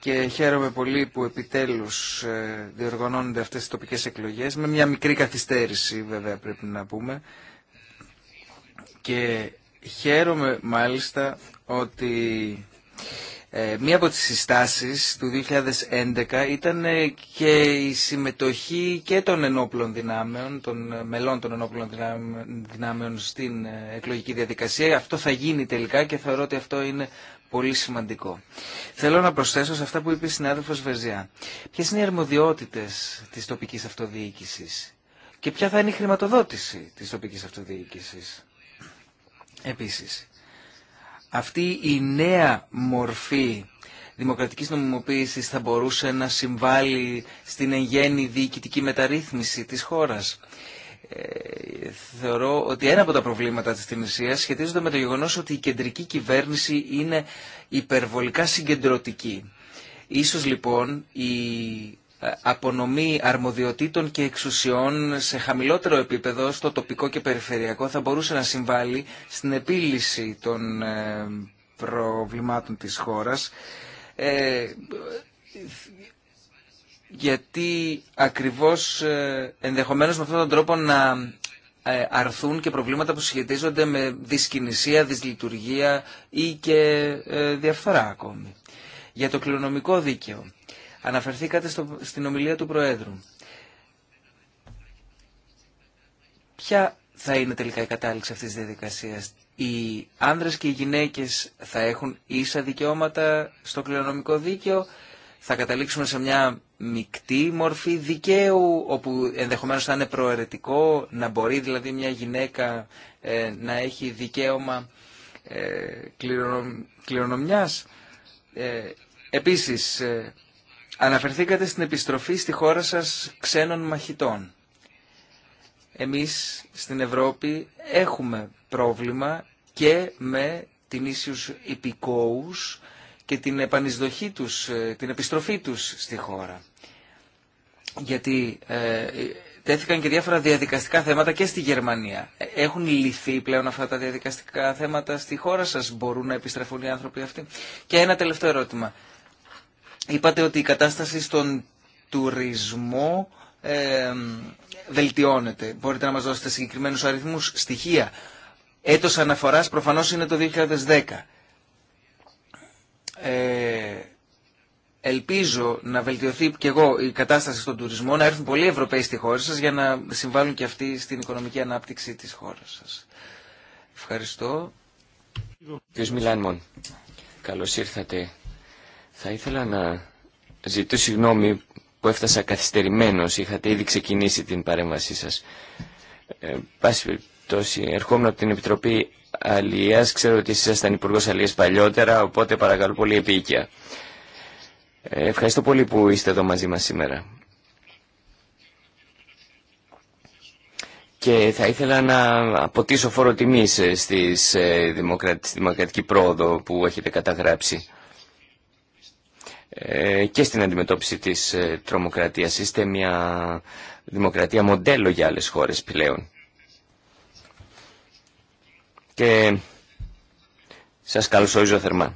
και χαίρομαι πολύ που επιτέλους διοργανώνονται αυτές τις τοπικές εκλογές με μια μικρή καθυστέρηση βέβαια πρέπει να πούμε και Χαίρομαι μάλιστα ότι ε, μία από τις συστάσεις του 2011 ήταν ε, και η συμμετοχή και των ενόπλων δυνάμεων, των ε, μελών των ενόπλων δυνάμεων στην εκλογική διαδικασία. Αυτό θα γίνει τελικά και θεωρώ ότι αυτό είναι πολύ σημαντικό. Θέλω να προσθέσω σε αυτά που είπε η συνάδελφος Βερζιά. Ποιες είναι οι αρμοδιότητες της τοπικής αυτοδιοίκησης και ποια θα είναι η χρηματοδότηση της τοπικής αυτοδιοίκησης. Επίσης, αυτή η νέα μορφή δημοκρατικής νομιμοποίησης θα μπορούσε να συμβάλλει στην εγγέννη διοικητική μεταρρύθμιση της χώρας. Ε, θεωρώ ότι ένα από τα προβλήματα της Τινησίας σχετίζονται με το γεγονός ότι η κεντρική κυβέρνηση είναι υπερβολικά συγκεντρωτική. Ίσως λοιπόν η ε, απονομή αρμοδιοτήτων και εξουσιών σε χαμηλότερο επίπεδο, στο τοπικό και περιφερειακό, θα μπορούσε να συμβάλλει στην επίλυση των ε, προβλημάτων της χώρας. Ε, γιατί ακριβώς ενδεχομένως με αυτόν τον τρόπο να αρθούν και προβλήματα που σχετίζονται με δυσκινησία, δυσλειτουργία ή και διαφθορά ακόμη. Για το κληρονομικό δίκαιο Αναφερθήκατε στο, στην ομιλία του Προέδρου. Ποια θα είναι τελικά η κατάληξη αυτής της διαδικασίας. Οι άνδρες και οι γυναίκες θα έχουν ίσα δικαιώματα στο κληρονομικό δίκαιο. Θα καταλήξουμε σε μια μεικτή μορφή δικαίου, όπου ενδεχομένως θα είναι προαιρετικό, να μπορεί δηλαδή μια γυναίκα ε, να έχει δικαίωμα ε, κληρονομιάς. Ε, επίσης, ε, Αναφερθήκατε στην επιστροφή στη χώρα σας ξένων μαχητών. Εμείς στην Ευρώπη έχουμε πρόβλημα και με την ίσιους υπηκόους και την επανεισδοχή τους, ε, την επιστροφή τους στη χώρα. Γιατί ε, τέθηκαν και διάφορα διαδικαστικά θέματα και στη Γερμανία. Ε, έχουν λυθεί πλέον αυτά τα διαδικαστικά θέματα στη χώρα σας, μπορούν να επιστρεφούν οι άνθρωποι αυτοί. Και ένα τελευταίο ερώτημα. Είπατε ότι η κατάσταση στον τουρισμό ε, βελτιώνεται. Μπορείτε να μας δώσετε συγκεκριμένους αριθμούς, στοιχεία. Έτος αναφοράς προφανώς είναι το 2010. Ε, ελπίζω να βελτιωθεί και εγώ η κατάσταση στον τουρισμό, να έρθουν πολλοί Ευρωπαίοι στη χώρα σας για να συμβάλλουν και αυτοί στην οικονομική ανάπτυξη της χώρας σας. Ευχαριστώ. Κύριος καλώς ήρθατε θα ήθελα να ζητώ συγγνώμη που έφτασα καθυστερημένος. Είχατε ήδη ξεκινήσει την παρέμβασή σας. Ε, πάση περιπτώσει, ερχόμουν από την Επιτροπή Αλίας. Ξέρω ότι ήσασταν υπουργό Αλίας παλιότερα, οπότε παρακαλώ πολύ επίοικια. Ε, ευχαριστώ πολύ που είστε εδώ μαζί μας σήμερα. Και θα ήθελα να αποτίσω φόρο τιμής ε, ε, στη δημοκρατική πρόοδο που έχετε καταγράψει. Ε, και στην αντιμετώπιση της ε, τρομοκρατίας. Είστε μια δημοκρατία μοντέλο για άλλες χώρες πλέον. Και σας καλωσορίζω θερμά.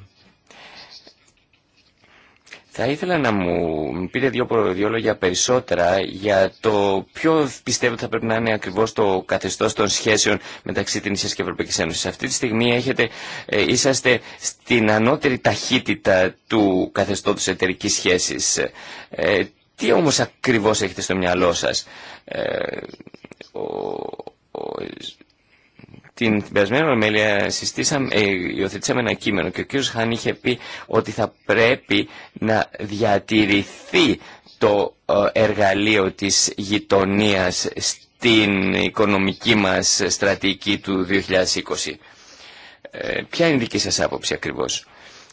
Θα ήθελα να μου πείτε δύο, δύο λόγια περισσότερα για το ποιο πιστεύω ότι θα πρέπει να είναι ακριβώ το καθεστώ των σχέσεων μεταξύ τη Ισία και Ευρωπαϊκή Ένωση. Αυτή τη στιγμή έχετε, ε, είσαστε στην ανώτερη ταχύτητα του καθεστώτος εταιρική σχέση. Ε, τι όμω ακριβώ έχετε στο μυαλό σα. Ε, ο, την περασμένη ομιλία ε, συστήσαμε, ε, υιοθετήσαμε ένα κείμενο και ο κ. Χάν είχε πει ότι θα πρέπει να διατηρηθεί το ε, εργαλείο της γειτονίας στην οικονομική μας στρατηγική του 2020. Ε, ποια είναι η δική σας άποψη ακριβώς.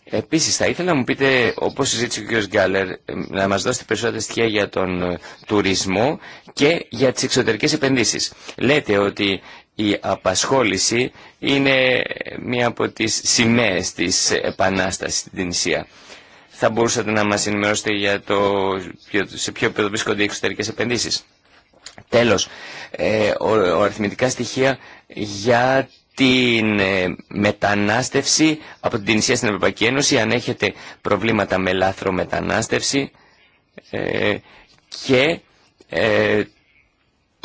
Επίσης θα ήθελα να μου πείτε, όπως συζήτησε ο κ. Γκάλερ, να μας δώσετε περισσότερα στοιχεία για τον τουρισμό και για τις εξωτερικές επενδύσεις. Λέτε ότι η απασχόληση είναι μία από τις σημαίες της επανάστασης στην Τινησία. Θα μπορούσατε να μας ενημερώσετε για το σε ποιο επίπεδο βρίσκονται οι εξωτερικές επενδύσεις. Τέλος, ε, ο, αριθμητικά στοιχεία για την ε, μετανάστευση από την Τινησία στην Ευρωπαϊκή Ένωση, αν έχετε προβλήματα με λάθρο μετανάστευση ε, και ε,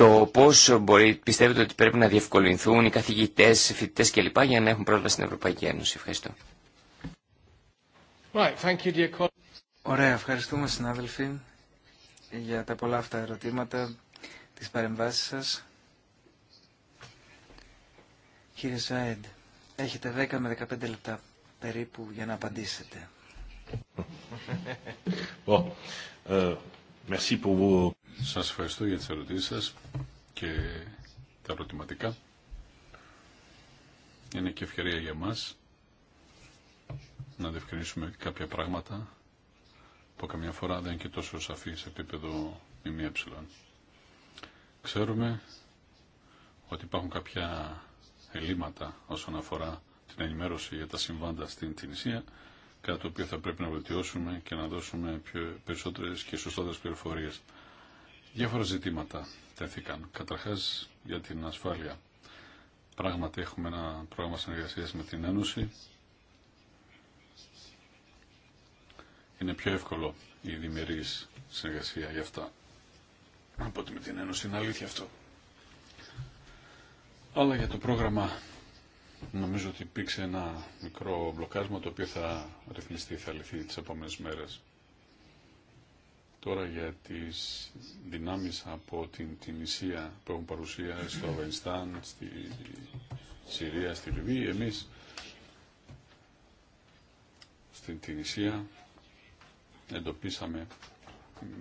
το πώς πιστεύετε ότι πρέπει να διευκολυνθούν οι καθηγητέ, οι φοιτητέ κλπ. για να έχουν πρόσβαση στην Ευρωπαϊκή Ένωση. Ευχαριστώ. Ωραία, ευχαριστούμε συνάδελφοι για τα πολλά αυτά ερωτήματα, τις παρεμβάσεις σας. Κύριε Σάιντ, έχετε 10 με 15 λεπτά περίπου για να απαντήσετε. [LAUGHS] bon. Euh, σας ευχαριστώ για τις ερωτήσεις σας και τα ερωτηματικά. Είναι και ευκαιρία για μας να διευκρινίσουμε κάποια πράγματα που καμιά φορά δεν είναι και τόσο σαφή σε επίπεδο ε. Ξέρουμε ότι υπάρχουν κάποια ελλείμματα όσον αφορά την ενημέρωση για τα συμβάντα στην Τινησία, κάτι το οποίο θα πρέπει να βελτιώσουμε και να δώσουμε πιο, περισσότερες και σωστότερες πληροφορίες. Διάφορα ζητήματα τέθηκαν. Καταρχάς για την ασφάλεια. Πράγματι έχουμε ένα πρόγραμμα συνεργασίας με την Ένωση. Είναι πιο εύκολο η διμερής συνεργασία για αυτά. Από ότι με την Ένωση είναι αλήθεια αυτό. Αλλά για το πρόγραμμα νομίζω ότι υπήρξε ένα μικρό μπλοκάσμα το οποίο θα ρυθμιστεί, θα λυθεί τις επόμενες μέρες. Τώρα για τις δυνάμεις από την Τινησία που έχουν παρουσία στο Αφγανιστάν, στη Συρία, στη Λιβύη, εμείς στην Τινησία εντοπίσαμε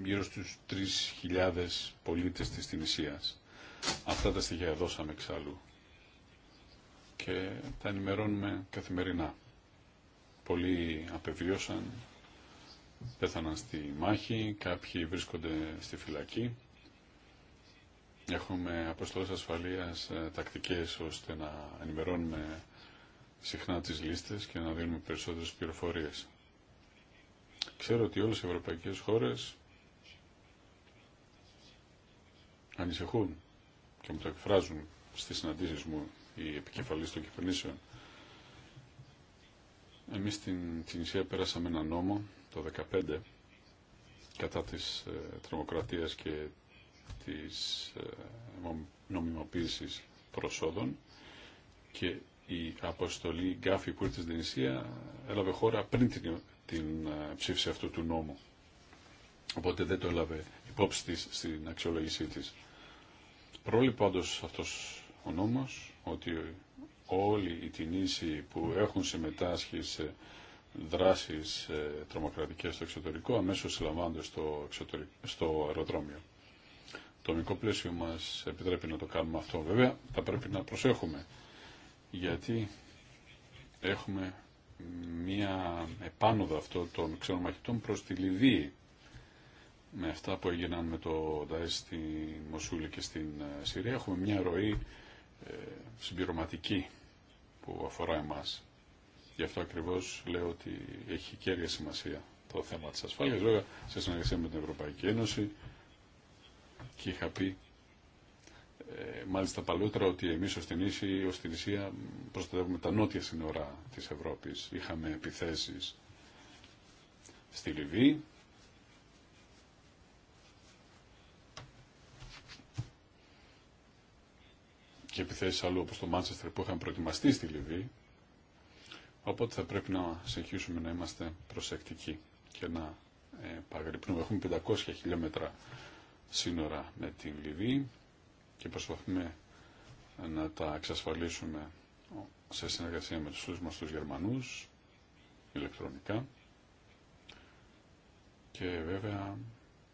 γύρω στους 3.000 πολίτες της Τινησίας. Αυτά τα στοιχεία δώσαμε εξάλλου και τα ενημερώνουμε καθημερινά. Πολλοί απεβίωσαν, πέθαναν στη μάχη, κάποιοι βρίσκονται στη φυλακή. Έχουμε αποστολές ασφαλείας ε, τακτικές ώστε να ενημερώνουμε συχνά τις λίστες και να δίνουμε περισσότερες πληροφορίες. Ξέρω ότι όλες οι ευρωπαϊκές χώρες ανησυχούν και μου το εκφράζουν στις συναντήσεις μου οι επικεφαλής των κυβερνήσεων. Εμείς στην Τινησία πέρασαμε ένα νόμο το 2015 κατά της ε, τρομοκρατίας και της ε, νομιμοποίησης προσόδων και η αποστολή Γκάφη που ήρθε στην έλαβε χώρα πριν την, την ε, ψήφιση αυτού του νόμου. Οπότε δεν το έλαβε υπόψη της στην αξιολόγησή της. Πρόλη πάντως αυτός ο νόμος ότι όλοι οι τινήσιοι που έχουν συμμετάσχει σε δράσεις ε, τρομοκρατικές στο εξωτερικό αμέσως συλλαμβάνονται στο, στο αεροδρόμιο. Το μικρό πλαίσιο μας επιτρέπει να το κάνουμε αυτό. Βέβαια θα πρέπει να προσέχουμε γιατί έχουμε μία επάνωδα αυτό των ξενομαχητών προς τη Λιβύη με αυτά που έγιναν με το ΔΑΕΣ στη Μοσούλη και στην ε, Συρία έχουμε μια ροή ε, συμπληρωματική που αφορά εμάς. Γι' αυτό ακριβώς λέω ότι έχει κέρια σημασία το θέμα της ασφάλειας, ναι. βέβαια, σε συνεργασία με την Ευρωπαϊκή Ένωση και είχα πει ε, μάλιστα παλαιότερα ότι εμεί ως την Ίση, την Ισία προστατεύουμε τα νότια σύνορα της Ευρώπης. Είχαμε επιθέσει στη Λιβύη, και επιθέσεις αλλού όπως το Μάντσεστερ που είχαν προετοιμαστεί στη Λιβύη Οπότε θα πρέπει να συνεχίσουμε να είμαστε προσεκτικοί και να ε, παγρυπνούμε. Έχουμε 500 χιλιόμετρα σύνορα με την Λιβύη και προσπαθούμε να τα εξασφαλίσουμε σε συνεργασία με τους φίλους μας τους Γερμανούς ηλεκτρονικά και βέβαια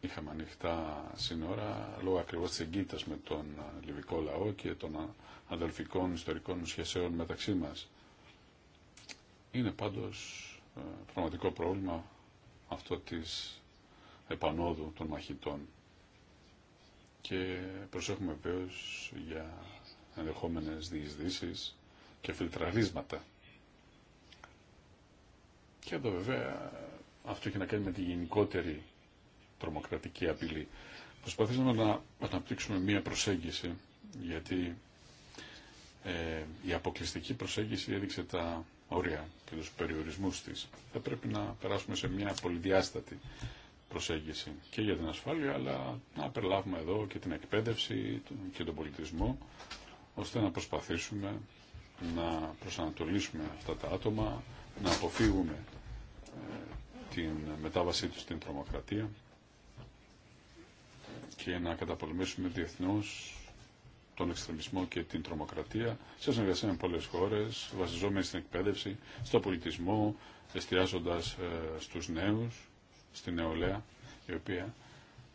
είχαμε ανοιχτά σύνορα λόγω ακριβώς της εγκύτητας με τον ε, λιβικό λαό και των ε, αδελφικών ιστορικών σχεσεών μεταξύ μας. Είναι πάντως ε, πραγματικό πρόβλημα αυτό της επανόδου των μαχητών και προσέχουμε βεβαίω για ενδεχόμενες διεισδύσεις και φιλτραρίσματα. Και εδώ βέβαια αυτό έχει να κάνει με τη γενικότερη τρομοκρατική απειλή. Προσπαθήσαμε να αναπτύξουμε μία προσέγγιση γιατί ε, η αποκλειστική προσέγγιση έδειξε τα όρια και τους περιορισμούς της, θα πρέπει να περάσουμε σε μια πολυδιάστατη προσέγγιση και για την ασφάλεια, αλλά να περιλάβουμε εδώ και την εκπαίδευση και τον πολιτισμό, ώστε να προσπαθήσουμε να προσανατολίσουμε αυτά τα άτομα, να αποφύγουμε την μετάβασή τους στην τρομοκρατία και να καταπολεμήσουμε διεθνώς τον εξτρεμισμό και την τρομοκρατία σε συνεργασία με πολλές χώρες, βασιζόμενοι στην εκπαίδευση, στο πολιτισμό, εστιάζοντας ε, στους νέους, στην νεολαία, η οποία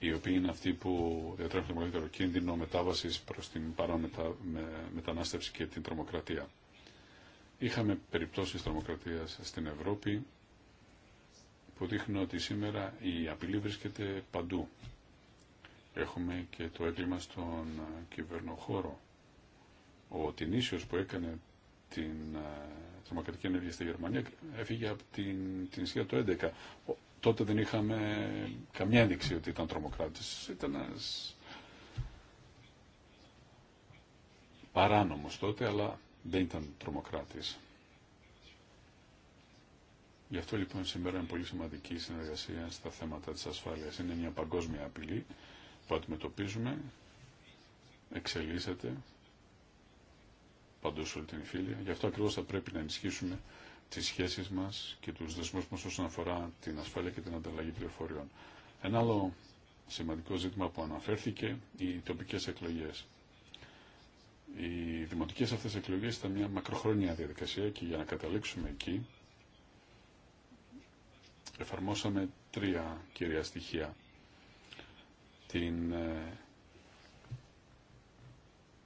η οποία είναι αυτή που διατρέχουν το μεγαλύτερο κίνδυνο μετάβαση προ την παραμετα... μετανάστευση και την τρομοκρατία. Είχαμε περιπτώσει τρομοκρατία στην Ευρώπη που δείχνουν ότι σήμερα η απειλή βρίσκεται παντού Έχουμε και το έγκλημα στον ε, κυβερνοχώρο. Ο Τινίσιος που έκανε την ε, τρομοκρατική ενέργεια στη Γερμανία έφυγε από την, την ισχύα του 11. Τότε δεν είχαμε καμιά ένδειξη ότι ήταν τρομοκράτης. Ήταν ένας παράνομος τότε, αλλά δεν ήταν τρομοκράτης. Γι' αυτό λοιπόν σήμερα είναι πολύ σημαντική η συνεργασία στα θέματα της ασφάλειας. Είναι μια παγκόσμια απειλή που αντιμετωπίζουμε εξελίσσεται παντού σε όλη την φίλη. Γι' αυτό ακριβώς θα πρέπει να ενισχύσουμε τις σχέσεις μας και τους δεσμούς μας όσον αφορά την ασφάλεια και την ανταλλαγή πληροφοριών. Ένα άλλο σημαντικό ζήτημα που αναφέρθηκε, οι τοπικές εκλογές. Οι δημοτικές αυτές εκλογές ήταν μια μακροχρόνια διαδικασία και για να καταλήξουμε εκεί εφαρμόσαμε τρία κυρία στοιχεία την ε,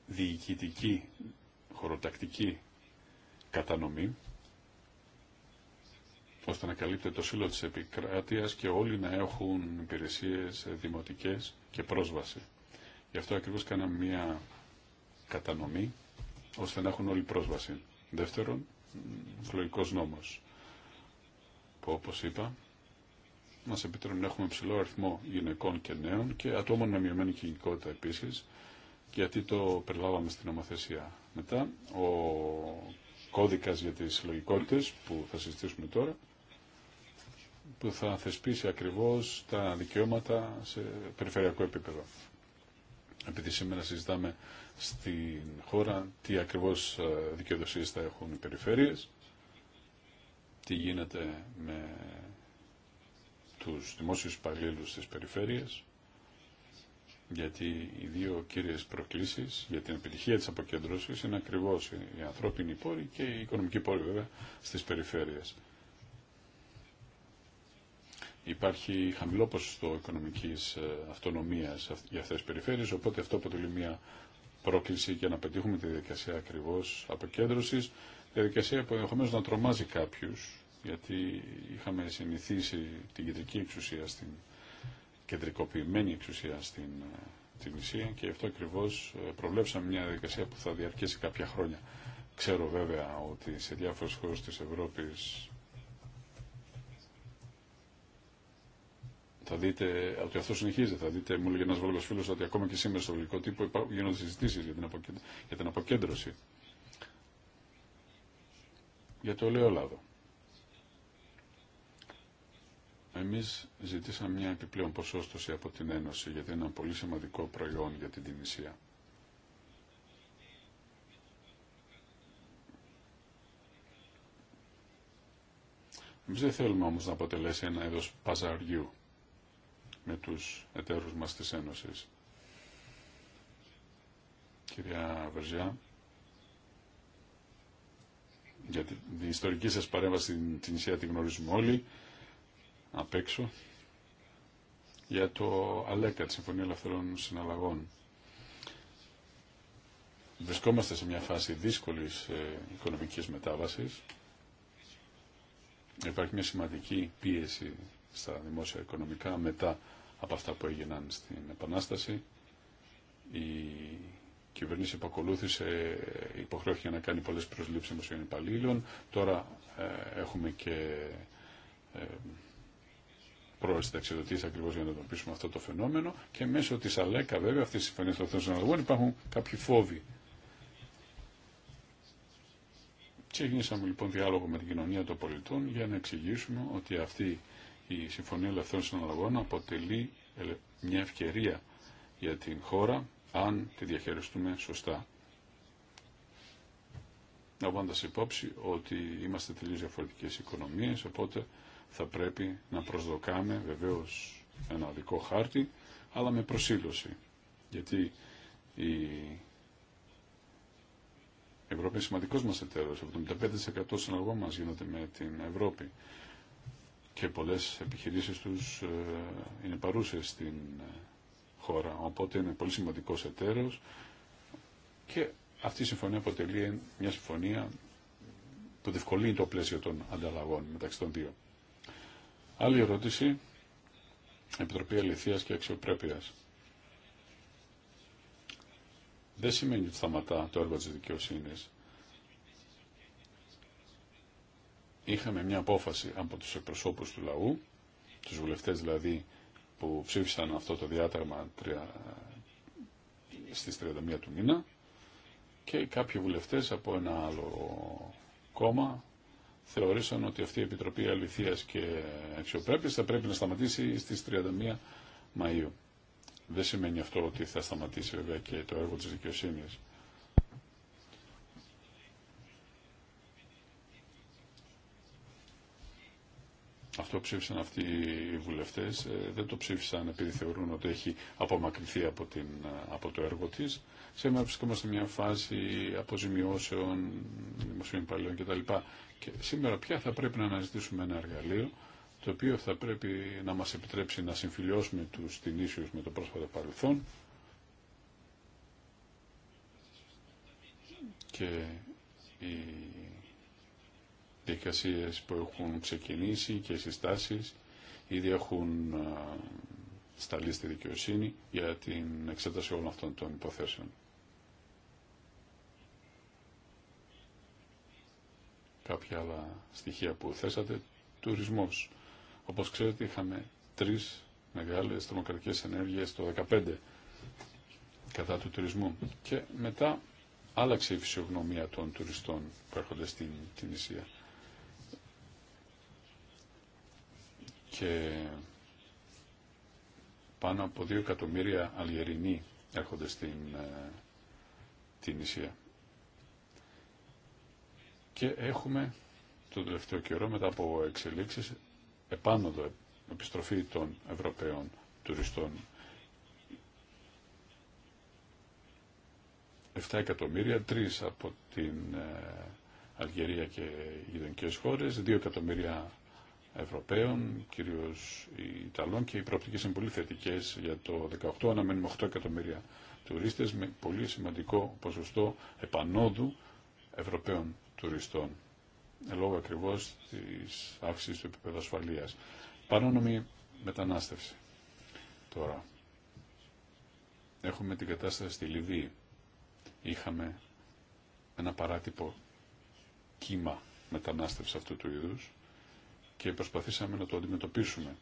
διοικητική χωροτακτική κατανομή ώστε να καλύπτεται το σύλλογο της επικράτειας και όλοι να έχουν υπηρεσίες δημοτικές και πρόσβαση. Γι' αυτό ακριβώς κάναμε μια κατανομή ώστε να έχουν όλοι πρόσβαση. Δεύτερον, φλογικός νόμος που όπως είπα μας επιτρέπουν να έχουμε ψηλό αριθμό γυναικών και νέων και ατόμων με μειωμένη κοινικότητα επίσης, γιατί το περιλάβαμε στην νομοθεσία. Μετά, ο κώδικας για τις συλλογικότητες που θα συζητήσουμε τώρα, που θα θεσπίσει ακριβώς τα δικαιώματα σε περιφερειακό επίπεδο. Επειδή σήμερα συζητάμε στην χώρα τι ακριβώς ε, δικαιοδοσίες θα έχουν οι περιφέρειες, τι γίνεται με τους δημόσιους υπαλλήλους στις περιφέρειες γιατί οι δύο κύριες προκλήσεις για την επιτυχία της αποκέντρωσης είναι ακριβώς η ανθρώπινη πόροι και η οικονομική πόροι βέβαια στις περιφέρειες. Υπάρχει χαμηλό ποσοστό οικονομικής ε, αυτονομίας για αυτές τις περιφέρειες, οπότε αυτό αποτελεί μια πρόκληση για να πετύχουμε τη διαδικασία ακριβώς αποκέντρωσης, διαδικασία που ενδεχομένω να τρομάζει κάποιους, γιατί είχαμε συνηθίσει την κεντρική εξουσία στην κεντρικοποιημένη εξουσία στην ε, την και γι' αυτό ακριβώ ε, προβλέψαμε μια διαδικασία που θα διαρκέσει κάποια χρόνια. Ξέρω βέβαια ότι σε διάφορε χώρε τη Ευρώπη θα δείτε ότι αυτό συνεχίζεται. Θα δείτε, μου έλεγε ένα Βόλγο φίλο, ότι ακόμα και σήμερα στο βιβλικό τύπο γίνονται συζητήσει για την αποκέντρωση. Για το ελαιόλαδο. Εμείς ζητήσαμε μια επιπλέον ποσόστοση από την Ένωση γιατί είναι ένα πολύ σημαντικό προϊόν για την Τινησία. Εμείς δεν θέλουμε όμως να αποτελέσει ένα είδος παζαριού με τους εταίρους μας της Ένωσης. Κυρία Βερζιά, για την ιστορική σας παρέμβαση στην Τινησία τη γνωρίζουμε όλοι απ' έξω για το ΑΛΕΚΑ, τη Συμφωνία Ελευθερών Συναλλαγών. Βρισκόμαστε σε μια φάση δύσκολης ε, οικονομικής μετάβασης. Υπάρχει μια σημαντική πίεση στα δημόσια οικονομικά μετά από αυτά που έγιναν στην Επανάσταση. Η κυβέρνηση που ακολούθησε ε, υποχρέωθηκε να κάνει πολλές προσλήψεις δημοσίων υπαλλήλων. Τώρα ε, έχουμε και προσταξιδοτήσει ακριβώ για να αντιμετωπίσουμε αυτό το φαινόμενο και μέσω τη ΑΛΕΚΑ βέβαια αυτή τη συμφωνία των θέσεων υπάρχουν κάποιοι φόβοι. Ξεκινήσαμε λοιπόν διάλογο με την κοινωνία των πολιτών για να εξηγήσουμε ότι αυτή η Συμφωνία Ελευθέρων Συναλλαγών αποτελεί μια ευκαιρία για την χώρα αν τη διαχειριστούμε σωστά. Να σε υπόψη ότι είμαστε τελείω διαφορετικέ οικονομίε, οπότε θα πρέπει να προσδοκάμε βεβαίως ένα δικό χάρτη, αλλά με προσήλωση. Γιατί η Ευρώπη είναι σημαντικός μας εταίρος. 75% συναλλαγών μας γίνονται με την Ευρώπη και πολλές επιχειρήσεις τους ε, είναι παρούσες στην ε, χώρα. Οπότε είναι πολύ σημαντικός εταίρος και αυτή η συμφωνία αποτελεί μια συμφωνία που διευκολύνει το πλαίσιο των ανταλλαγών μεταξύ των δύο. Άλλη ερώτηση. Επιτροπή Αληθείας και Αξιοπρέπειας. Δεν σημαίνει ότι σταματά το έργο της δικαιοσύνης. Είχαμε μια απόφαση από τους εκπροσώπους του λαού, τους βουλευτές δηλαδή που ψήφισαν αυτό το διάταγμα στις 31 του μήνα και κάποιοι βουλευτές από ένα άλλο κόμμα θεώρησαν ότι αυτή η Επιτροπή Αληθείας και Αξιοπρέπειας θα πρέπει να σταματήσει στις 31 Μαΐου. Δεν σημαίνει αυτό ότι θα σταματήσει βέβαια και το έργο της δικαιοσύνης. Αυτό ψήφισαν αυτοί οι βουλευτές. Ε, δεν το ψήφισαν επειδή θεωρούν ότι έχει απομακρυνθεί από, την, ε, από το έργο της. Σήμερα βρισκόμαστε μια φάση αποζημιώσεων, δημοσίων υπαλλήλων κτλ. Και σήμερα πια θα πρέπει να αναζητήσουμε ένα εργαλείο το οποίο θα πρέπει να μας επιτρέψει να συμφιλιώσουμε τους την με το πρόσφατο παρελθόν και η δικασίες που έχουν ξεκινήσει και συστάσεις ήδη έχουν σταλεί στη δικαιοσύνη για την εξέταση όλων αυτών των υποθέσεων. Κάποια άλλα στοιχεία που θέσατε, τουρισμός. Όπως ξέρετε είχαμε τρεις μεγάλες τρομοκρατικές ενέργειες το 2015 κατά του τουρισμού και μετά άλλαξε η φυσιογνωμία των τουριστών που έρχονται στην Τινησία. και πάνω από δύο εκατομμύρια Αλγερινοί έρχονται στην ε, την νησία. Και έχουμε τον τελευταίο καιρό μετά από εξελίξεις επάνωδο επιστροφή των Ευρωπαίων τουριστών. 7 εκατομμύρια, 3 από την ε, Αλγερία και οι γειτονικέ χώρες, 2 εκατομμύρια Ευρωπαίων, κυρίω Ιταλών και οι προοπτικέ είναι πολύ θετικέ για το 2018. Αναμένουμε 8 εκατομμύρια τουρίστε με πολύ σημαντικό ποσοστό επανόδου Ευρωπαίων τουριστών. Ε, λόγω ακριβώ τη αύξηση του επίπεδου ασφαλεία. Παρόνομη μετανάστευση. Τώρα. Έχουμε την κατάσταση στη Λιβύη. Είχαμε ένα παράτυπο κύμα μετανάστευση αυτού του είδους και προσπαθήσαμε να το αντιμετωπίσουμε.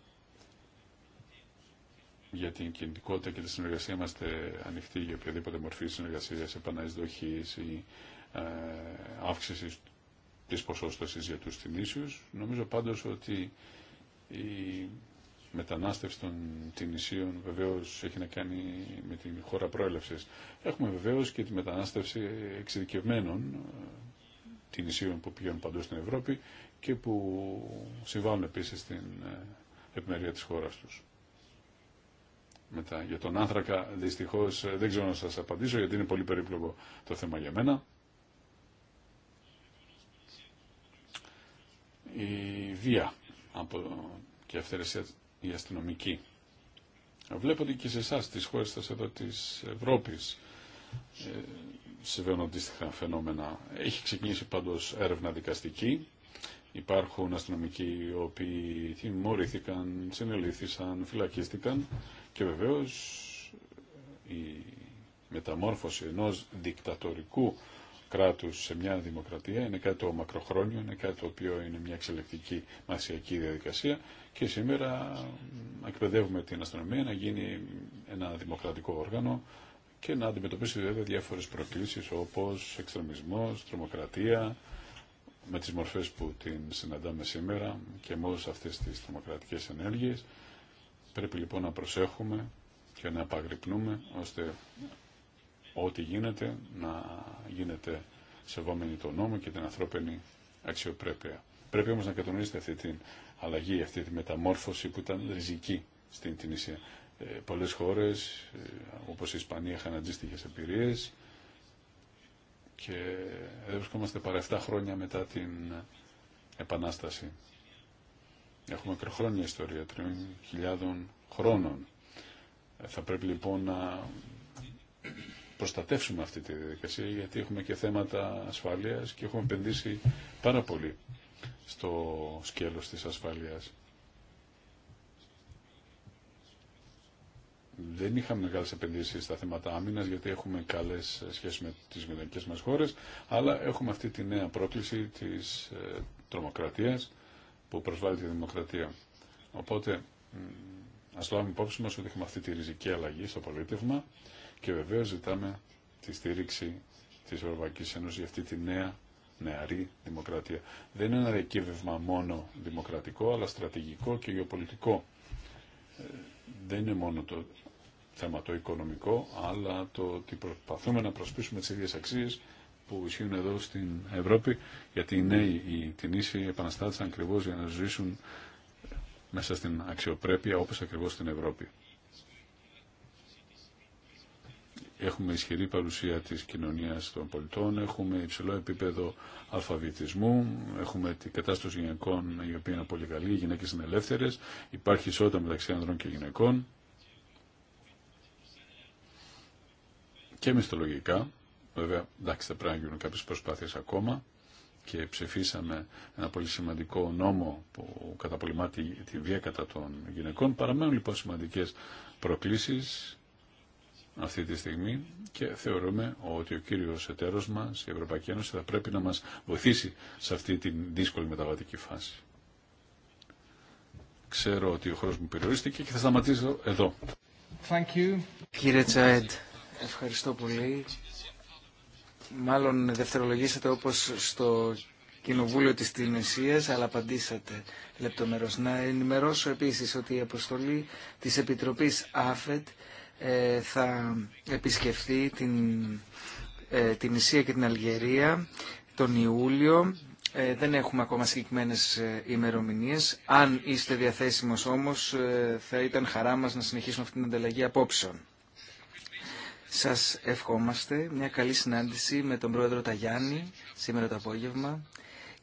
Για την κινητικότητα και τη συνεργασία είμαστε ανοιχτοί για οποιαδήποτε μορφή συνεργασία, επαναεισδοχή ή ε, αύξηση τη ποσόστοση για του τιμήσιου. Νομίζω πάντω ότι η μετανάστευση των τιμησίων βεβαίω έχει να κάνει με την χώρα προέλευση. Έχουμε βεβαίω και τη μετανάστευση εξειδικευμένων ε, θυμίσιων που πηγαίνουν παντού στην Ευρώπη και που συμβάλλουν επίσης στην ε, επιμερία της χώρας τους. Μετά, για τον άνθρακα, δυστυχώς ε, δεν ξέρω να σας απαντήσω γιατί είναι πολύ περίπλοκο το θέμα για μένα. Η βία από, και η αυθαιρεσία η αστυνομική. Βλέπω ότι και σε εσά τις χώρες σας εδώ της Ευρώπης ε, συμβαίνουν αντίστοιχα φαινόμενα. Έχει ξεκινήσει πάντως έρευνα δικαστική Υπάρχουν αστυνομικοί οι οποίοι τιμωρήθηκαν, συνελήθησαν, φυλακίστηκαν και βεβαίως η μεταμόρφωση ενός δικτατορικού κράτους σε μια δημοκρατία είναι κάτι το μακροχρόνιο, είναι κάτι το οποίο είναι μια εξελεκτική μασιακή διαδικασία και σήμερα εκπαιδεύουμε την αστυνομία να γίνει ένα δημοκρατικό όργανο και να αντιμετωπίσει βέβαια διάφορες προκλήσεις όπως εξτρεμισμός, τρομοκρατία, με τις μορφές που την συναντάμε σήμερα και με όλες αυτές τις τρομοκρατικές ενέργειες. Πρέπει λοιπόν να προσέχουμε και να επαγρυπνούμε ώστε ό,τι γίνεται να γίνεται σεβόμενη τον νόμο και την ανθρώπινη αξιοπρέπεια. Πρέπει όμως να κατανοήσετε αυτή την αλλαγή, αυτή τη μεταμόρφωση που ήταν ριζική στην Τινησία. Ε, πολλές χώρες, ε, όπως η Ισπανία, είχαν αντίστοιχε εμπειρίες και εδώ βρισκόμαστε παρά 7 χρόνια μετά την Επανάσταση. Έχουμε χρόνια ιστορία, χιλιάδων χρόνων. Ε, θα πρέπει λοιπόν να προστατεύσουμε αυτή τη διαδικασία γιατί έχουμε και θέματα ασφάλειας και έχουμε επενδύσει πάρα πολύ στο σκέλος της ασφάλειας. δεν είχαμε μεγάλε επενδύσει στα θέματα άμυνα, γιατί έχουμε καλέ σχέσει με τι γειτονικέ μα χώρε, αλλά έχουμε αυτή τη νέα πρόκληση της ε, τρομοκρατίας που προσβάλλει τη δημοκρατία. Οπότε α λάβουμε υπόψη μα ότι έχουμε αυτή τη ριζική αλλαγή στο πολίτευμα και βεβαίω ζητάμε τη στήριξη τη Ευρωπαϊκή Ένωση για αυτή τη νέα νεαρή δημοκρατία. Δεν είναι ένα διακύβευμα μόνο δημοκρατικό αλλά στρατηγικό και γεωπολιτικό. Ε, δεν είναι μόνο το θέμα το οικονομικό, αλλά το ότι προσπαθούμε να προσπίσουμε τις ίδιες αξίες που ισχύουν εδώ στην Ευρώπη, γιατί οι νέοι, οι τινήσιοι επαναστάτησαν ακριβώ για να ζήσουν μέσα στην αξιοπρέπεια, όπως ακριβώς στην Ευρώπη. Έχουμε ισχυρή παρουσία της κοινωνίας των πολιτών, έχουμε υψηλό επίπεδο αλφαβητισμού, έχουμε την κατάσταση γυναικών η οποία είναι πολύ καλή, οι γυναίκες είναι ελεύθερες, υπάρχει ισότητα μεταξύ ανδρών και γυναικών, και μυστολογικά, Βέβαια, εντάξει, θα πρέπει να γίνουν κάποιε προσπάθειες ακόμα και ψηφίσαμε ένα πολύ σημαντικό νόμο που καταπολεμά τη, τη βία κατά των γυναικών. Παραμένουν λοιπόν σημαντικέ προκλήσει αυτή τη στιγμή και θεωρούμε ότι ο κύριος εταίρος μας, η Ευρωπαϊκή Ένωση, θα πρέπει να μας βοηθήσει σε αυτή τη δύσκολη μεταβατική φάση. Ξέρω ότι ο χρόνος μου περιορίστηκε και θα σταματήσω εδώ. Thank you. Κύριε Τσαέντ, Ευχαριστώ πολύ. Μάλλον δευτερολογήσατε όπως στο Κοινοβούλιο της Τινησίας, αλλά απαντήσατε λεπτομερώς. Να ενημερώσω επίσης ότι η αποστολή της Επιτροπής ΑΦΕΤ ε, θα επισκεφθεί την, ε, την Ισία και την Αλγερία τον Ιούλιο. Ε, δεν έχουμε ακόμα συγκεκριμένε ημερομηνίε. Αν είστε διαθέσιμος όμως, θα ήταν χαρά μας να συνεχίσουμε αυτή την ανταλλαγή απόψεων. Σας ευχόμαστε μια καλή συνάντηση με τον πρόεδρο Ταγιάννη σήμερα το απόγευμα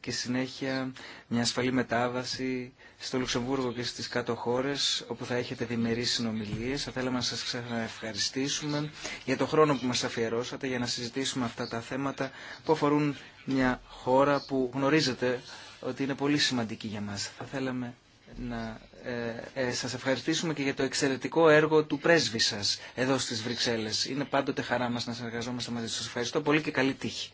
και συνέχεια μια ασφαλή μετάβαση στο Λουξεμβούργο και στις κάτω χώρες όπου θα έχετε διμερείς συνομιλίες. Θα θέλαμε να σας ξαναευχαριστήσουμε για το χρόνο που μας αφιερώσατε για να συζητήσουμε αυτά τα θέματα που αφορούν μια χώρα που γνωρίζετε ότι είναι πολύ σημαντική για μας. Θα θέλαμε να ε, ε, σας ευχαριστήσουμε και για το εξαιρετικό έργο του πρέσβη σας εδώ στις Βρυξέλλες. Είναι πάντοτε χαρά μας να συνεργαζόμαστε μαζί σας. Σας ευχαριστώ πολύ και καλή τύχη.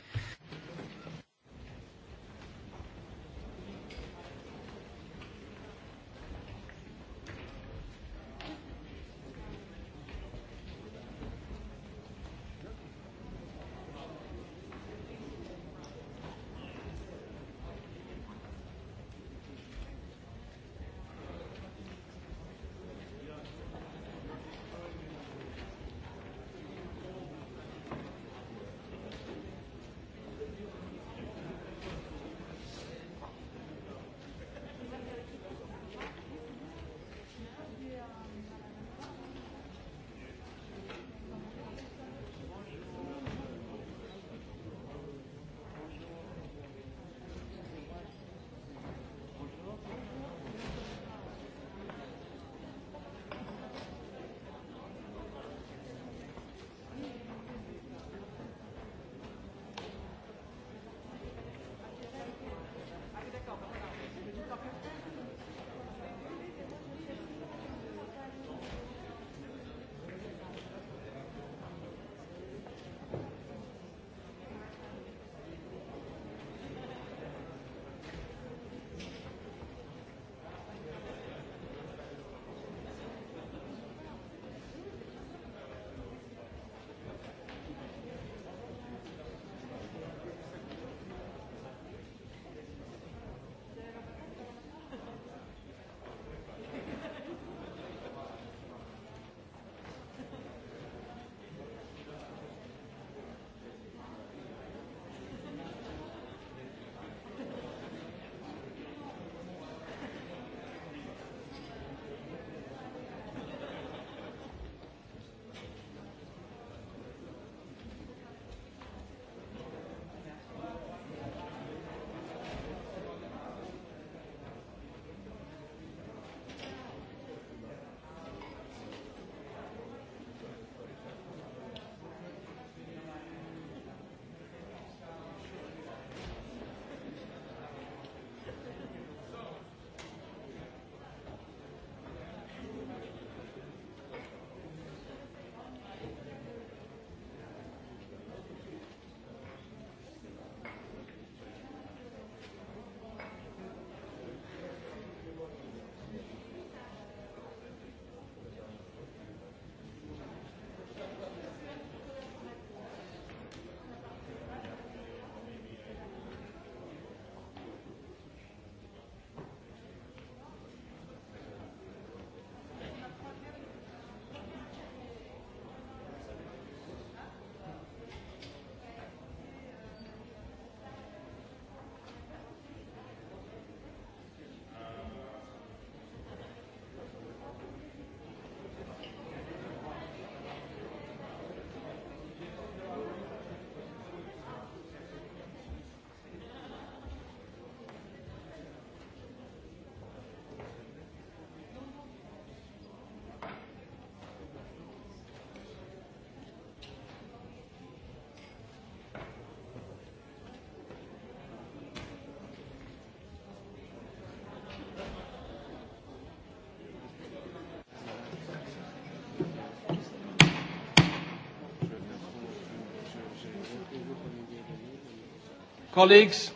Colleagues.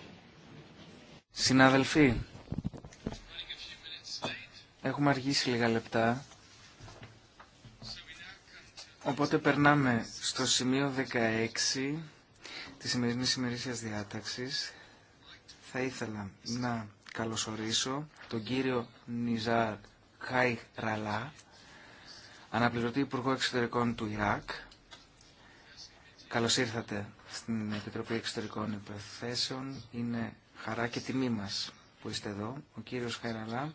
Συναδελφοί, έχουμε αργήσει λίγα λεπτά, οπότε περνάμε στο σημείο 16 της σημερινής ημερήσιας διάταξης. Θα ήθελα να καλωσορίσω τον κύριο Νιζάρ Χαϊ Ραλά, αναπληρωτή Υπουργό Εξωτερικών του Ιράκ, Καλώς ήρθατε στην Επιτροπή Εξωτερικών Υπερθέσεων. Είναι χαρά και τιμή μας που είστε εδώ. Ο κύριος Χαραλά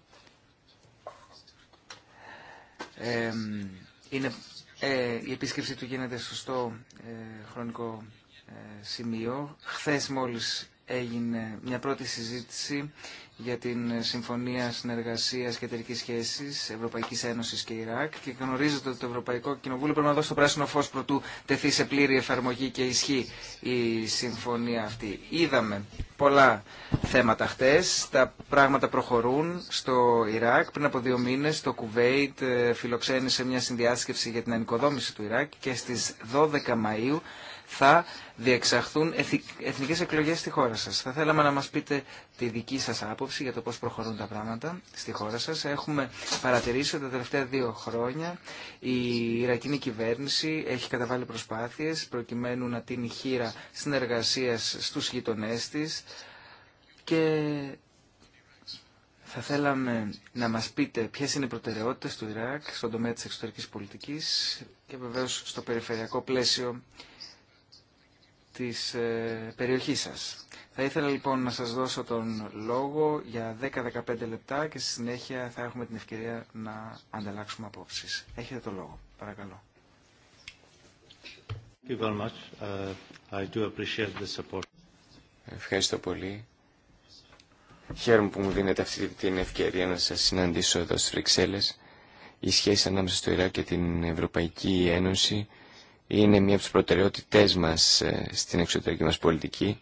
είναι, ε, η επίσκεψή του γίνεται σωστό ε, χρονικό ε, σημείο. Χθες μόλις έγινε μια πρώτη συζήτηση για την Συμφωνία Συνεργασία και Εταιρική Σχέση Ευρωπαϊκή Ένωση και Ιράκ και γνωρίζετε ότι το Ευρωπαϊκό Κοινοβούλιο πρέπει να δώσει το πράσινο φω προτού τεθεί σε πλήρη εφαρμογή και ισχύ η συμφωνία αυτή. Είδαμε πολλά θέματα χτε. Τα πράγματα προχωρούν στο Ιράκ. Πριν από δύο μήνε το Κουβέιτ ε, φιλοξένησε μια συνδιάσκεψη για την ανοικοδόμηση του Ιράκ και στι 12 Μαου θα διεξαχθούν εθνικές εκλογές στη χώρα σας. Θα θέλαμε να μας πείτε τη δική σας άποψη για το πώς προχωρούν τα πράγματα στη χώρα σας. Έχουμε παρατηρήσει ότι τα τελευταία δύο χρόνια η Ιρακινή κυβέρνηση έχει καταβάλει προσπάθειες προκειμένου να τίνει χείρα συνεργασίας στους γειτονέ τη, και θα θέλαμε να μας πείτε ποιες είναι οι προτεραιότητες του Ιράκ στον τομέα της εξωτερικής πολιτικής και βεβαίως στο περιφερειακό πλαίσιο της ε, περιοχής σας. Θα ήθελα λοιπόν να σας δώσω τον λόγο για 10-15 λεπτά και στη συνέχεια θα έχουμε την ευκαιρία να ανταλλάξουμε απόψεις. Έχετε το λόγο. Παρακαλώ. Ευχαριστώ πολύ. Χαίρομαι που μου δίνετε αυτή την ευκαιρία να σας συναντήσω εδώ στις Βρυξέλλες. Η σχέση ανάμεσα στο Ιράκ και την Ευρωπαϊκή Ένωση είναι μία από τις προτεραιότητές μας ε, στην εξωτερική μας πολιτική.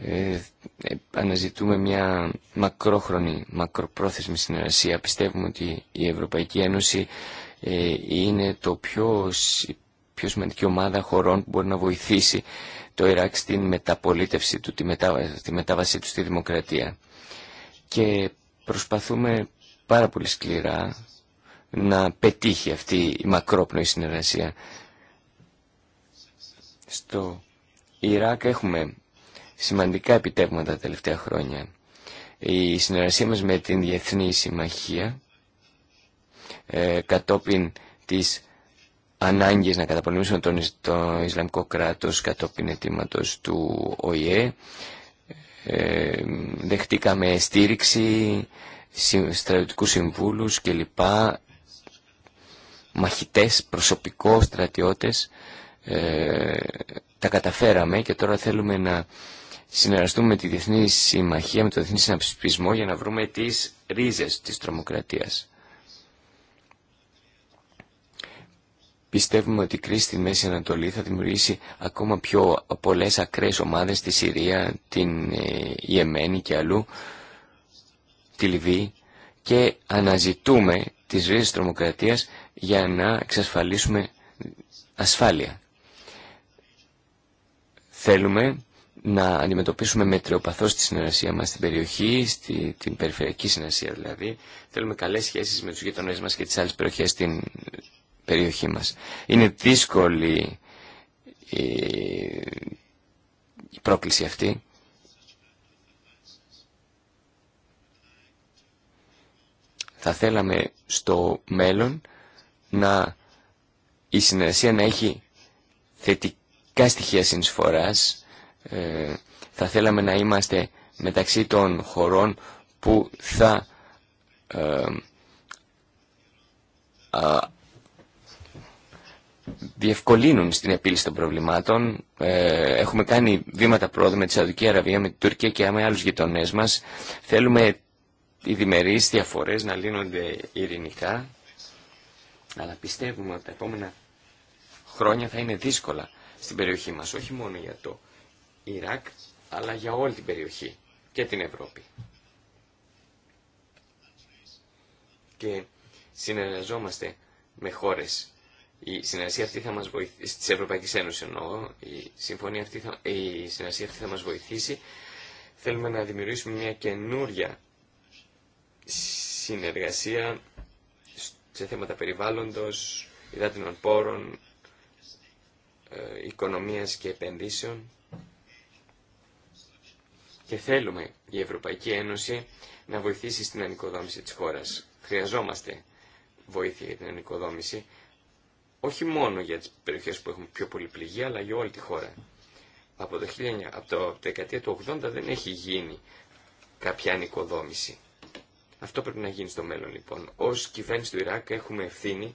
Ε, ε αναζητούμε μια μακρόχρονη, μακροπρόθεσμη συνεργασία. Πιστεύουμε ότι η Ευρωπαϊκή Ένωση ε, είναι το πιο, πιο σημαντική ομάδα χωρών που μπορεί να βοηθήσει το Ιράκ στην μεταπολίτευση του, τη, μετάβαση, τη μετάβασή του στη δημοκρατία. Και προσπαθούμε πάρα πολύ σκληρά να πετύχει αυτή η μακρόπνοη συνεργασία στο Ιράκ έχουμε σημαντικά επιτεύγματα τα τελευταία χρόνια. Η συνεργασία μας με την Διεθνή Συμμαχία ε, κατόπιν της ανάγκης να καταπολεμήσουμε τον, το Ισλαμικό κράτος κατόπιν αιτήματος του ΟΗΕ ε, δεχτήκαμε στήριξη στρατιωτικού συμβούλους κλπ μαχητές, προσωπικό, στρατιώτες ε, τα καταφέραμε και τώρα θέλουμε να συνεργαστούμε με τη Διεθνή Συμμαχία, με το Διεθνή Συναψηφισμό για να βρούμε τις ρίζες της τρομοκρατίας. Πιστεύουμε ότι η κρίση στη Μέση Ανατολή θα δημιουργήσει ακόμα πιο πολλές ακραίες ομάδες στη Συρία, την Ιεμένη ε, και αλλού, τη Λιβύη και αναζητούμε τις ρίζες της τρομοκρατίας για να εξασφαλίσουμε ασφάλεια Θέλουμε να αντιμετωπίσουμε μετριοπαθώς τη συνεργασία μας στην περιοχή, στη, την περιφερειακή συνεργασία δηλαδή. Θέλουμε καλές σχέσεις με τους γειτονές μας και τις άλλες περιοχές στην περιοχή μας. Είναι δύσκολη η, πρόκληση αυτή. Θα θέλαμε στο μέλλον να η συνεργασία να έχει θετική Ειδικά στοιχεία συνεισφοράς. Ε, θα θέλαμε να είμαστε μεταξύ των χωρών που θα ε, α, διευκολύνουν στην επίλυση των προβλημάτων. Ε, έχουμε κάνει βήματα πρόοδου με τη Σαουδική Αραβία, με την Τουρκία και με άλλους γειτονές μας. Θέλουμε οι διμερείς διαφορές να λύνονται ειρηνικά, αλλά πιστεύουμε ότι τα επόμενα χρόνια θα είναι δύσκολα στην περιοχή μας, όχι μόνο για το Ιράκ, αλλά για όλη την περιοχή και την Ευρώπη. Και συνεργαζόμαστε με χώρες. Η συνεργασία αυτή θα μας βοηθήσει, της Ευρωπαϊκής Ένωσης εννοώ, η, συμφωνία αυτή θα, η συνεργασία αυτή θα μας βοηθήσει. Θέλουμε να δημιουργήσουμε μια καινούρια συνεργασία σε θέματα περιβάλλοντος, υδάτινων πόρων, ε, οικονομίας και Επενδύσεων και θέλουμε η Ευρωπαϊκή Ένωση να βοηθήσει στην ανοικοδόμηση της χώρας. Χρειαζόμαστε βοήθεια για την ανοικοδόμηση, όχι μόνο για τις περιοχές που έχουν πιο πολύ πληγή, αλλά για όλη τη χώρα. Από το, 19, από το δεκαετία του 80 δεν έχει γίνει κάποια ανοικοδόμηση. Αυτό πρέπει να γίνει στο μέλλον λοιπόν. Ως κυβέρνηση του Ιράκ έχουμε ευθύνη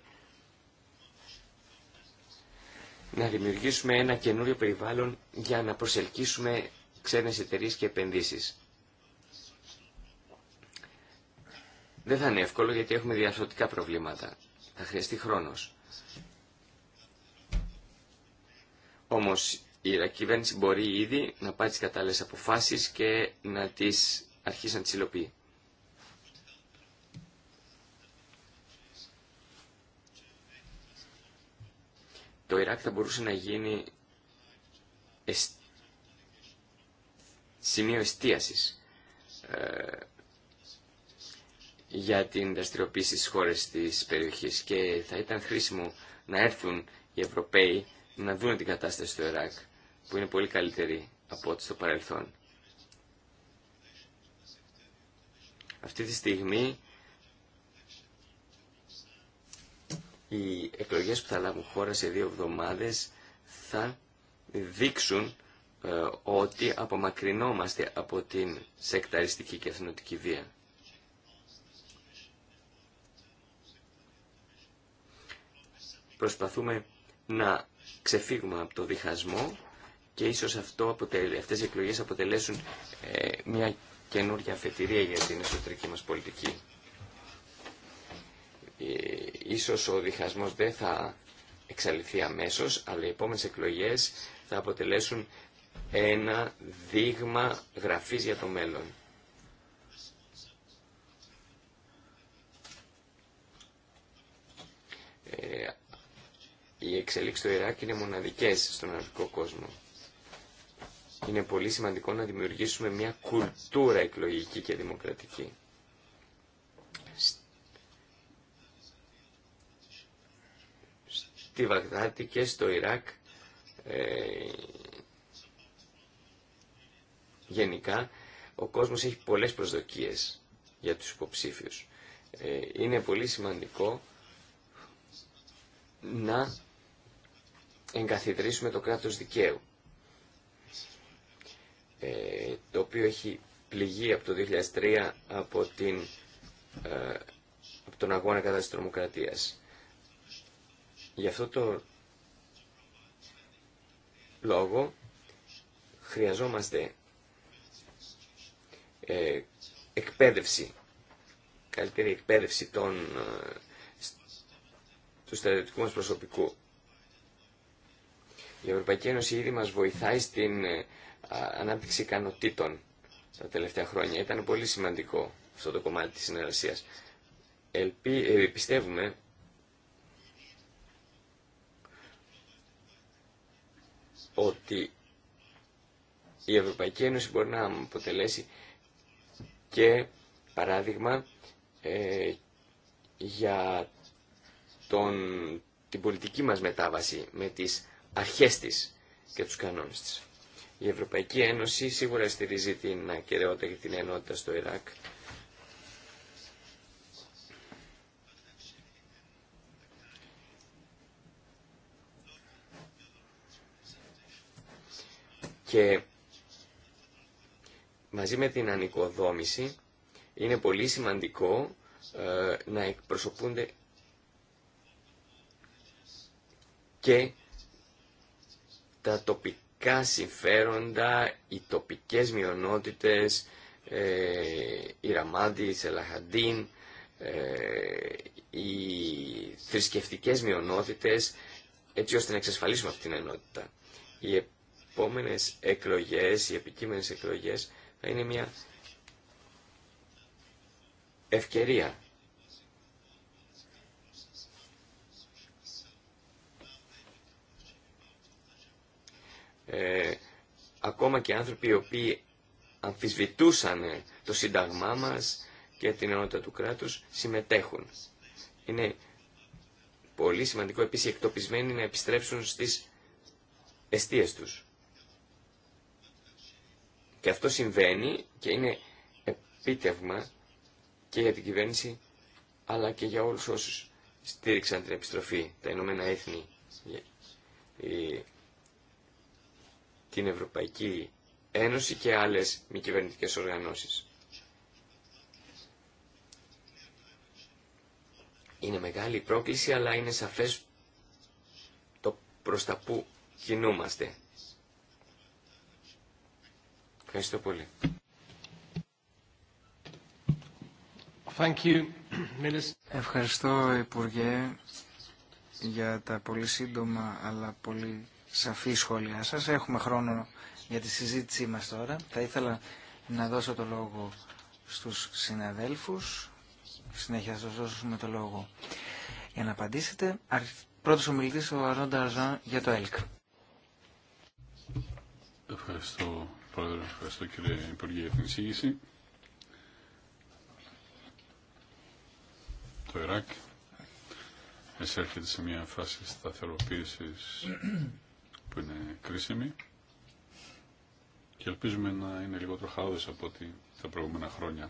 να δημιουργήσουμε ένα καινούριο περιβάλλον για να προσελκύσουμε ξένες εταιρείες και επενδύσεις. Δεν θα είναι εύκολο γιατί έχουμε διαρθρωτικά προβλήματα. Θα χρειαστεί χρόνος. Όμως η κυβέρνηση μπορεί ήδη να πάρει τις κατάλληλες αποφάσεις και να τις αρχίσει να τις υλοποιεί. το Ιράκ θα μπορούσε να γίνει σημείο εστίασης ε, για την δραστηριοποίηση στις χώρες της περιοχής και θα ήταν χρήσιμο να έρθουν οι Ευρωπαίοι να δουν την κατάσταση στο Ιράκ που είναι πολύ καλύτερη από ό,τι στο παρελθόν. Αυτή τη στιγμή Οι εκλογές που θα λάβουν χώρα σε δύο εβδομάδες θα δείξουν ε, ότι απομακρυνόμαστε από την σεκταριστική και εθνοτική βία. Προσπαθούμε να ξεφύγουμε από το διχασμό και ίσως αυτό αυτές οι εκλογές αποτελέσουν ε, μια καινούργια αφετηρία για την εσωτερική μας πολιτική. Ε, ίσως ο διχασμός δεν θα εξαλειφθεί αμέσως, αλλά οι επόμενες εκλογές θα αποτελέσουν ένα δείγμα γραφής για το μέλλον. Ε, οι εξελίξεις του Ιράκ είναι μοναδικές στον αραβικό κόσμο. Είναι πολύ σημαντικό να δημιουργήσουμε μια κουλτούρα εκλογική και δημοκρατική. στη Βαγδάτη και στο Ιράκ ε, γενικά ο κόσμος έχει πολλές προσδοκίες για τους υποψήφιους. Ε, είναι πολύ σημαντικό να εγκαθιδρύσουμε το κράτος δικαίου ε, το οποίο έχει πληγεί από το 2003 από, την, ε, από τον αγώνα κατά της τρομοκρατίας. Γι' αυτό το λόγο χρειαζόμαστε ε, εκπαίδευση, καλύτερη εκπαίδευση των, ε, του στρατιωτικού μας προσωπικού. Η Ευρωπαϊκή Ένωση ήδη μας βοηθάει στην ε, ανάπτυξη ικανοτήτων τα τελευταία χρόνια. Ήταν πολύ σημαντικό αυτό το κομμάτι της συνεργασίας. Ελπι, ε, πιστεύουμε ότι η Ευρωπαϊκή Ένωση μπορεί να αποτελέσει και παράδειγμα ε, για τον, την πολιτική μας μετάβαση με τις αρχές της και τους κανόνες της. Η Ευρωπαϊκή Ένωση σίγουρα στηρίζει την ακαιρεότητα και την ενότητα στο Ιράκ Και μαζί με την ανοικοδόμηση είναι πολύ σημαντικό ε, να εκπροσωπούνται και τα τοπικά συμφέροντα, οι τοπικές μειονότητες, ε, η Ραμάντη, η Σελαχαντίν, ε, οι θρησκευτικές μειονότητες, έτσι ώστε να εξασφαλίσουμε αυτή την ενότητα. Η επόμενες εκλογές, οι επικείμενες εκλογές, θα είναι μια ευκαιρία. Ε, ακόμα και άνθρωποι οι οποίοι αμφισβητούσαν το Σύνταγμά μας και την ενότητα του κράτους συμμετέχουν. Είναι πολύ σημαντικό επίσης οι εκτοπισμένοι να επιστρέψουν στις εστίες τους. Και αυτό συμβαίνει και είναι επίτευγμα και για την κυβέρνηση αλλά και για όλους όσους στήριξαν την επιστροφή, τα Ηνωμένα Έθνη, την Ευρωπαϊκή Ένωση και άλλες μη κυβερνητικέ οργανώσεις. Είναι μεγάλη η πρόκληση, αλλά είναι σαφές το προς τα που κινούμαστε. Ευχαριστώ πολύ. Ευχαριστώ Υπουργέ για τα πολύ σύντομα αλλά πολύ σαφή σχόλια σας. Έχουμε χρόνο για τη συζήτησή μας τώρα. Θα ήθελα να δώσω το λόγο στους συναδέλφους. Συνέχεια θα σας δώσουμε το λόγο για να απαντήσετε. Πρώτος ομιλητής ο Αρόντα Αρζάν για το ΕΛΚ. Ευχαριστώ Πρόεδρε. Ευχαριστώ κύριε Υπουργέ για την εισήγηση. Το Ιράκ εισέρχεται σε μια φάση σταθεροποίηση που είναι κρίσιμη και ελπίζουμε να είναι λιγότερο χαόδες από ότι τα προηγούμενα χρόνια.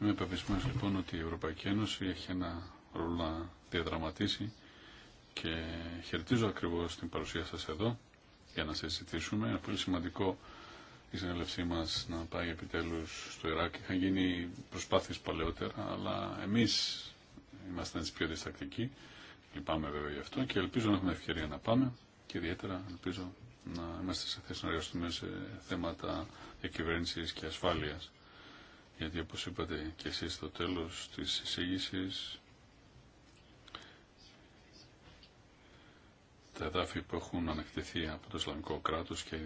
Είμαι πεπισμένο λοιπόν ότι η Ευρωπαϊκή Ένωση έχει ένα ρόλο να διαδραματίσει και χαιρετίζω ακριβώς την παρουσία σας εδώ για να συζητήσουμε ένα πολύ σημαντικό η συνέλευσή μα να πάει επιτέλου στο Ιράκ. Είχαν γίνει προσπάθειες παλαιότερα, αλλά εμεί ήμασταν έτσι πιο διστακτικοί. Λυπάμαι βέβαια γι' αυτό και ελπίζω να έχουμε ευκαιρία να πάμε και ιδιαίτερα ελπίζω να είμαστε σε θέση να εργαστούμε σε θέματα διακυβέρνηση και ασφάλεια. Γιατί όπω είπατε και εσεί στο τέλο τη εισήγηση, τα εδάφη που έχουν ανακτηθεί από το Ισλαμικό κράτος και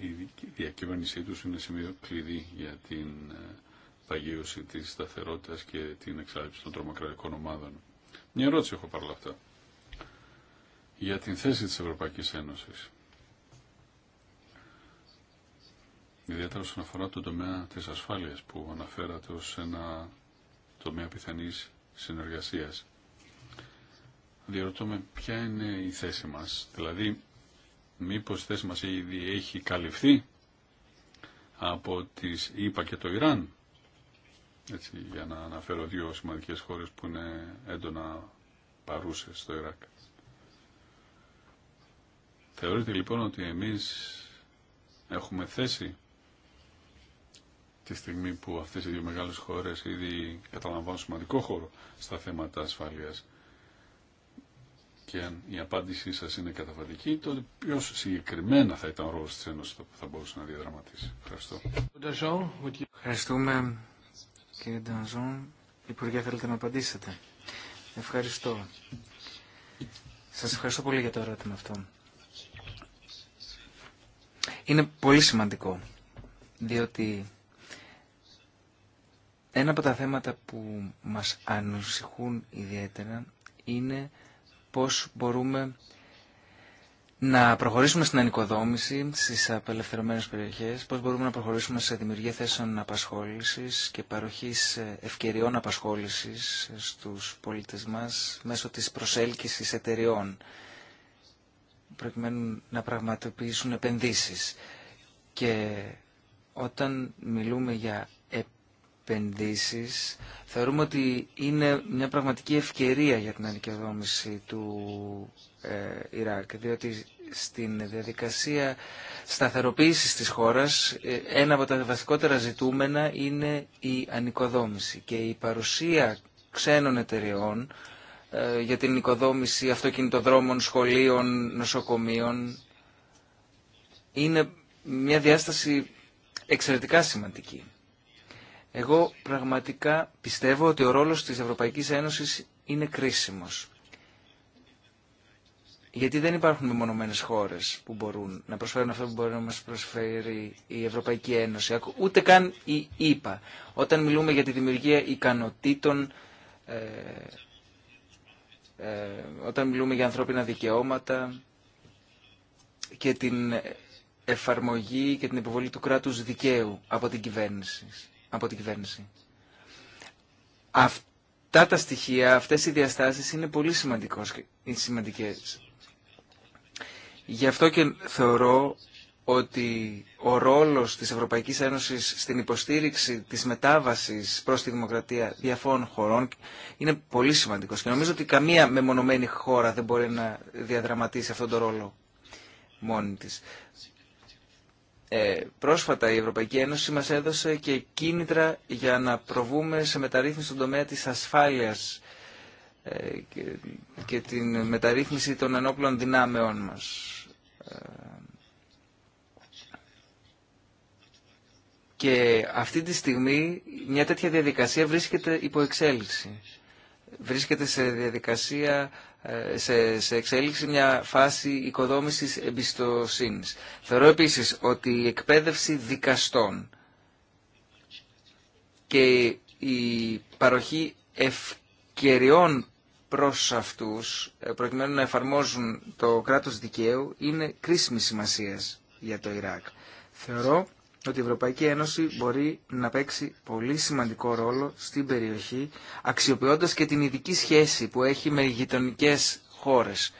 η διακυβέρνησή τους είναι σημείο κλειδί για την ε, παγίωση της σταθερότητα και την εξάλληψη των τρομοκρατικών ομάδων. Μια ερώτηση έχω παρ' αυτά για την θέση της Ευρωπαϊκής Ένωσης. Ιδιαίτερα όσον αφορά τον τομέα της ασφάλειας που αναφέρατε ως ένα τομέα πιθανής συνεργασίας με ποια είναι η θέση μας. Δηλαδή, μήπως η θέση μας ήδη έχει καλυφθεί από τις ΗΠΑ και το Ιράν, έτσι, για να αναφέρω δύο σημαντικές χώρες που είναι έντονα παρούσες στο Ιράκ. Θεωρείτε λοιπόν ότι εμείς έχουμε θέση τη στιγμή που αυτές οι δύο μεγάλες χώρες ήδη καταλαμβάνουν σημαντικό χώρο στα θέματα ασφάλειας και αν η απάντησή σας είναι καταβατική, τότε ποιος συγκεκριμένα θα ήταν ο ρόλος της Ένωσης που θα μπορούσε να διαδραματίσει. Ευχαριστώ. Ευχαριστούμε κύριε Ντανζόν. Υπουργέ θέλετε να απαντήσετε. Ευχαριστώ. Σας ευχαριστώ πολύ για το ερώτημα αυτό. Είναι πολύ σημαντικό, διότι ένα από τα θέματα που μας ανησυχούν ιδιαίτερα είναι πώς μπορούμε να προχωρήσουμε στην ανοικοδόμηση στις απελευθερωμένες περιοχές, πώς μπορούμε να προχωρήσουμε σε δημιουργία θέσεων απασχόλησης και παροχής ευκαιριών απασχόλησης στους πολίτες μας μέσω της προσέλκυσης εταιριών, προκειμένου να πραγματοποιήσουν επενδύσεις. Και όταν μιλούμε για επενδύσεις θεωρούμε ότι είναι μια πραγματική ευκαιρία για την ανοικοδόμηση του ε, Ιράκ, διότι στην διαδικασία σταθεροποίησης της χώρας ε, ένα από τα βασικότερα ζητούμενα είναι η ανοικοδόμηση και η παρουσία ξένων εταιρεών ε, για την οικοδόμηση αυτοκινητοδρόμων, σχολείων, νοσοκομείων είναι μια διάσταση εξαιρετικά σημαντική. Εγώ πραγματικά πιστεύω ότι ο ρόλος της Ευρωπαϊκής Ένωσης είναι κρίσιμος. Γιατί δεν υπάρχουν μεμονωμένε χώρε που μπορούν να προσφέρουν αυτό που μπορεί να μα προσφέρει η Ευρωπαϊκή Ένωση, ούτε καν η ΕΠΑ. Όταν μιλούμε για τη δημιουργία ικανοτήτων, ε, ε, όταν μιλούμε για ανθρώπινα δικαιώματα και την εφαρμογή και την υποβολή του κράτους δικαίου από την κυβέρνηση από την κυβέρνηση. Αυτά τα στοιχεία, αυτές οι διαστάσεις είναι πολύ σημαντικές. Γι' αυτό και θεωρώ ότι ο ρόλος της Ευρωπαϊκής Ένωσης στην υποστήριξη της μετάβασης προς τη δημοκρατία διαφόρων χωρών είναι πολύ σημαντικός. Και νομίζω ότι καμία μεμονωμένη χώρα δεν μπορεί να διαδραματίσει αυτόν τον ρόλο μόνη της. Ε, πρόσφατα η Ευρωπαϊκή Ένωση μας έδωσε και κίνητρα για να προβούμε σε μεταρρύθμιση στον τομέα της ασφάλειας ε, και, την μεταρρύθμιση των ενόπλων δυνάμεών μας. Ε, και αυτή τη στιγμή μια τέτοια διαδικασία βρίσκεται υπό εξέλιξη. Βρίσκεται σε διαδικασία ε, σε, σε εξέλιξη μια φάση οικοδόμησης εμπιστοσύνης. Θεωρώ επίσης ότι η εκπαίδευση δικαστών και η παροχή ευκαιριών προς αυτούς, ε, προκειμένου να εφαρμόζουν το κράτος δικαίου, είναι κρίσιμη σημασία για το Ιράκ. Θεωρώ ότι η Ευρωπαϊκή Ένωση μπορεί να παίξει πολύ σημαντικό ρόλο στην περιοχή, αξιοποιώντας και την ειδική σχέση που έχει με γειτονικέ χώρες.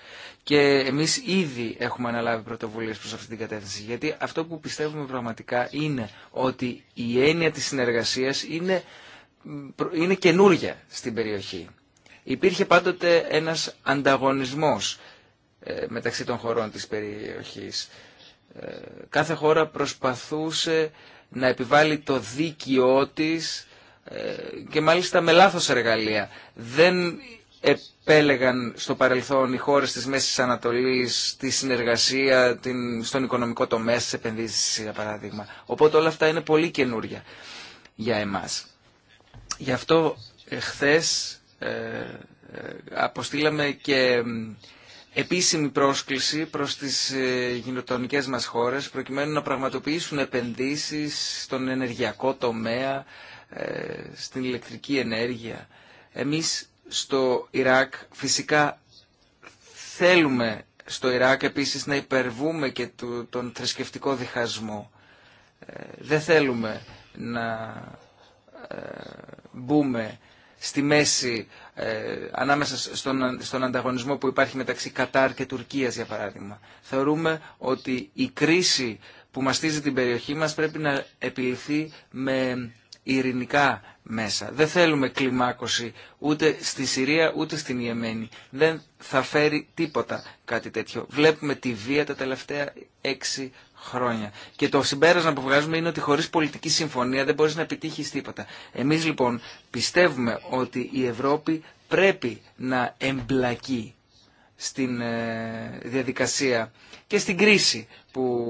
Και εμείς ήδη έχουμε αναλάβει πρωτοβουλίες προς αυτή την κατεύθυνση, γιατί αυτό που πιστεύουμε πραγματικά είναι ότι η έννοια της συνεργασίας είναι, είναι καινούρια στην περιοχή. Υπήρχε πάντοτε ένας ανταγωνισμός ε, μεταξύ των χωρών της περιοχής. Ε, κάθε χώρα προσπαθούσε να επιβάλλει το δίκαιό της ε, και μάλιστα με λάθος εργαλεία. Δεν επέλεγαν στο παρελθόν οι χώρες της Μέσης Ανατολής τη συνεργασία την, στον οικονομικό τομέα στις επενδύσεις για παράδειγμα. Οπότε όλα αυτά είναι πολύ καινούρια για εμάς. Γι' αυτό χθες ε, αποστήλαμε και επίσημη πρόσκληση προς τις ε, γειτονικές μας χώρες προκειμένου να πραγματοποιήσουν επενδύσεις στον ενεργειακό τομέα, ε, στην ηλεκτρική ενέργεια. Εμείς στο Ιράκ φυσικά θέλουμε στο Ιράκ επίσης να υπερβούμε και τον θρησκευτικό διχασμό. Ε, δεν θέλουμε να μπούμε στη μέση ε, ανάμεσα στον, στον ανταγωνισμό που υπάρχει μεταξύ Κατάρ και Τουρκίας για παράδειγμα. Θεωρούμε ότι η κρίση που μαστίζει την περιοχή μας πρέπει να επιληθεί με ειρηνικά μέσα. Δεν θέλουμε κλιμάκωση ούτε στη Συρία ούτε στην Ιεμένη. Δεν θα φέρει τίποτα κάτι τέτοιο. Βλέπουμε τη βία τα τελευταία έξι χρόνια. Και το συμπέρασμα που βγάζουμε είναι ότι χωρίς πολιτική συμφωνία δεν μπορείς να επιτύχεις τίποτα. Εμείς λοιπόν πιστεύουμε ότι η Ευρώπη πρέπει να εμπλακεί στην ε, διαδικασία και στην κρίση που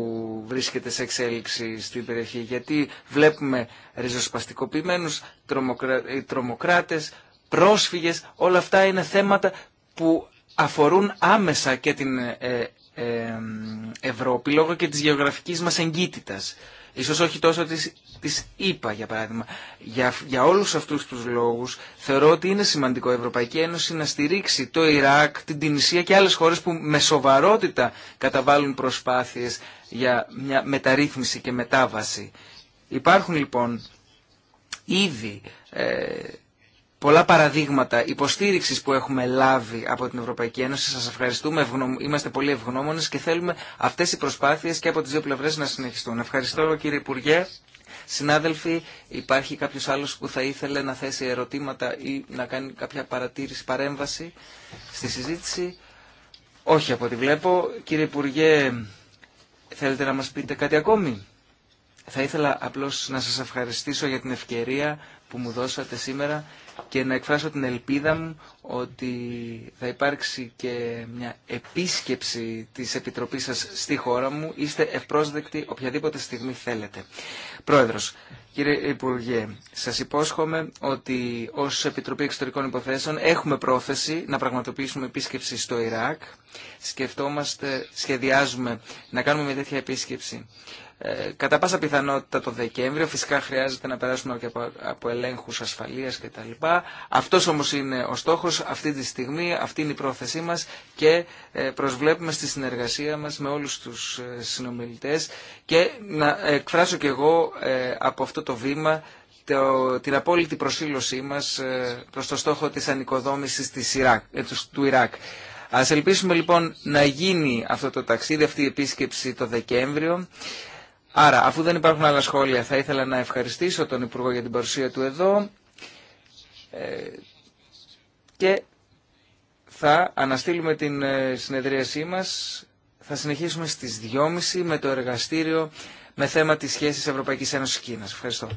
βρίσκεται σε εξέλιξη στην περιοχή. Γιατί βλέπουμε ριζοσπαστικοποιημένους, ε, τρομοκράτες, πρόσφυγες, όλα αυτά είναι θέματα που αφορούν άμεσα και την ε, Ευρώπη λόγω και της γεωγραφικής μας εγκύτητας. Ίσως όχι τόσο της, της για παράδειγμα. Για, για όλους αυτούς τους λόγους θεωρώ ότι είναι σημαντικό η Ευρωπαϊκή Ένωση να στηρίξει το Ιράκ, την Τινησία και άλλες χώρες που με σοβαρότητα καταβάλουν προσπάθειες για μια μεταρρύθμιση και μετάβαση. Υπάρχουν λοιπόν ήδη ε, πολλά παραδείγματα υποστήριξη που έχουμε λάβει από την Ευρωπαϊκή Ένωση. Σα ευχαριστούμε, είμαστε πολύ ευγνώμονες και θέλουμε αυτέ οι προσπάθειε και από τι δύο πλευρέ να συνεχιστούν. Ευχαριστώ κύριε Υπουργέ. Συνάδελφοι, υπάρχει κάποιο άλλο που θα ήθελε να θέσει ερωτήματα ή να κάνει κάποια παρατήρηση, παρέμβαση στη συζήτηση. Όχι από ό,τι βλέπω. Κύριε Υπουργέ, θέλετε να μας πείτε κάτι ακόμη. Θα ήθελα απλώς να σας ευχαριστήσω για την ευκαιρία που μου δώσατε σήμερα και να εκφράσω την ελπίδα μου ότι θα υπάρξει και μια επίσκεψη της Επιτροπής σας στη χώρα μου. Είστε ευπρόσδεκτοι οποιαδήποτε στιγμή θέλετε. Πρόεδρος, κύριε Υπουργέ, σας υπόσχομαι ότι ως Επιτροπή Εξωτερικών Υποθέσεων έχουμε πρόθεση να πραγματοποιήσουμε επίσκεψη στο Ιράκ. Σκεφτόμαστε, σχεδιάζουμε να κάνουμε μια τέτοια επίσκεψη ε, κατά πάσα πιθανότητα το Δεκέμβριο. Φυσικά χρειάζεται να περάσουμε και από, από ελέγχους ασφαλείας κτλ. Αυτός όμως είναι ο στόχος αυτή τη στιγμή, αυτή είναι η πρόθεσή μας και ε, προσβλέπουμε στη συνεργασία μας με όλους τους ε, συνομιλητές και να εκφράσω και εγώ από αυτό το βήμα την απόλυτη προσήλωσή μας προς το στόχο της ανοικοδόμησης του Ιράκ. Ας ελπίσουμε λοιπόν να γίνει αυτό το ταξίδι, αυτή η επίσκεψη το Δεκέμβριο. Άρα, αφού δεν υπάρχουν άλλα σχόλια, θα ήθελα να ευχαριστήσω τον Υπουργό για την παρουσία του εδώ ε, και θα αναστείλουμε την ε, συνεδρίασή μας. Θα συνεχίσουμε στις 2.30 με το εργαστήριο με θέμα της σχέσης Ευρωπαϊκής Ένωσης Κίνας. Ευχαριστώ.